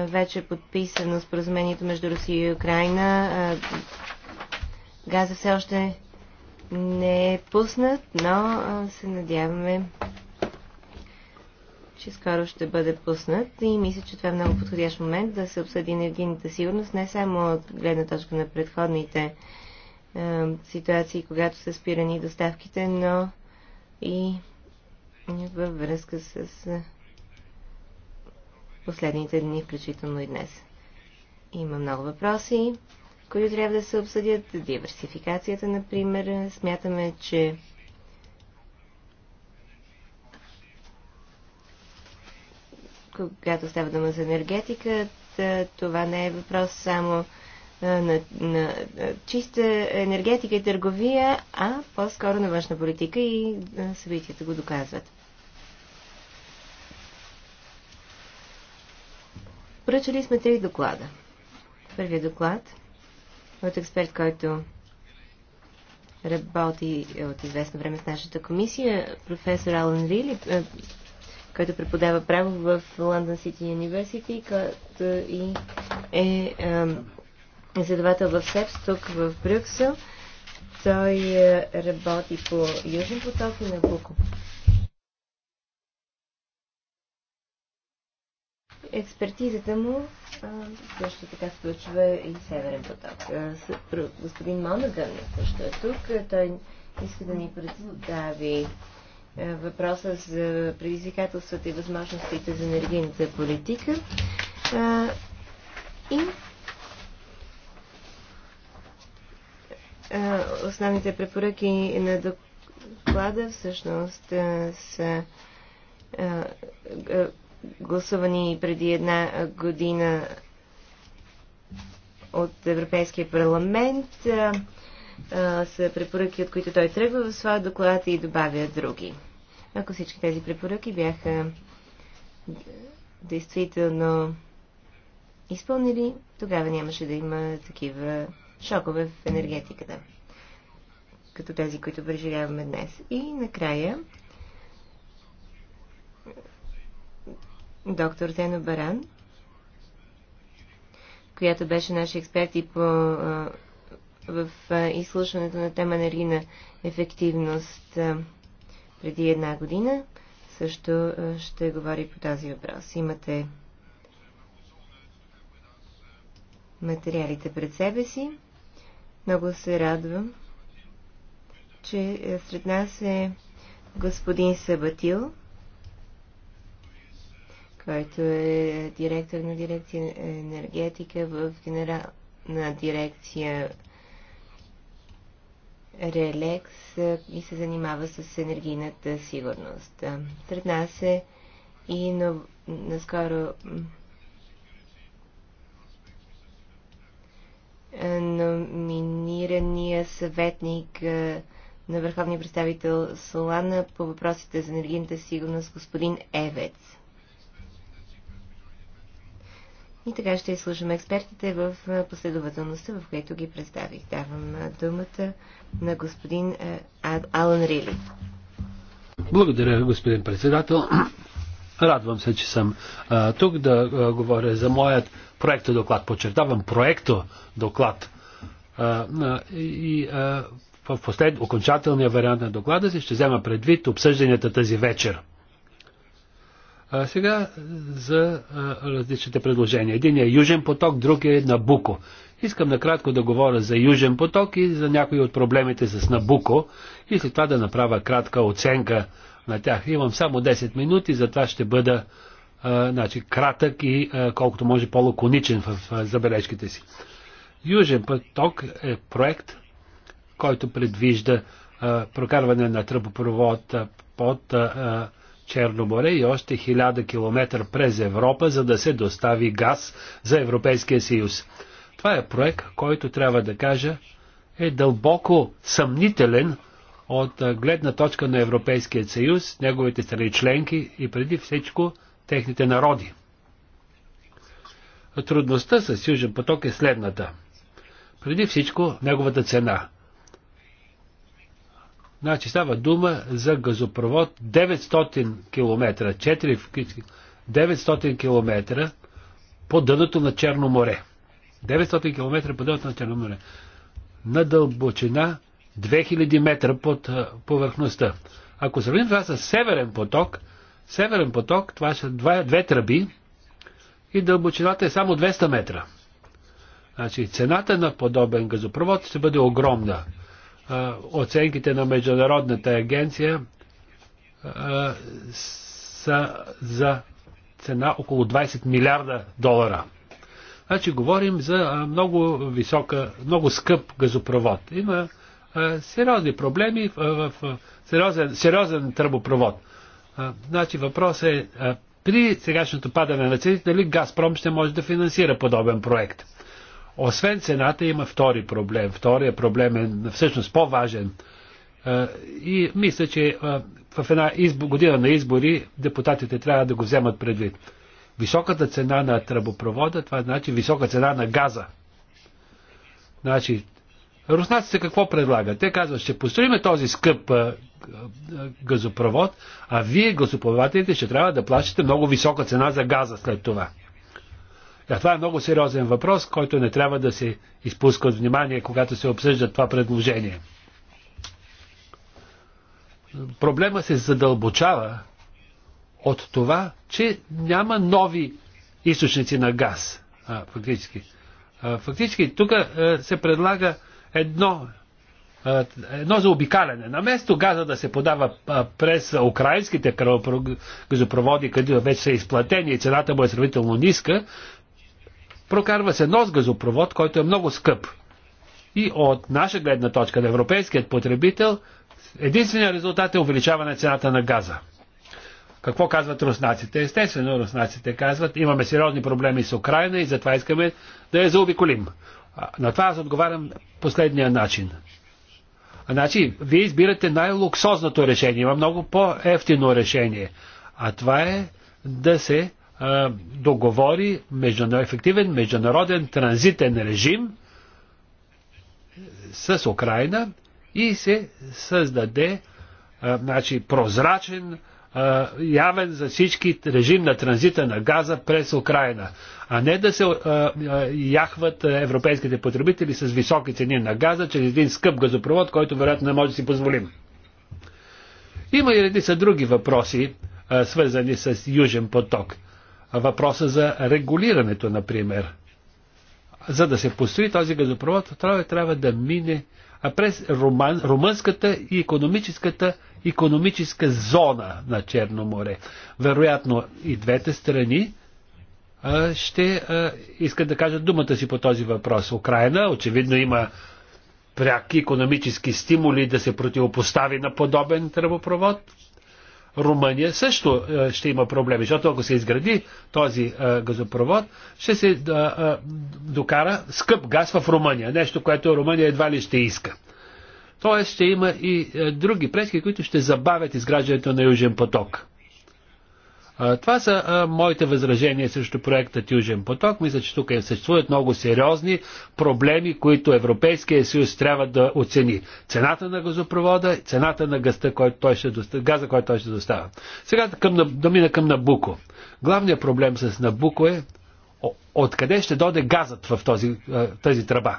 Speaker 3: вече е подписано споразумението между Русия и Украина. Газа все още не е пуснат, но се надяваме че скоро ще бъде пуснат и мисля, че това е много подходящ момент да се обсъди енергийната сигурност, не само от гледна точка на предходните е, ситуации, когато са спирани доставките, но и във връзка с е, последните дни, включително и днес. Има много въпроси, които трябва да се обсъдят. Диверсификацията, например. Смятаме, че когато става дума за енергетика, това не е въпрос само на, на чиста енергетика и търговия, а по-скоро на външна политика и събитията го доказват. Поръчали сме три доклада. Първият доклад е от експерт, който работи от известно време с нашата комисия, професор Алан Рили, който преподава право в Лондон Сити Юниверсити, като и е изследовател в СЕПС тук в Брюксел. Той е, работи по Южен поток и на Буко. експертизата му а, също така включва и Северен поток. А, с, господин Монаган също е тук. Той иска да ни представи е, въпроса за предизвикателствата и възможностите за енергийната политика. Е, и е, основните препоръки на доклада всъщност са гласувани преди една година от Европейския парламент са препоръки, от които той тръгва в своя доклад и добавя други. Ако всички тези препоръки бяха действително изпълнили, тогава нямаше да има такива шокове в енергетиката, като тези, които преживяваме днес. И накрая доктор Зено Баран, която беше наш експерт и по в изслушването на тема енергийна ефективност преди една година също ще говори по тази въпрос. Имате материалите пред себе си. Много се радвам, че сред нас е господин Сабатил, който е директор на дирекция енергетика в генерална дирекция Релекс и се занимава с енергийната сигурност. Сред нас е и нов... наскоро номинирания съветник на върховния представител Солана по въпросите за енергийната сигурност господин Евец. И така ще изслушам експертите в последователността, в която ги представих. Давам думата на господин Алан Рили.
Speaker 2: Благодаря, господин председател. Радвам се, че съм а, тук да а, говоря за моят проекто доклад. Подчертавам проекто доклад. А, и а, в послед, окончателния вариант на доклада си ще взема предвид обсъжданията тази вечер. А, сега за а, различните предложения. Един е Южен поток, друг е Набуко. Искам накратко да говоря за Южен поток и за някои от проблемите с Набуко и след това да направя кратка оценка на тях. Имам само 10 минути, затова ще бъда а, значи, кратък и а, колкото може по-лаконичен в а, забележките си. Южен поток е проект, който предвижда а, прокарване на тръбопровод а, под а, Черно и още 1000 км през Европа, за да се достави газ за Европейския съюз. Това е проект, който трябва да кажа е дълбоко съмнителен от гледна точка на Европейския съюз, неговите страни членки и преди всичко техните народи. Трудността с Южен поток е следната. Преди всичко неговата цена – Значи става дума за газопровод 900 км, 4, 900 км по дъното на Черно море. 900 км по дъното на Черно море. На дълбочина 2000 метра под повърхността. Ако сравним това с Северен поток, Северен поток, това са две тръби и дълбочината е само 200 метра. Значи цената на подобен газопровод ще бъде огромна оценките на Международната агенция са за цена около 20 милиарда долара. Значи говорим за много висока, много скъп газопровод. Има сериозни проблеми в, сериозен, сериозен тръбопровод. Значи въпросът е при сегашното падане на цените дали Газпром ще може да финансира подобен проект. Освен цената има втори проблем. Втория проблем е всъщност по-важен. И мисля, че в една избор, година на избори депутатите трябва да го вземат предвид. Високата цена на тръбопровода, това значи висока цена на газа. Значи, руснаците какво предлагат? Те казват, ще построиме този скъп газопровод, а вие, газопроводателите, ще трябва да плащате много висока цена за газа след това. Да, това е много сериозен въпрос, който не трябва да се изпуска от внимание, когато се обсъжда това предложение. Проблема се задълбочава от това, че няма нови източници на газ. А, фактически. А, фактически, тук се предлага едно, а, едно заобикаляне. Наместо газа да се подава а, през украинските газопроводи, където вече са изплатени и цената му е сравнително ниска, Прокарва се нос газопровод, който е много скъп. И от наша гледна точка на европейският потребител, единственият резултат е увеличаване на цената на газа. Какво казват руснаците? Естествено, руснаците казват, имаме сериозни проблеми с Украина и затова искаме да я заобиколим. На това аз отговарям последния начин. Значи, вие избирате най-луксозното решение. Има много по-ефтино решение. А това е да се договори ефективен международен транзитен режим с Украина и се създаде значи, прозрачен, явен за всички режим на транзита на газа през Украина, а не да се яхват европейските потребители с високи цени на газа чрез един скъп газопровод, който вероятно не може да си позволим. Има и редица други въпроси, свързани с Южен поток въпроса за регулирането, например. За да се построи този газопровод, трябва, трябва да мине а през Руман, румънската и економическата економическа зона на Черно море. Вероятно и двете страни а, ще а, искат да кажат думата си по този въпрос. Украина очевидно има пряки економически стимули да се противопостави на подобен тръбопровод Румъния също е, ще има проблеми, защото ако се изгради този е, газопровод, ще се е, докара скъп газ в Румъния. Нещо, което Румъния едва ли ще иска. Тоест ще има и други пречки, които ще забавят изграждането на Южен поток. Това са моите възражения срещу проекта Тюжен поток. Мисля, че тук е, съществуват много сериозни проблеми, които Европейския съюз трябва да оцени. Цената на газопровода, цената на газта, който той ще доставя, газа, който той ще доставя. Сега към, да мина към Набуко. Главният проблем с Набуко е откъде ще доде газът в този, тази тръба.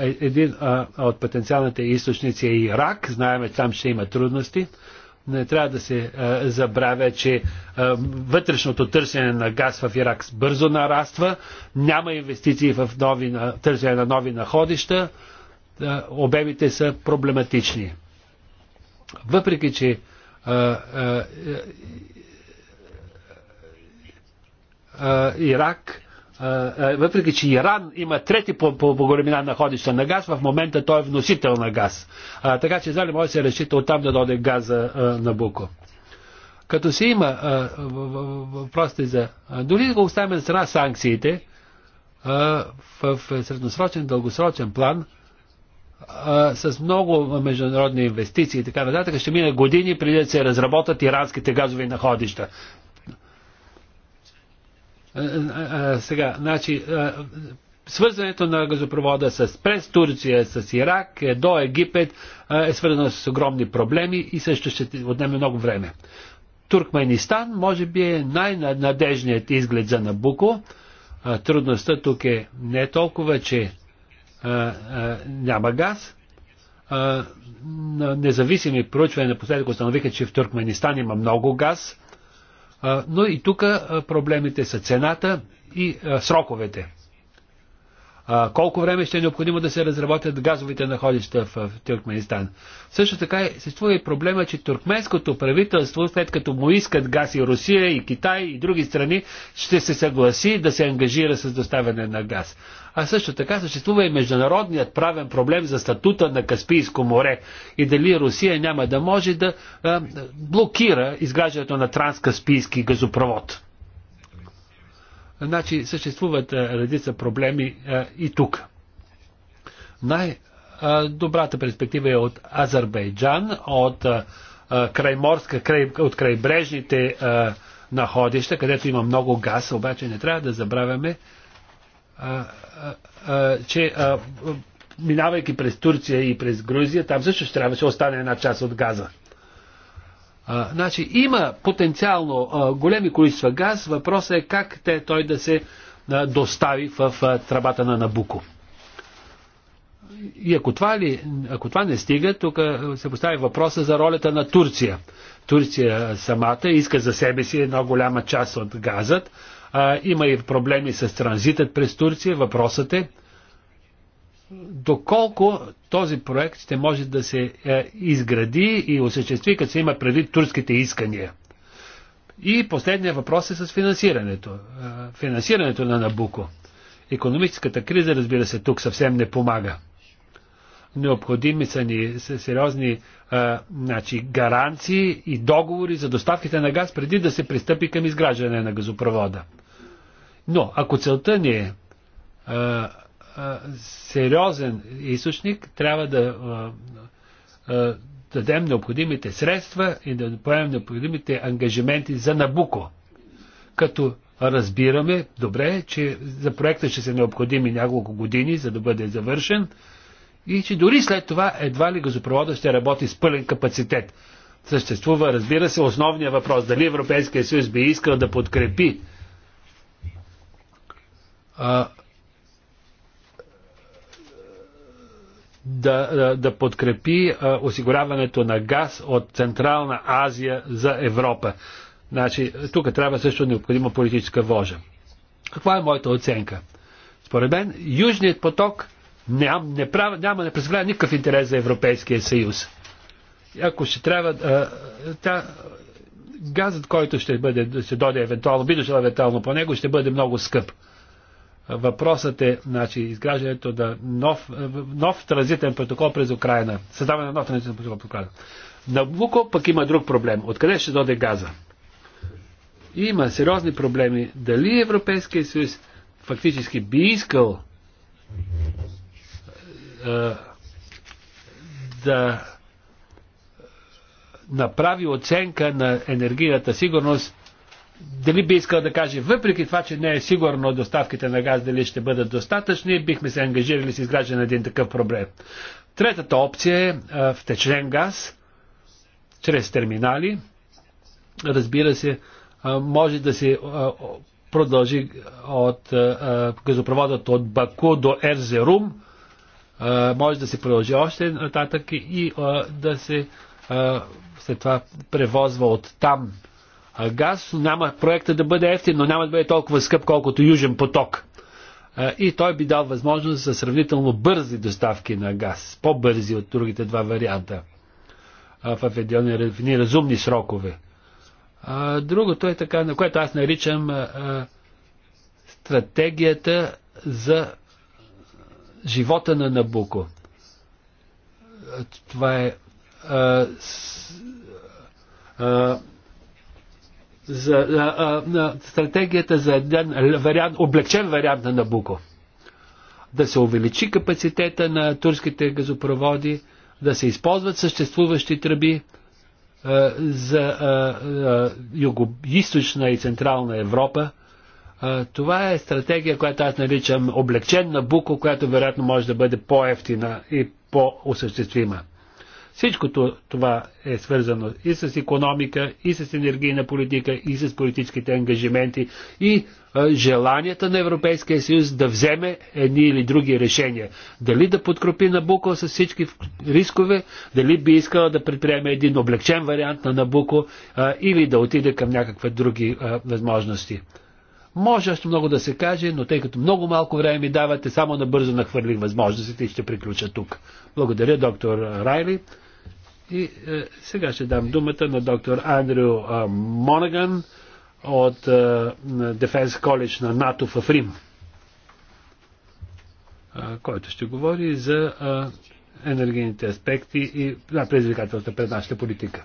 Speaker 2: Е, един от потенциалните източници е Ирак. Знаеме, там ще има трудности. Не трябва да се а, забравя, че а, вътрешното търсене на газ в Ирак бързо нараства, няма инвестиции в нови, на, търсене на нови находища, а, обемите са проблематични. Въпреки, че а, а, а, Ирак въпреки че Иран има трети по, по, по големина находища на газ, в момента той е вносител на газ. А, така че зали може да се решите оттам да доде газа а, на Буко. Като се има въпросите за... А, дори го оставим на страна санкциите, а, в, в средносрочен, дългосрочен план, а, с много международни инвестиции и така нататък, ще мине години преди да се разработят иранските газови находища. Е, е, е, сега, значи, свързването на газопровода с през Турция, с Ирак, до Египет е свързано с огромни проблеми и също ще отнеме много време. Туркменистан може би е най-надежният изглед за Набуко. Трудността тук е не толкова, че а, а, няма газ. А, независими проучвания напоследък установиха, че в Туркменистан има много газ но и тук проблемите са цената и сроковете а, колко време ще е необходимо да се разработят газовите находища в, в Тюркменистан. Също така е, съществува и проблема, че туркменското правителство, след като му искат газ и Русия, и Китай, и други страни, ще се съгласи да се ангажира с доставяне на газ. А също така съществува и международният правен проблем за статута на Каспийско море и дали Русия няма да може да а, блокира изграждането на транскаспийски газопровод. Значи съществуват редица проблеми и тук. Най-добрата перспектива е от Азербайджан, от крайморска, край, от крайбрежните находища, където има много газ, обаче не трябва да забравяме, че минавайки през Турция и през Грузия, там също ще трябва да остане една част от газа. А, значи има потенциално а, големи количества газ, въпросът е как те, той да се а, достави в а, на Набуко. И ако това, ли, ако това не стига, тук се постави въпроса за ролята на Турция. Турция самата иска за себе си една голяма част от газът. А, има и проблеми с транзитът през Турция. Въпросът е, доколко този проект ще може да се е, изгради и осъществи, като се има предвид турските искания. И последният въпрос е с финансирането. Е, финансирането на Набуко. Економическата криза, разбира се, тук съвсем не помага. Необходими са ни сериозни а, е, значи, гаранции и договори за доставките на газ преди да се пристъпи към изграждане на газопровода. Но ако целта ни е сериозен източник, трябва да дадем необходимите средства и да поемем необходимите ангажименти за Набуко. Като разбираме добре, че за проекта ще са необходими няколко години, за да бъде завършен и че дори след това едва ли газопровода ще работи с пълен капацитет. Съществува, разбира се, основния въпрос дали Европейския съюз би искал да подкрепи а, да, да подкрепи осигуряването на газ от Централна Азия за Европа. Значи, тук трябва също необходима политическа вожа. Каква е моята оценка? Според мен, Южният поток ням, не прав, няма не представлява никакъв интерес за Европейския съюз. Ако ще трябва, а, тя, газът, който ще бъде, ще дойде евентуално, би дошъл евентуално по него, ще бъде много скъп. Въпросът е, значи, изграждането на нов, нов транзитен протокол през Украина. Създаване на нов транзитен протокол през Украина. Набуко пък има друг проблем. Откъде ще доде газа? Има сериозни проблеми. Дали Европейския съюз фактически би искал а, да направи оценка на енергийната сигурност дали би искал да каже, въпреки това, че не е сигурно доставките на газ дали ще бъдат достатъчни, бихме се ангажирали с изграждане на един такъв проблем. Третата опция е втечнен газ чрез терминали. Разбира се, може да се продължи от газопроводът от Баку до Ерзерум. Може да се продължи още нататък и да се след това превозва от там газ, няма проекта да бъде ефтин, но няма да бъде толкова скъп, колкото Южен поток. И той би дал възможност за сравнително бързи доставки на газ, по-бързи от другите два варианта, в едни разумни срокове. Другото е така, на което аз наричам стратегията за живота на Набуко. Това е за а, а, стратегията за един вариант, облегчен вариант на Набуко. Да се увеличи капацитета на турските газопроводи, да се използват съществуващи тръби а, за юго-источна и централна Европа. А, това е стратегия, която аз наричам облегчен Набуко, която вероятно може да бъде по-ефтина и по-осъществима. Всичко това е свързано и с економика, и с енергийна политика, и с политическите ангажименти, и е, желанията на Европейския съюз да вземе едни или други решения. Дали да подкрепи Набуко с всички рискове, дали би искала да предприеме един облегчен вариант на Набуко е, или да отиде към някакви други е, възможности. Може още много да се каже, но тъй като много малко време ми давате, само набързо нахвърлих възможностите и ще приключа тук. Благодаря, доктор Райли. И е, сега ще дам думата на доктор Андрю е, Монаган от а, Дефенс коледж на НАТО в Рим, е, който ще говори за е, енергийните аспекти и на предизвикателствата пред нашата политика.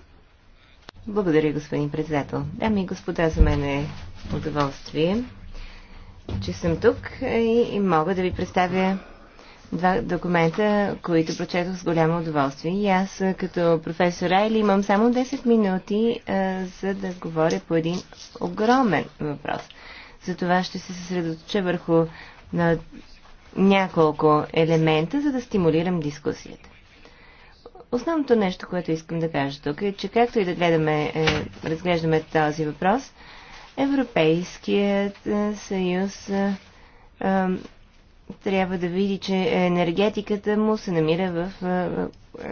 Speaker 3: Благодаря, господин председател. Дами и господа, за мен е удоволствие, че съм тук и, и мога да ви представя два документа, които прочетох с голямо удоволствие. И аз като професор Айли имам само 10 минути, а, за да говоря по един огромен въпрос. Затова ще се съсредоточа върху на няколко елемента, за да стимулирам дискусията. Основното нещо, което искам да кажа тук е, че както и да гледаме, е, разглеждаме този въпрос, Европейският е, съюз е, е трябва да види, че енергетиката му се намира в е,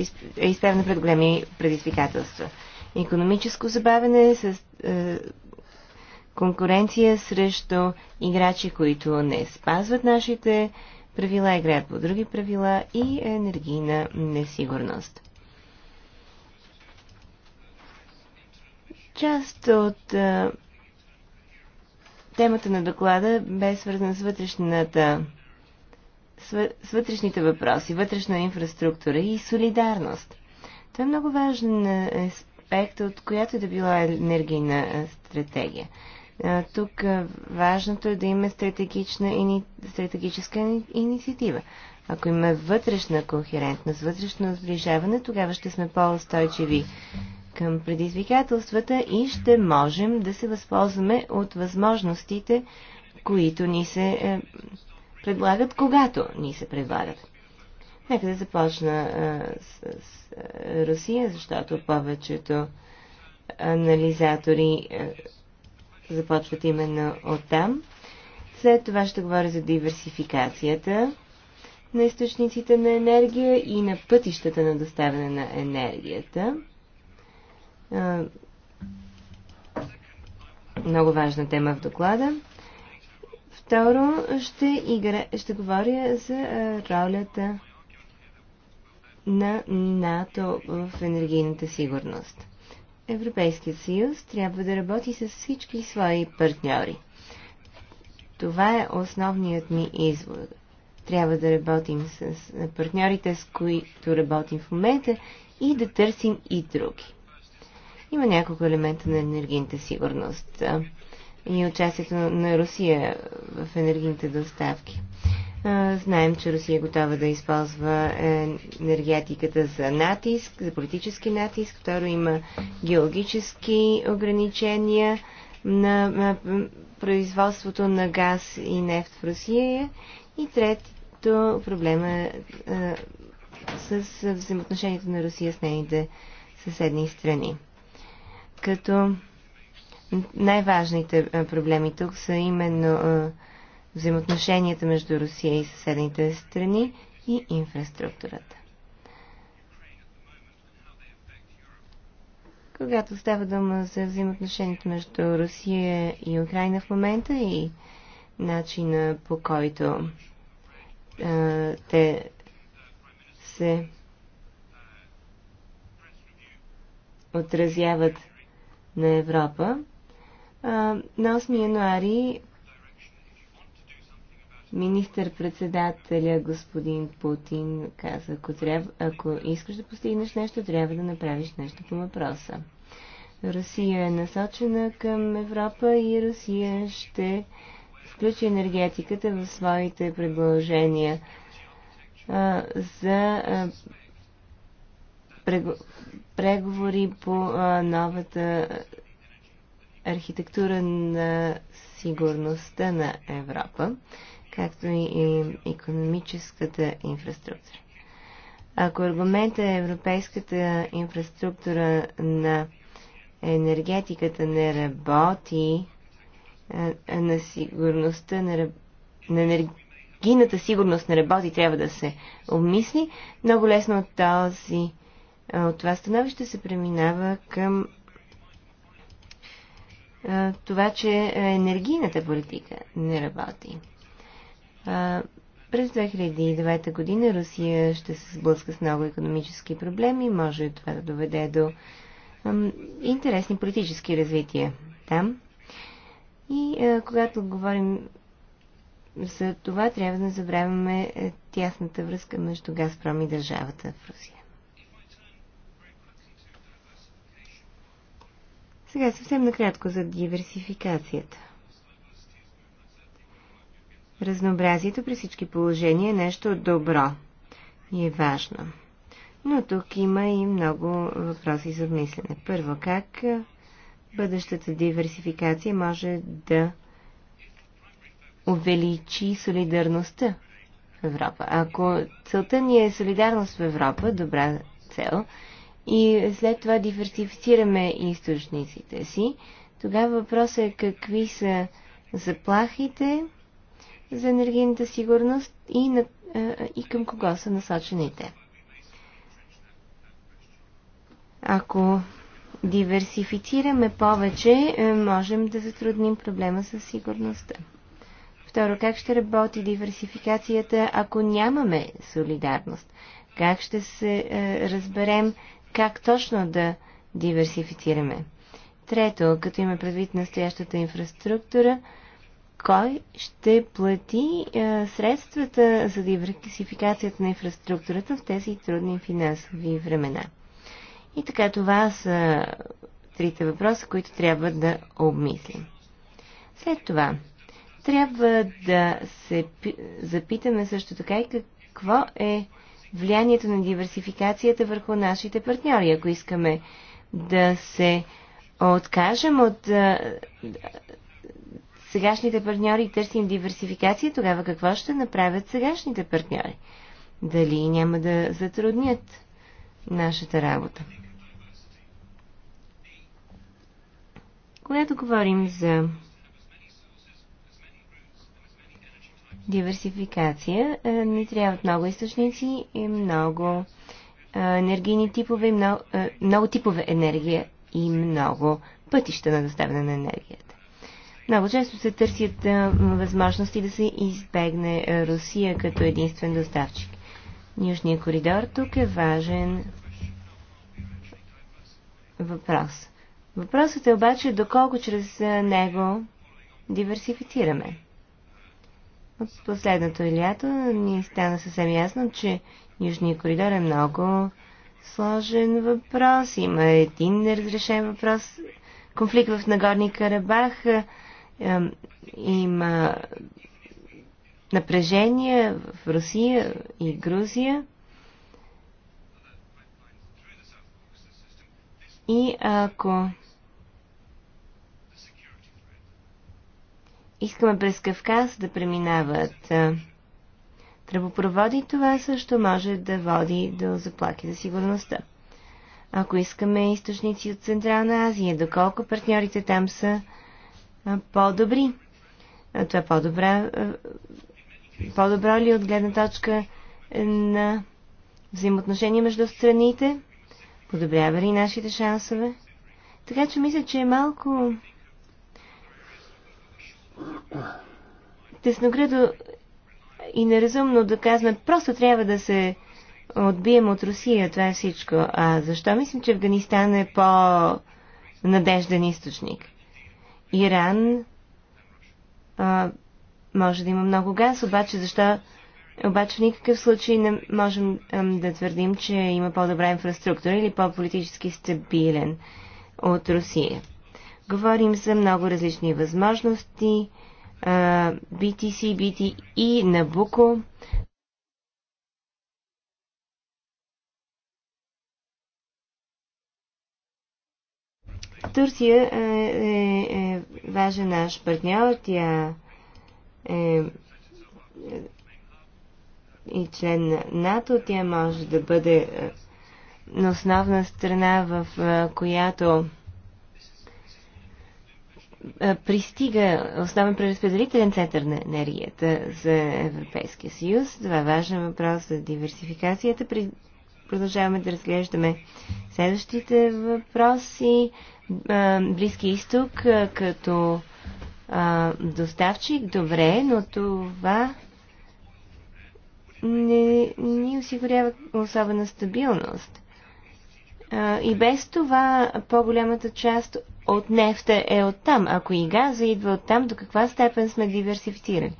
Speaker 3: е, е изправена пред големи предизвикателства. Економическо забавене с е, конкуренция срещу играчи, които не спазват нашите правила, играят по други правила и енергийна несигурност. Част от е, Темата на доклада бе свързана с вътрешната с вътрешните въпроси, вътрешна инфраструктура и солидарност. Това е много важен е, аспект, от която е да била енергийна стратегия. Тук важното е да има стратегична, стратегическа инициатива. Ако има вътрешна кохерентност, вътрешно сближаване, тогава ще сме по-устойчиви към предизвикателствата и ще можем да се възползваме от възможностите, които ни се е, предлагат, когато ни се предлагат. Нека да започна е, с, с е, Русия, защото повечето анализатори е, започват именно от там. След това ще говоря за диверсификацията на източниците на енергия и на пътищата на доставяне на енергията. Много важна тема в доклада. Второ, ще, игра, ще говоря за ролята на НАТО в енергийната сигурност. Европейският съюз трябва да работи с всички свои партньори. Това е основният ми извод. Трябва да работим с партньорите, с които работим в момента и да търсим и други. Има няколко елемента на енергийната сигурност и участието на Русия в енергийните доставки. Знаем, че Русия е готова да използва енергетиката за натиск, за политически натиск. Второ, има геологически ограничения на производството на газ и нефт в Русия. И трето, проблема с взаимоотношението на Русия с нейните съседни страни като най-важните проблеми тук са именно взаимоотношенията между Русия и съседните страни и инфраструктурата. Когато става дума за взаимоотношението между Русия и Украина в момента и начина по който а, те се отразяват на Европа. На 8 януари министър-председателя господин Путин каза, ако, трябва, ако искаш да постигнеш нещо, трябва да направиш нещо по въпроса. Русия е насочена към Европа и Русия ще включи енергетиката в своите предложения за преговори по новата архитектура на сигурността на Европа, както и економическата инфраструктура. Ако аргумента е европейската инфраструктура на енергетиката не работи, на сигурността на, на енергийната сигурност не работи, трябва да се обмисли, много лесно от този от това становище се преминава към това, че енергийната политика не работи. През 2009 година Русия ще се сблъска с много економически проблеми. Може това да доведе до интересни политически развития там. И когато говорим за това, трябва да не забравяме е, тясната връзка между Газпром и държавата в Русия. Сега съвсем накратко за диверсификацията. Разнообразието при всички положения е нещо добро и е важно. Но тук има и много въпроси за мислене. Първо, как бъдещата диверсификация може да увеличи солидарността в Европа? Ако целта ни е солидарност в Европа, добра цел, и след това диверсифицираме източниците си, тогава въпросът е какви са заплахите за енергийната сигурност и, на, и към кого са насочените. Ако диверсифицираме повече, е, можем да затрудним проблема с сигурността. Второ, как ще работи диверсификацията, ако нямаме солидарност? Как ще се е, разберем как точно да диверсифицираме. Трето, като има предвид настоящата инфраструктура, кой ще плати е, средствата за диверсификацията на инфраструктурата в тези трудни финансови времена? И така, това са трите въпроса, които трябва да обмислим. След това, трябва да се запитаме също така и какво е влиянието на диверсификацията върху нашите партньори. Ако искаме да се откажем от а, сегашните партньори и търсим диверсификация, тогава какво ще направят сегашните партньори? Дали няма да затруднят нашата работа? Когато говорим за диверсификация. Е, ни трябват много източници и много е, енергийни типове, и много, е, много типове енергия и много пътища на доставяне на енергията. Много често се търсят възможности да се избегне Русия като единствен доставчик. Южният коридор тук е важен въпрос. Въпросът е обаче доколко чрез него диверсифицираме. От последното лято ни стана съвсем ясно, че Южния коридор е много сложен въпрос. Има един неразрешен въпрос. Конфликт в Нагорни Карабах. Има напрежение в Русия и Грузия. И ако искаме през Кавказ да преминават тръбопроводи, това също може да води до заплаки за сигурността. Ако искаме източници от Централна Азия, доколко партньорите там са по-добри? Това е по-добра, по-добро ли от гледна точка на взаимоотношения между страните? Подобрява ли нашите шансове? Така че мисля, че е малко тесноградо и неразумно да казваме, просто трябва да се отбием от Русия, това е всичко. А защо мислим, че Афганистан е по-надежден източник? Иран а, може да има много газ, обаче защо обаче в никакъв случай не можем ам, да твърдим, че има по-добра инфраструктура или по-политически стабилен от Русия. Говорим за много различни възможности, BTC, BTE, Nabucco. Турция е, е, е важен наш партньор. Тя е, е и член на НАТО. Тя може да бъде основна страна, в която пристига основен преразпределителен център на енергията за Европейския съюз. Това е важен въпрос за диверсификацията. Продължаваме да разглеждаме следващите въпроси. Близки изток като доставчик, добре, но това не ни осигурява особена стабилност. И без това по-голямата част от нефта е от там. Ако и газа идва от там, до каква степен сме диверсифицирали?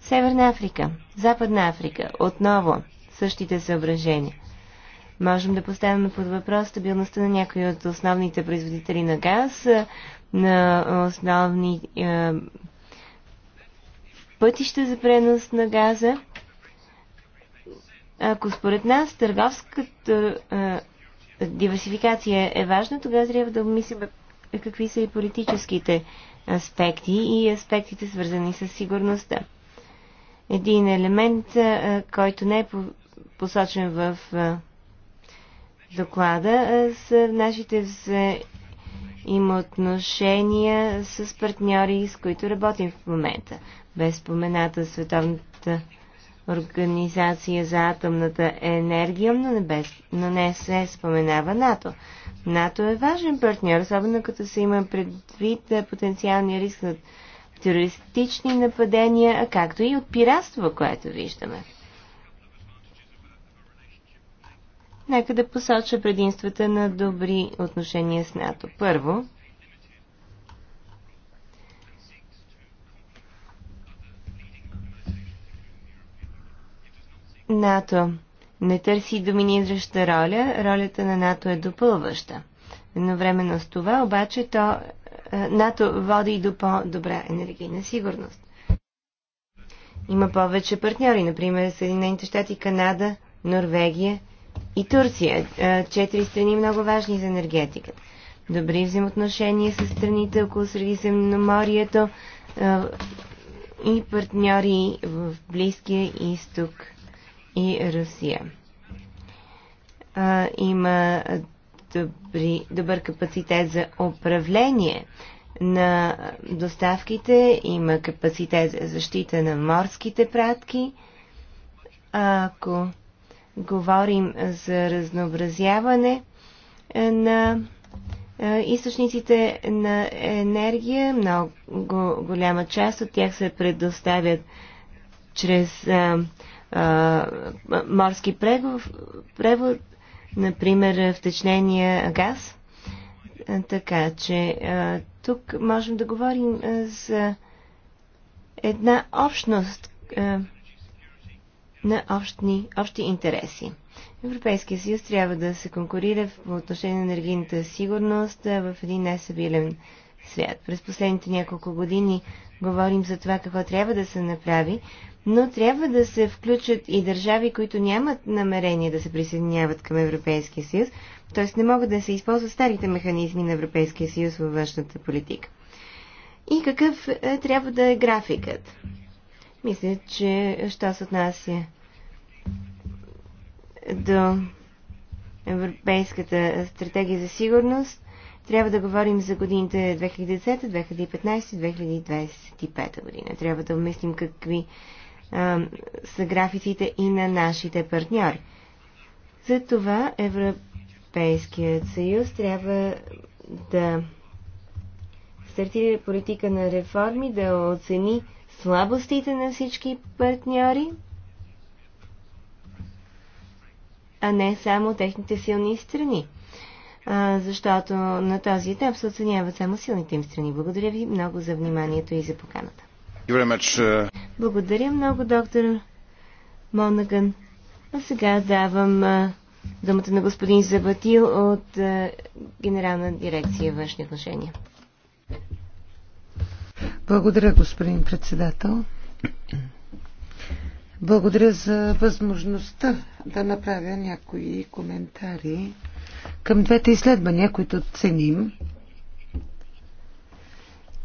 Speaker 3: Северна Африка, Западна Африка, отново същите съображения. Можем да поставим под въпрос стабилността на някои от основните производители на газ, на основни е, пътища за пренос на газа. Ако според нас търговската е, диверсификация е важна, тогава трябва да обмислим какви са и политическите аспекти и аспектите свързани с сигурността. Един елемент, който не е посочен в доклада, са нашите взаимоотношения с партньори, с които работим в момента. Без спомената Световната Организация за атомната енергия, но не, без, но не се споменава НАТО. НАТО е важен партньор, особено като се има предвид е, потенциалния риск от терористични нападения, а както и от пиратство, което виждаме. Нека да посоча предимствата на добри отношения с НАТО. Първо, НАТО не търси доминираща роля, ролята на НАТО е допълваща. Едновременно с това обаче то, е, НАТО води и до по-добра енергийна сигурност. Има повече партньори, например Съединените щати, Канада, Норвегия и Турция. Е, четири страни много важни за енергетиката. Добри взаимоотношения с страните около Средиземноморието е, и партньори в Близкия изток и Русия. А, има добри, добър капацитет за управление на доставките, има капацитет за защита на морските пратки. Ако говорим за разнообразяване е, на е, източниците на енергия, много голяма част от тях се предоставят чрез е, а, морски прегов, превод, например втечнения газ. Така че а, тук можем да говорим а, за една общност а, на общни, общи интереси. Европейския съюз трябва да се конкурира по отношение на енергийната сигурност в един несъбилен свят. През последните няколко години говорим за това какво трябва да се направи, но трябва да се включат и държави, които нямат намерение да се присъединяват към Европейския съюз, т.е. не могат да се използват старите механизми на Европейския съюз във външната политика. И какъв е, трябва да е графикът? Мисля, че що се отнася до Европейската стратегия за сигурност, трябва да говорим за годините 2010, 2015, 2025 година. Трябва да обмислим какви а, са графиците и на нашите партньори. За това Европейският съюз трябва да стартира политика на реформи, да оцени слабостите на всички партньори, а не само техните силни страни. А, защото на този етап се оценяват само силните им страни. Благодаря ви много за вниманието и за поканата.
Speaker 1: Uh,
Speaker 3: Благодаря много, доктор Монаган. А сега давам думата на господин Забатил от Генерална дирекция външни отношения.
Speaker 5: Благодаря, господин председател. Благодаря за възможността да направя някои коментари към двете изследвания, които ценим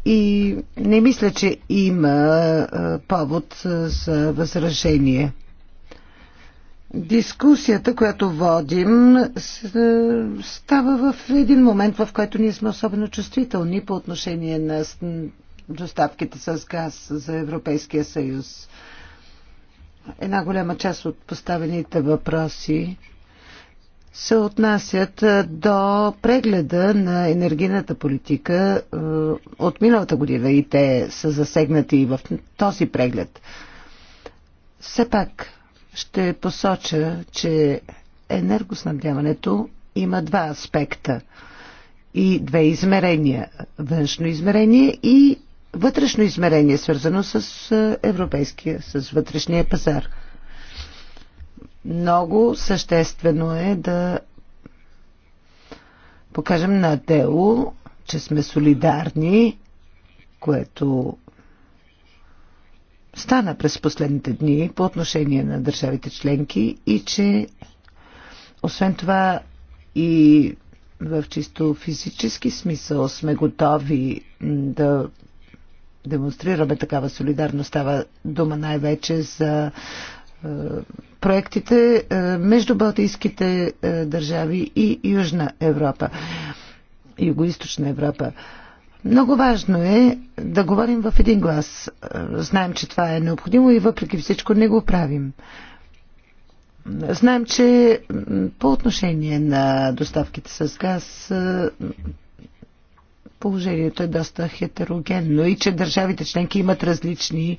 Speaker 5: и не мисля, че има повод за възражение. Дискусията, която водим, става в един момент, в който ние сме особено чувствителни по отношение на доставките с газ за Европейския съюз. Една голяма част от поставените въпроси се отнасят до прегледа на енергийната политика от миналата година и те са засегнати и в този преглед. Все пак ще посоча, че енергоснабдяването има два аспекта и две измерения. Външно измерение и вътрешно измерение, свързано с европейския, с вътрешния пазар – много съществено е да покажем на дело, че сме солидарни, което стана през последните дни по отношение на държавите членки и че освен това и в чисто физически смисъл сме готови да демонстрираме такава солидарност. Става дума най-вече за е, проектите е, между Балтийските е, държави и Южна Европа, Юго-Источна Европа. Много важно е да говорим в един глас. Знаем, че това е необходимо и въпреки всичко не го правим. Знаем, че по отношение на доставките с газ положението е доста хетерогенно и че държавите членки имат различни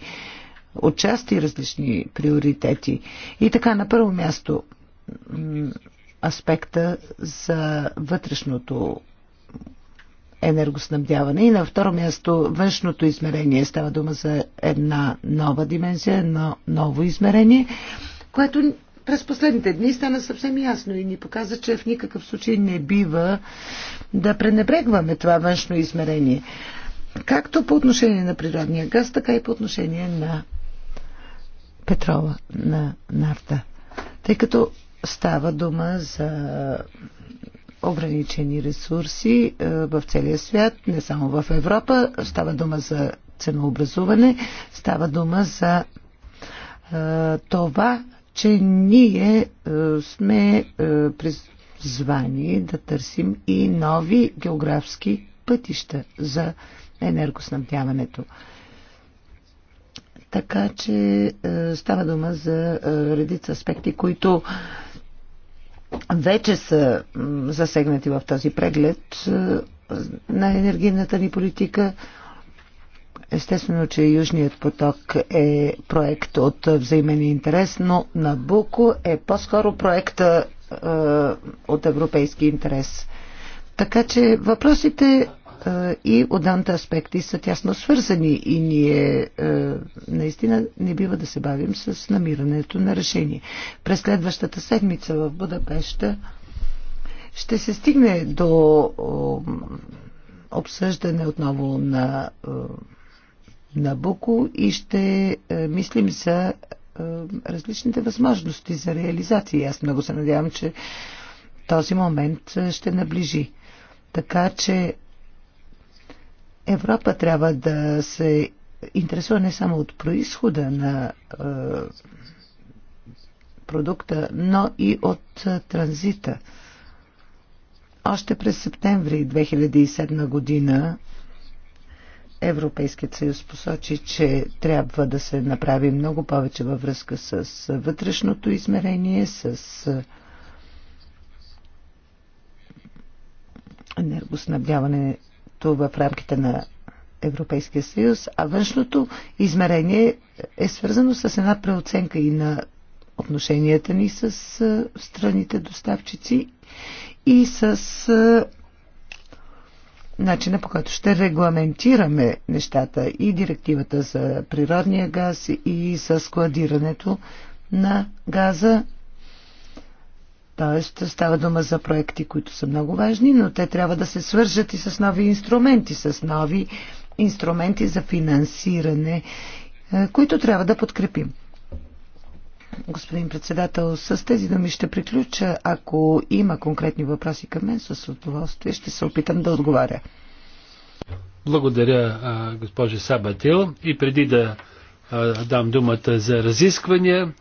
Speaker 5: отчасти различни приоритети. И така, на първо място аспекта за вътрешното енергоснабдяване и на второ място външното измерение. Става дума за една нова димензия, едно ново измерение, което през последните дни стана съвсем ясно и ни показа, че в никакъв случай не бива да пренебрегваме това външно измерение. Както по отношение на природния газ, така и по отношение на петрола на нафта. Тъй като става дума за ограничени ресурси е, в целия свят, не само в Европа, става дума за ценообразуване, става дума за е, това, че ние е, сме призвани да търсим и нови географски пътища за енергоснабдяването. Така че е, става дума за е, редица аспекти, които вече са засегнати в този преглед е, на енергийната ни политика. Естествено, че Южният поток е проект от взаимен интерес, но Набуко е по-скоро проекта е, от европейски интерес. Така че въпросите и данта аспекти са тясно свързани и ние наистина не бива да се бавим с намирането на решение. През следващата седмица в Будапешта ще се стигне до обсъждане отново на Буко и ще е, мислим за е, различните възможности за реализация. Аз много се надявам, че този момент ще наближи. Така че Европа трябва да се интересува не само от происхода на е, продукта, но и от е, транзита. Още през септември 2007 година Европейският съюз посочи, че трябва да се направи много повече във връзка с вътрешното измерение, с е, енергоснабдяване измерението в рамките на Европейския съюз, а външното измерение е свързано с една преоценка и на отношенията ни с страните доставчици и с начина по който ще регламентираме нещата и директивата за природния газ и с складирането на газа Тоест става дума за проекти, които са много важни, но те трябва да се свържат и с нови инструменти, с нови инструменти за финансиране, е, които трябва да подкрепим. Господин председател, с тези думи ще приключа. Ако има конкретни въпроси към мен, с удоволствие ще се опитам да отговаря.
Speaker 2: Благодаря, госпожа Сабатил. И преди да дам думата за разисквания,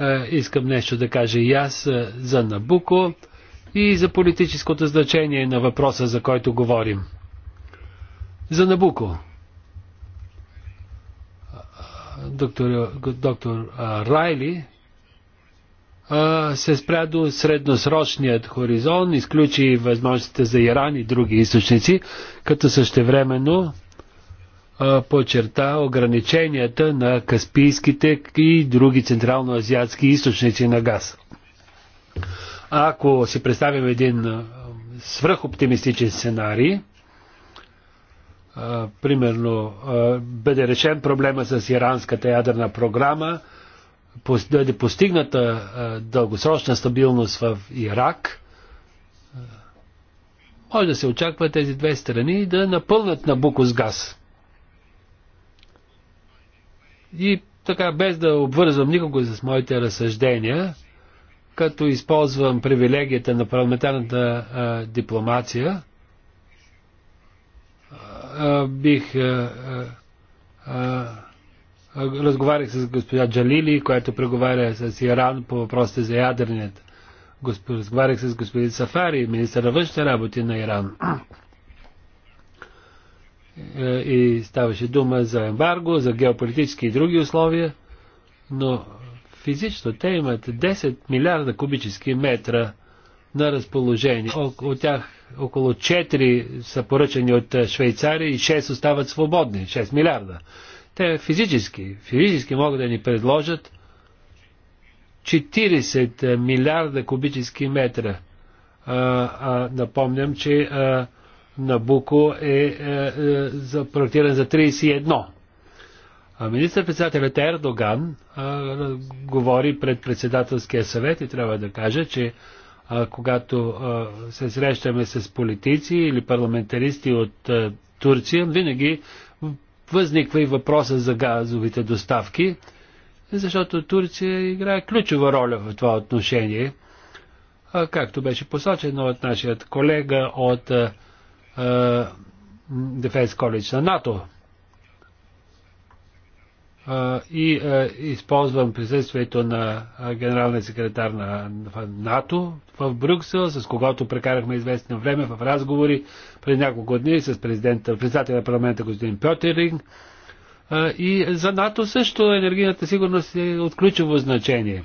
Speaker 2: е, искам нещо да кажа и аз е, за Набуко и за политическото значение на въпроса, за който говорим. За Набуко. Е, доктор, доктор Райли се спря до средносрочният хоризонт, изключи възможностите за Иран и други източници, като същевременно подчерта ограниченията на каспийските и други централноазиатски източници на газ. Ако си представим един свръхоптимистичен сценарий, примерно бъде решен проблема с иранската ядрена програма, бъде постигната дългосрочна стабилност в Ирак, може да се очаква тези две страни да напълнат на Букус газ. И така, без да обвързвам никого с моите разсъждения, като използвам привилегията на парламентарната а, дипломация, а, бих. А, а, разговарях с госпожа Джалили, която преговаря с Иран по въпросите за ядрената. Разговарях с господин Сафари, министър на външните работи на Иран. Е, и ставаше дума за ембарго, за геополитически и други условия, но физично те имат 10 милиарда кубически метра на разположение. От тях около 4 са поръчани от е, Швейцария и 6 остават свободни, 6 милиарда. Те физически, физически могат да ни предложат 40 е, милиарда кубически метра. А, а, напомням, че а, Набуко е, е, е за, проектиран за 31. а Министър-председателят Ердоган е, говори пред председателския съвет и трябва да кажа, че е, когато е, се срещаме с политици или парламентаристи от е, Турция, винаги възниква и въпроса за газовите доставки, защото Турция играе ключова роля в това отношение, а, както беше посочено от нашия колега от е, Дефенс коледж на НАТО. Е, и е, използвам присъствието на е, генералния секретар на НАТО в Брюксел, с когото прекарахме известно време в разговори преди няколко дни с президента, председателя на парламента господин Пьотеринг. И за НАТО също енергийната сигурност е от ключово значение.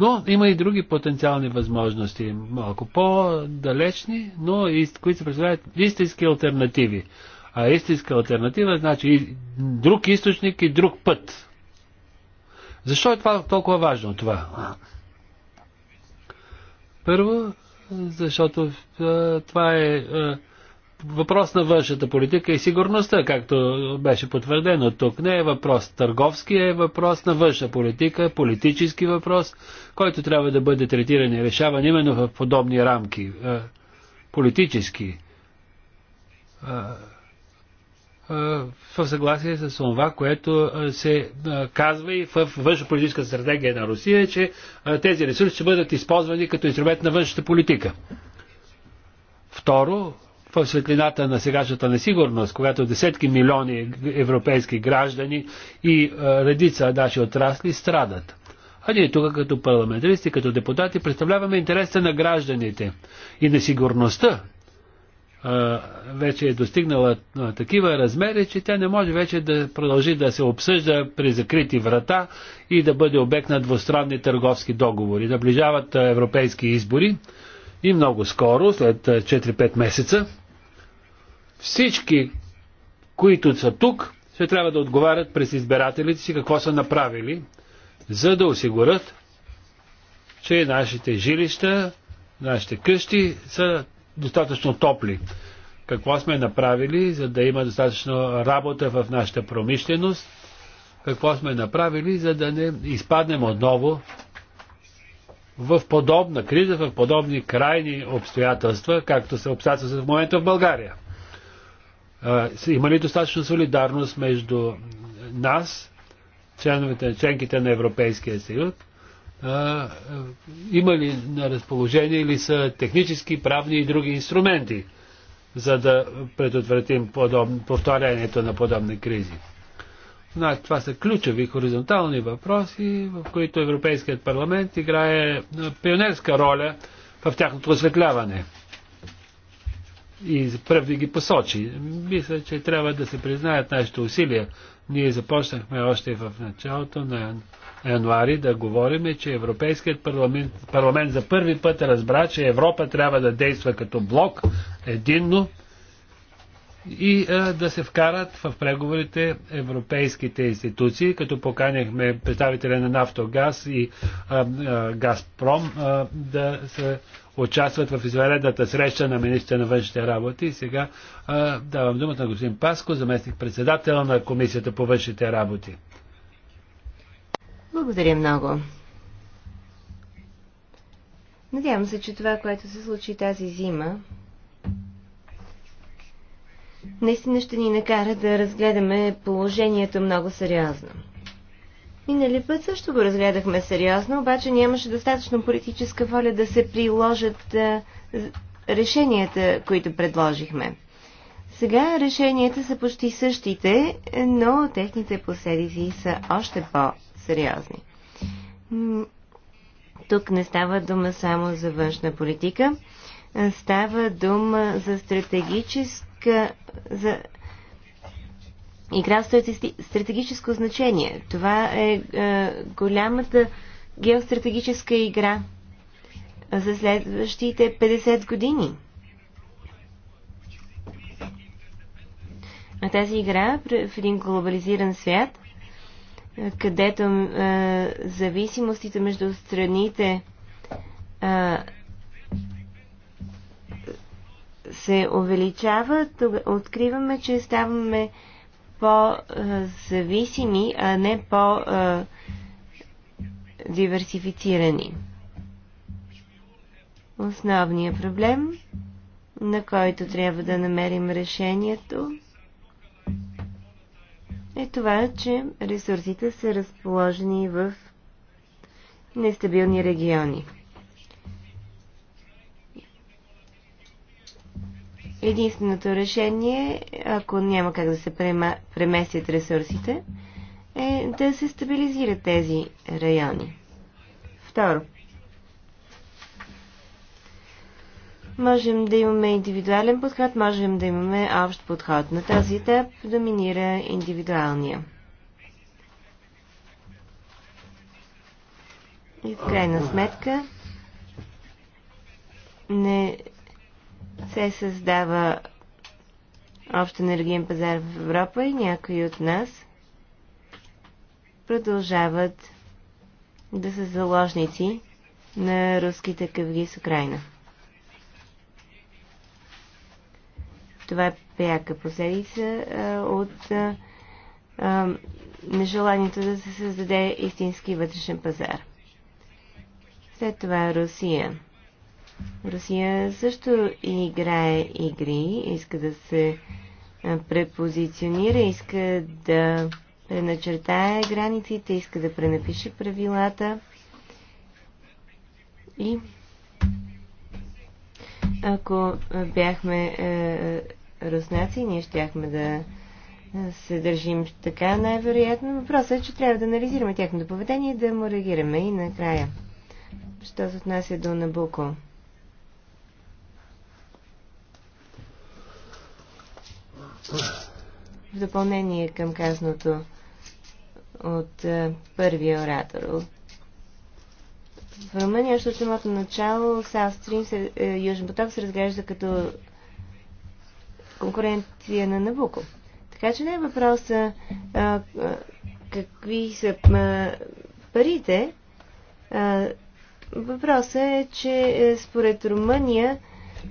Speaker 2: Но има и други потенциални възможности, малко по-далечни, но и, които се представляват истински альтернативи. А истинска альтернатива значи и друг източник и друг път. Защо е това толкова важно това? Първо, защото това е въпрос на външната политика и сигурността, както беше потвърдено тук. Не е въпрос търговски, е въпрос на външна политика, политически въпрос, който трябва да бъде третиран и решаван именно в подобни рамки. Е, политически. Е, е, в съгласие с това, което се казва и в външна политическа стратегия на Русия, че тези ресурси ще бъдат използвани като инструмент на външната политика. Второ, в светлината на сегашната несигурност, когато десетки милиони европейски граждани и е, редица наши отрасли страдат. А ние тук като парламентаристи, като депутати представляваме интересите на гражданите и несигурността е, вече е достигнала е, такива размери, че тя не може вече да продължи да се обсъжда при закрити врата и да бъде обект на двустранни търговски договори. Наближават европейски избори и много скоро, след 4-5 месеца, всички, които са тук, ще трябва да отговарят през избирателите си какво са направили, за да осигурят, че нашите жилища, нашите къщи са достатъчно топли. Какво сме направили, за да има достатъчно работа в нашата промишленост, какво сме направили, за да не изпаднем отново в подобна криза, в подобни крайни обстоятелства, както се обстоятелства в момента в България. Има ли достатъчно солидарност между нас, членовете, членките на Европейския съюз? Има ли на разположение или са технически, правни и други инструменти, за да предотвратим подоб... повторението на подобни кризи? Значи, това са ключови хоризонтални въпроси, в които Европейският парламент играе пионерска роля в тяхното осветляване и пръв ги посочи. Мисля, че трябва да се признаят нашите усилия. Ние започнахме още в началото на януари да говорим, че Европейският парламент, парламент за първи път разбра, че Европа трябва да действа като блок, единно и а, да се вкарат в преговорите европейските институции, като поканяхме представителя на Нафтогаз и а, а, Газпром а, да се участват в изваредната среща на министра на външните работи. Сега а, давам думата на господин Паско, заместник председател на Комисията по външните работи.
Speaker 3: Благодаря много. Надявам се, че това, което се случи тази зима, наистина ще ни накара да разгледаме положението много сериозно. Минали път също го разгледахме сериозно, обаче нямаше достатъчно политическа воля да се приложат решенията, които предложихме. Сега решенията са почти същите, но техните последици са още по-сериозни. Тук не става дума само за външна политика, става дума за стратегическа, за игра стратегическо значение. Това е, е голямата геостратегическа игра за следващите 50 години. А тази игра в един глобализиран свят, е, където е, зависимостите между страните е, се увеличават, откриваме, че ставаме по-зависими, а не по-диверсифицирани. Основният проблем, на който трябва да намерим решението, е това, че ресурсите са разположени в нестабилни региони. Единственото решение, ако няма как да се преместят ресурсите, е да се стабилизират тези райони. Второ. Можем да имаме индивидуален подход, можем да имаме общ подход. На този етап доминира индивидуалния. И в крайна сметка не се създава общ енергиен пазар в Европа и някои от нас продължават да са заложници на руските къвги с Украина. Това е пряка последица от нежеланието да се създаде истински вътрешен пазар. След това Русия. Русия също играе игри, иска да се препозиционира, иска да преначертае границите, иска да пренапише правилата. И ако бяхме е, руснаци, ние щяхме да се държим така, най-вероятно. Въпросът е, че трябва да анализираме тяхното поведение и да му реагираме и накрая. Що се отнася до Набуко? В допълнение към казаното от е, първия оратор. В Румъния още от самото начало South Stream, е, Южен поток се разглежда като конкуренция на Набуко. Така че не е въпроса а, е, а, какви са а, парите. А, въпросът е, че според Румъния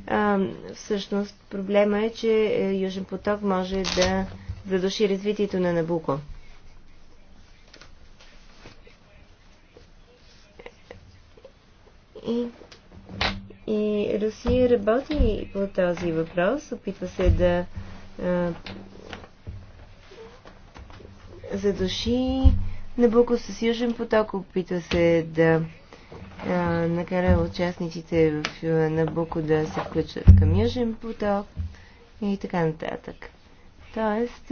Speaker 3: а, всъщност проблема е, че е, Южен поток може да задуши развитието на Набуко. И, и Русия работи по този въпрос, опитва се да а, задуши Набуко с Южен поток, опитва се да накара участниците в Набуко да се включат към Южен поток и така нататък. Тоест,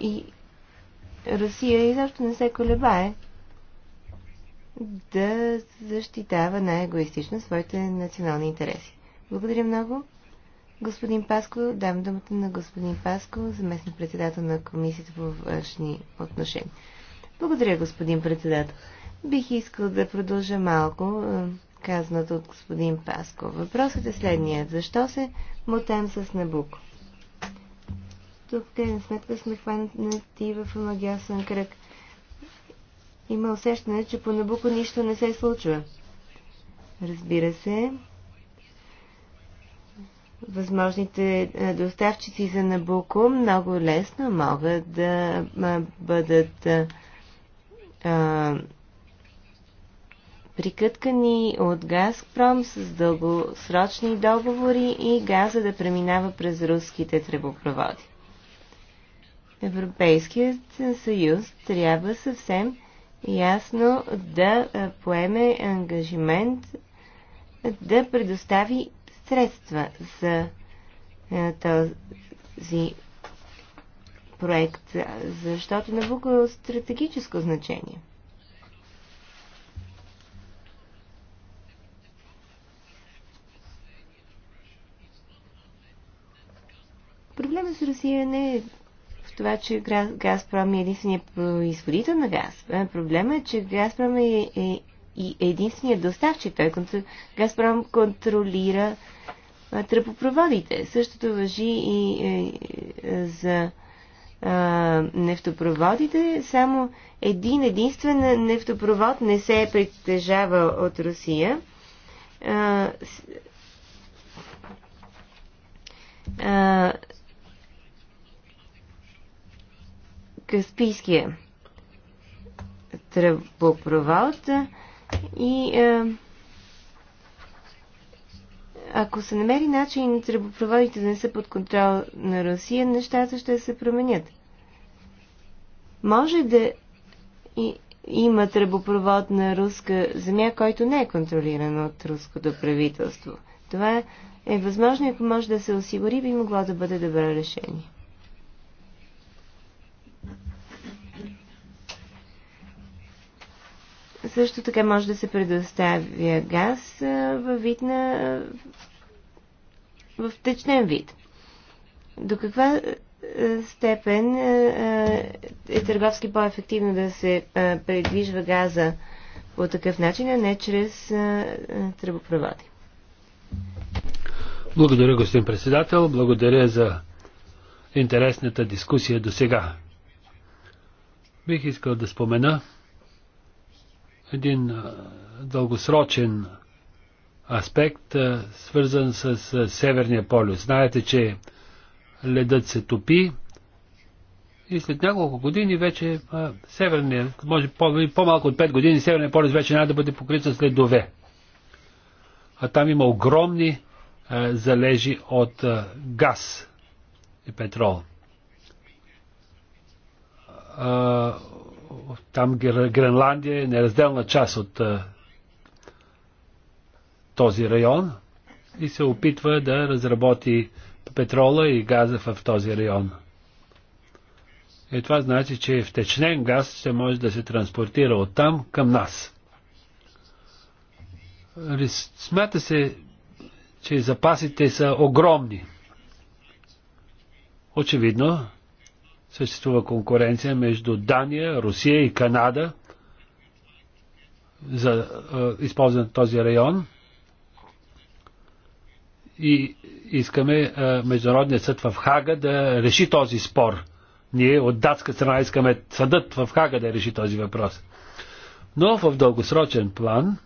Speaker 3: и Русия изобщо не се колебае да защитава най-егоистично своите национални интереси. Благодаря много господин Паско. Дам думата на господин Паско, заместник председател на Комисията по външни отношения. Благодаря, господин председател. Бих искал да продължа малко е, казаното от господин Паско. Въпросът е следният. Защо се мотаем с Набуко? Тук в крайна сметка сме хванати в магиосен кръг. Има усещане, че по Набуко нищо не се случва. Разбира се, възможните е, доставчици за Набуко много лесно могат да бъдат а, прикъткани от Газпром с дългосрочни договори и газа да преминава през руските тръбопроводи. Европейският съюз трябва съвсем ясно да поеме ангажимент да предостави средства за е, този проект, защото Набуко е от стратегическо значение. Проблема с Русия не е в това, че Газпром е единствения производител на газ. Е, проблема е, че Газпром е, е и единственият доставчик. Той Газпром контролира тръпопроводите. Същото въжи и е, е, за нефтопроводите. Само един единствен нефтопровод не се притежава от Русия. Каспийския тръбопровод и а, е, ако се намери начин тръбопроводите да не са под контрол на Русия, нещата ще се променят. Може да и, има тръбопровод на руска земя, който не е контролиран от руското правителство. Това е възможно, ако може да се осигури, би могло да бъде добро решение. Също така може да се предоставя газ във вид на... в течнен вид. До каква степен е търговски по-ефективно да се предвижва газа по такъв начин, а не чрез тръбопроводи?
Speaker 2: Благодаря, господин председател. Благодаря за интересната дискусия до сега. Бих искал да спомена, един дългосрочен аспект, свързан с Северния полюс. Знаете, че ледът се топи и след няколко години вече Северния, може по- по-малко от 5 години, Северния полюс вече няма да бъде покрит с ледове. А там има огромни залежи от газ и петрол там Гренландия е неразделна част от този район и се опитва да разработи петрола и газа в този район. И е, това значи, че втечнен газ ще може да се транспортира от там към нас. Смята се, че запасите са огромни. Очевидно, Съществува конкуренция между Дания, Русия и Канада за е, използване на този район. И искаме е, Международният съд в Хага да реши този спор. Ние от датска страна искаме съдът в Хага да реши този въпрос. Но в дългосрочен план,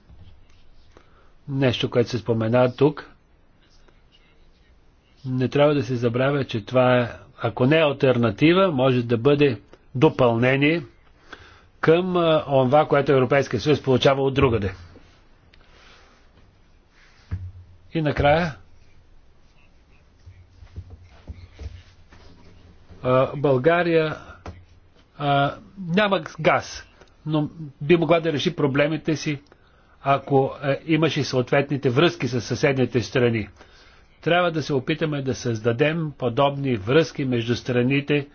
Speaker 2: нещо, което се спомена тук, не трябва да се забравя, че това е ако не е альтернатива, може да бъде допълнение към това, което Европейския съюз получава от другаде. И накрая България няма газ, но би могла да реши проблемите си, ако имаше съответните връзки с съседните страни трябва да се опитаме да създадем подобни връзки между страните,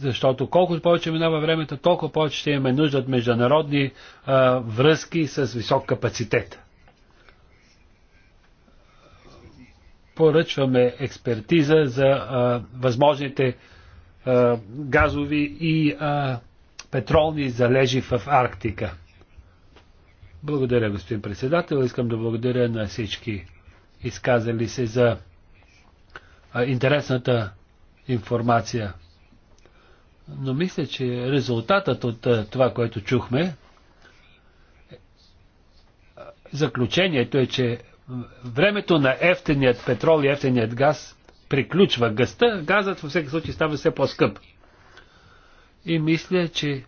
Speaker 2: защото колкото повече минава времето, толкова повече ще имаме нужда от международни а, връзки с висок капацитет. Поръчваме експертиза за а, възможните а, газови и а, петролни залежи в Арктика. Благодаря, господин председател. Искам да благодаря на всички изказали се за а, интересната информация. Но мисля, че резултатът от а, това, което чухме, заключението е, че времето на ефтеният петрол и ефтеният газ приключва. Гъста, газът във всеки случай става все по-скъп. И мисля, че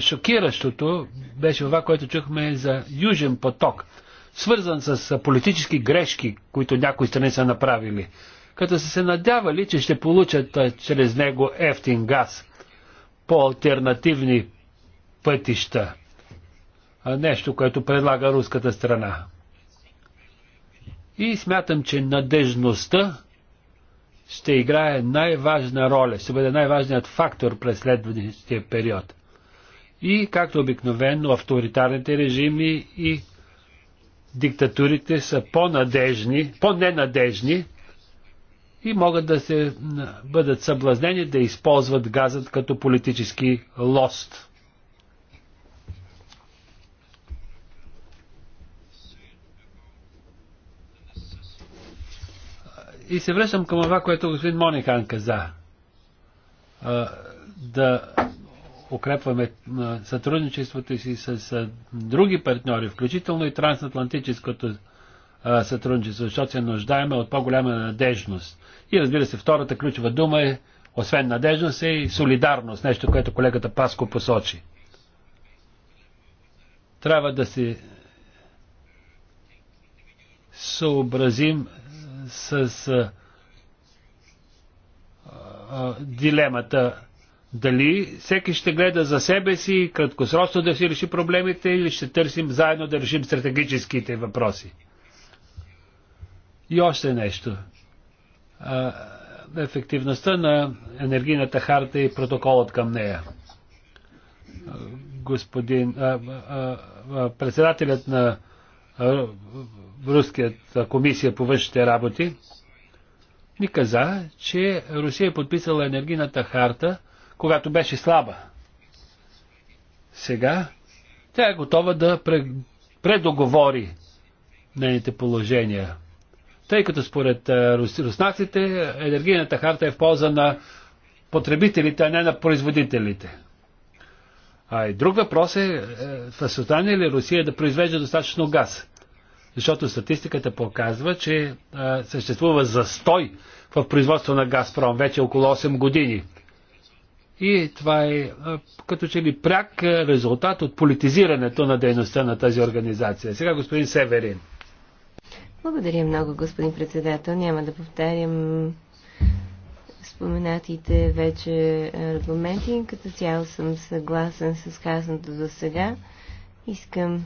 Speaker 2: шокиращото беше това, което чухме за Южен поток, свързан с политически грешки, които някои страни са направили, като са се надявали, че ще получат чрез него ефтин газ по альтернативни пътища. Нещо, което предлага руската страна. И смятам, че надежността ще играе най-важна роля, ще бъде най-важният фактор през следващия период. И, както обикновено, авторитарните режими и диктатурите са по-надежни, по-ненадежни и могат да се бъдат съблазнени да използват газът като политически лост. И се връщам към това, което господин Монихан каза. Да укрепваме сътрудничеството си с други партньори, включително и трансатлантическото сътрудничество, защото се нуждаеме от по-голяма надежност. И разбира се, втората ключова дума е, освен надежност, е и солидарност, нещо, което колегата Паско посочи. Трябва да се съобразим с дилемата дали всеки ще гледа за себе си, краткосрочно да си реши проблемите или ще търсим заедно да решим стратегическите въпроси? И още нещо. Ефективността на енергийната харта и протоколът към нея. Господин а, а, а, председателят на Руският комисия по външните работи ни каза, че Русия е подписала енергийната харта когато беше слаба. Сега тя е готова да предоговори нейните положения. Тъй като според е, руснаците енергийната харта е в полза на потребителите, а не на производителите. А и друг въпрос е, е в състояние ли Русия да произвежда достатъчно газ? Защото статистиката показва, че е, съществува застой в производство на Газпром вече около 8 години. И това е, е като че ли пряк е, резултат от политизирането на дейността на тази организация. Сега господин Северин.
Speaker 3: Благодаря много, господин председател. Няма да повтарям споменатите вече аргументи. Като цяло съм съгласен с казаното до сега. Искам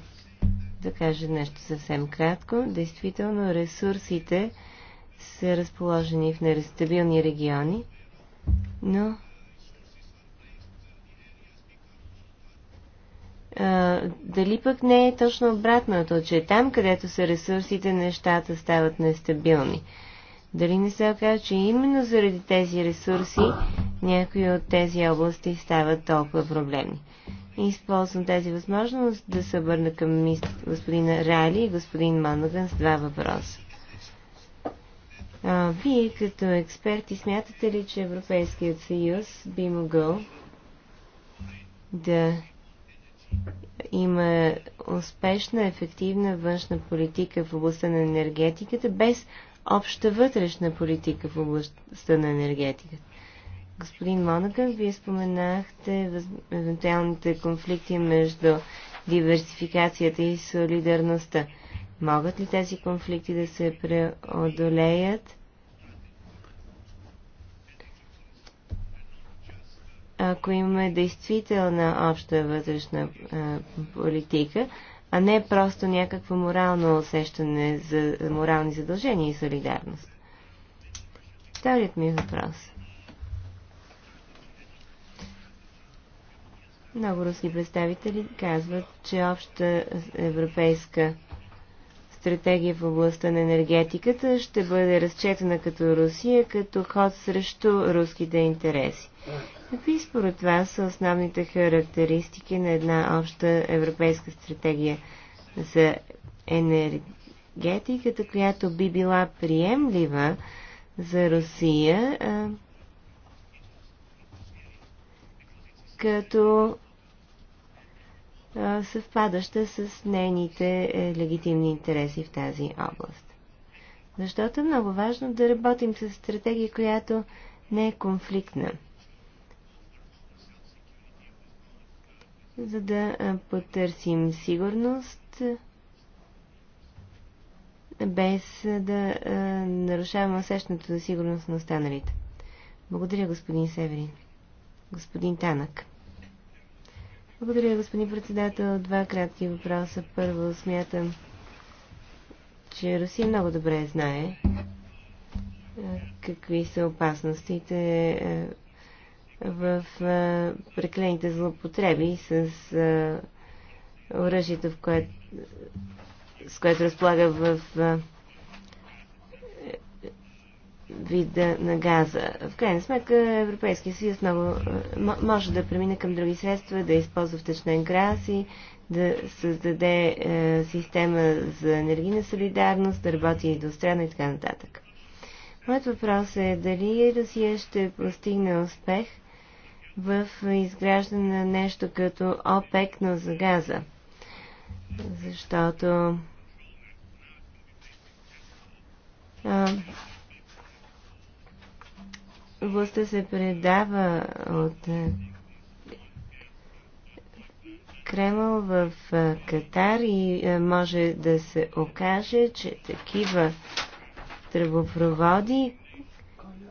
Speaker 3: да кажа нещо съвсем кратко. Действително ресурсите са разположени в нерестабилни региони, но А, дали пък не е точно обратното, че там, където са ресурсите, нещата стават нестабилни? Дали не се оказва, че именно заради тези ресурси някои от тези области стават толкова проблемни? Използвам тази възможност да се обърна към господина Рали и господин Манаган с два въпроса. вие като експерти смятате ли, че Европейският съюз би могъл да има успешна, ефективна външна политика в областта на енергетиката, без обща вътрешна политика в областта на енергетиката. Господин Монаган, вие споменахте евентуалните конфликти между диверсификацията и солидарността. Могат ли тези конфликти да се преодолеят ако имаме действителна обща вътрешна политика, а не просто някакво морално усещане за морални задължения и солидарност. Вторият ми въпрос. Много руски представители казват, че обща европейска стратегия в областта на енергетиката ще бъде разчетена като Русия, като ход срещу руските интереси. Какви според вас са основните характеристики на една обща европейска стратегия за енергетиката, която би била приемлива за Русия, като съвпадаща с нейните е, легитимни интереси в тази област. Защото е много важно да работим с стратегия, която не е конфликтна. За да потърсим сигурност, без да нарушаваме усещането за сигурност на останалите. Благодаря, господин Северин. Господин Танък.
Speaker 4: Благодаря, господин
Speaker 3: председател. Два кратки въпроса. Първо, смятам, че Русия много добре знае какви са опасностите в преклените злоупотреби с оръжието, в което, с което разполага в вида на газа. В крайна сметка Европейския съюз много е, може да премине към други средства, да използва втечнен газ и да създаде е, система за енергийна солидарност, да работи и двустранно и така нататък. Моят въпрос е дали Русия ще постигне успех в изграждане на нещо като ОПЕК, но за газа. Защото властта се предава от Кремъл в Катар и може да се окаже, че такива тръбопроводи,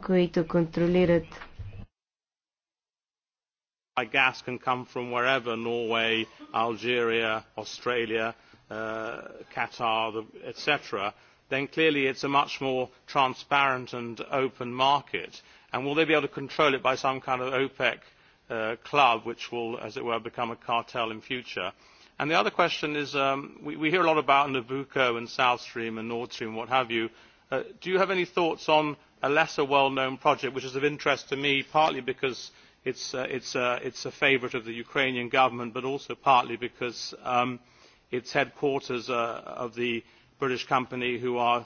Speaker 3: които контролират
Speaker 6: gas can come from wherever Norway, Algeria, Australia, uh, Qatar, the, etc. Then clearly it's a much more transparent and open market and will they be able to control it by some kind of opec club which will as it were become a cartel in future? the other question is we hear a lot about nabucco and south stream and nord stream and what have you. do you have any thoughts on a lesser well known project which is of interest to me partly because it is a favourite of the ukrainian government but also partly because its headquarters of the british company who are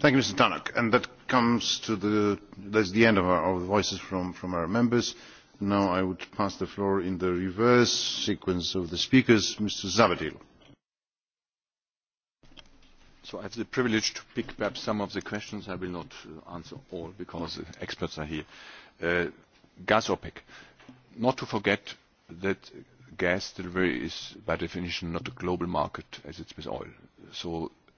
Speaker 1: Thank you, Mr. Tannock. And that comes to the, that's the end of our of voices from, from our members. Now I would pass the floor in the reverse sequence of the speakers, Mr. Zavadil. So I have the
Speaker 8: privilege to pick up some of the questions. I will not answer all because the experts are here. Uh, gas OPEC. Not to forget that gas delivery is by definition not a global market as it's with oil. So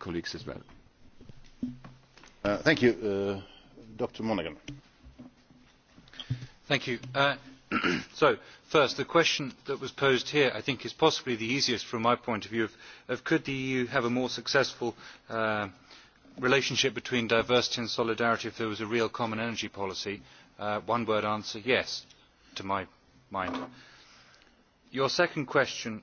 Speaker 1: colleagues as well. thank you. Dr. Monaghan.
Speaker 9: Thank you. so, first, the question that was posed here, I think, is possibly the easiest from my point of view of, could the EU have a more successful relationship between diversity and solidarity if there was a real common energy policy? one word answer, yes, to my mind. Your second question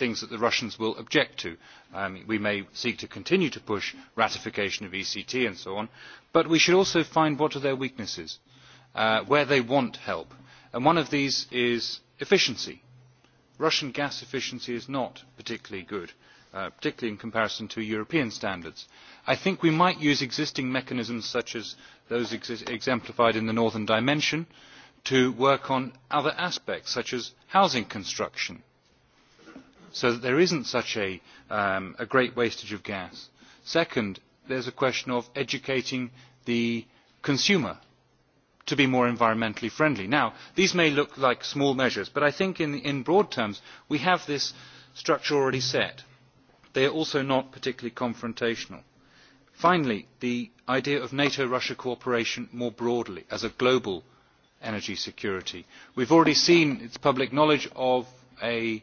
Speaker 9: things that the Russians will object to. we may seek to continue to push ratification of ECT and so on, but we should also find what are their weaknesses, where they want help. And one of these is efficiency. Russian gas efficiency is not particularly good, particularly in comparison to European standards. I think we might use existing mechanisms such as those exemplified in the Northern Dimension to work on other aspects such as housing construction, so that there is not such a, great wastage of gas. Second, there is a question of educating the consumer to be more environmentally friendly. Now, these may look like small measures, but I think in, in broad terms, we have this structure already set. They are also not particularly confrontational. Finally, the idea of NATO-Russia cooperation more broadly as a global energy security. We have already seen, it's public knowledge, of a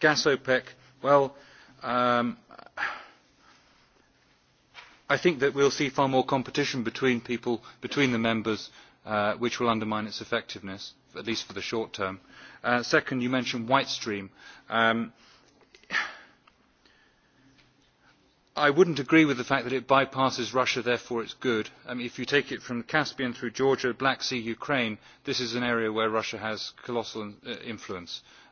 Speaker 9: gas OPEC, well, um, I think that we'll see far more competition between people, between the members, uh, which will undermine its effectiveness, at least for the short term. Uh, second, you mentioned White Stream. Um, I wouldn't agree with the fact that it bypasses Russia, therefore it's good. I mean, if you take it from the Caspian through Georgia, Black Sea, Ukraine, this is an area where Russia has colossal influence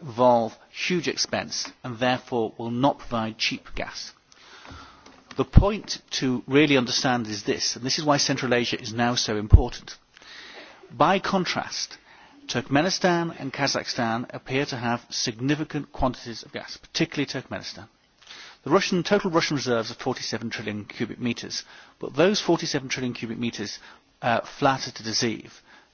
Speaker 10: involve huge expense and therefore will not provide cheap gas. The point to really understand is this, and this is why Central Asia is now so important. By contrast, Turkmenistan and Kazakhstan appear to have significant quantities of gas, particularly Turkmenistan. The Russian, total Russian reserves are 47 trillion cubic metres, but those 47 trillion cubic metres uh, flatter to deceive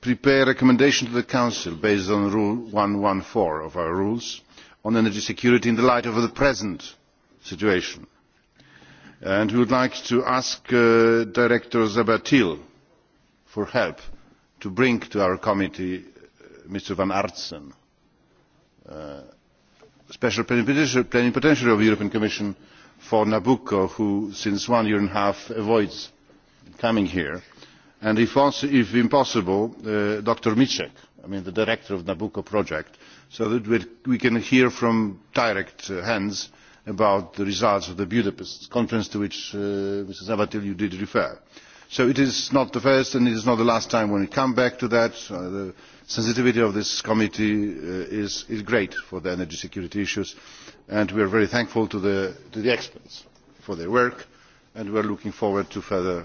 Speaker 1: prepare a recommendation to the council based on rule one hundred and fourteen of our rules on energy security in the light of the present situation and we would like to ask director Zabatil for help to bring to our committee mr van artsen special plenipotentiary of the european commission for nabucco who for one year and a half avoids coming here and if possible dr micek the director of the nabucco project so that we can hear from direct hands about the results of the budapest conference to which mr zavatil you did refer. so it is not the first and it is not the last time when we come back to that. the sensitivity of this committee is great for the energy security issues and we are very thankful to the experts for their work and we are looking forward to further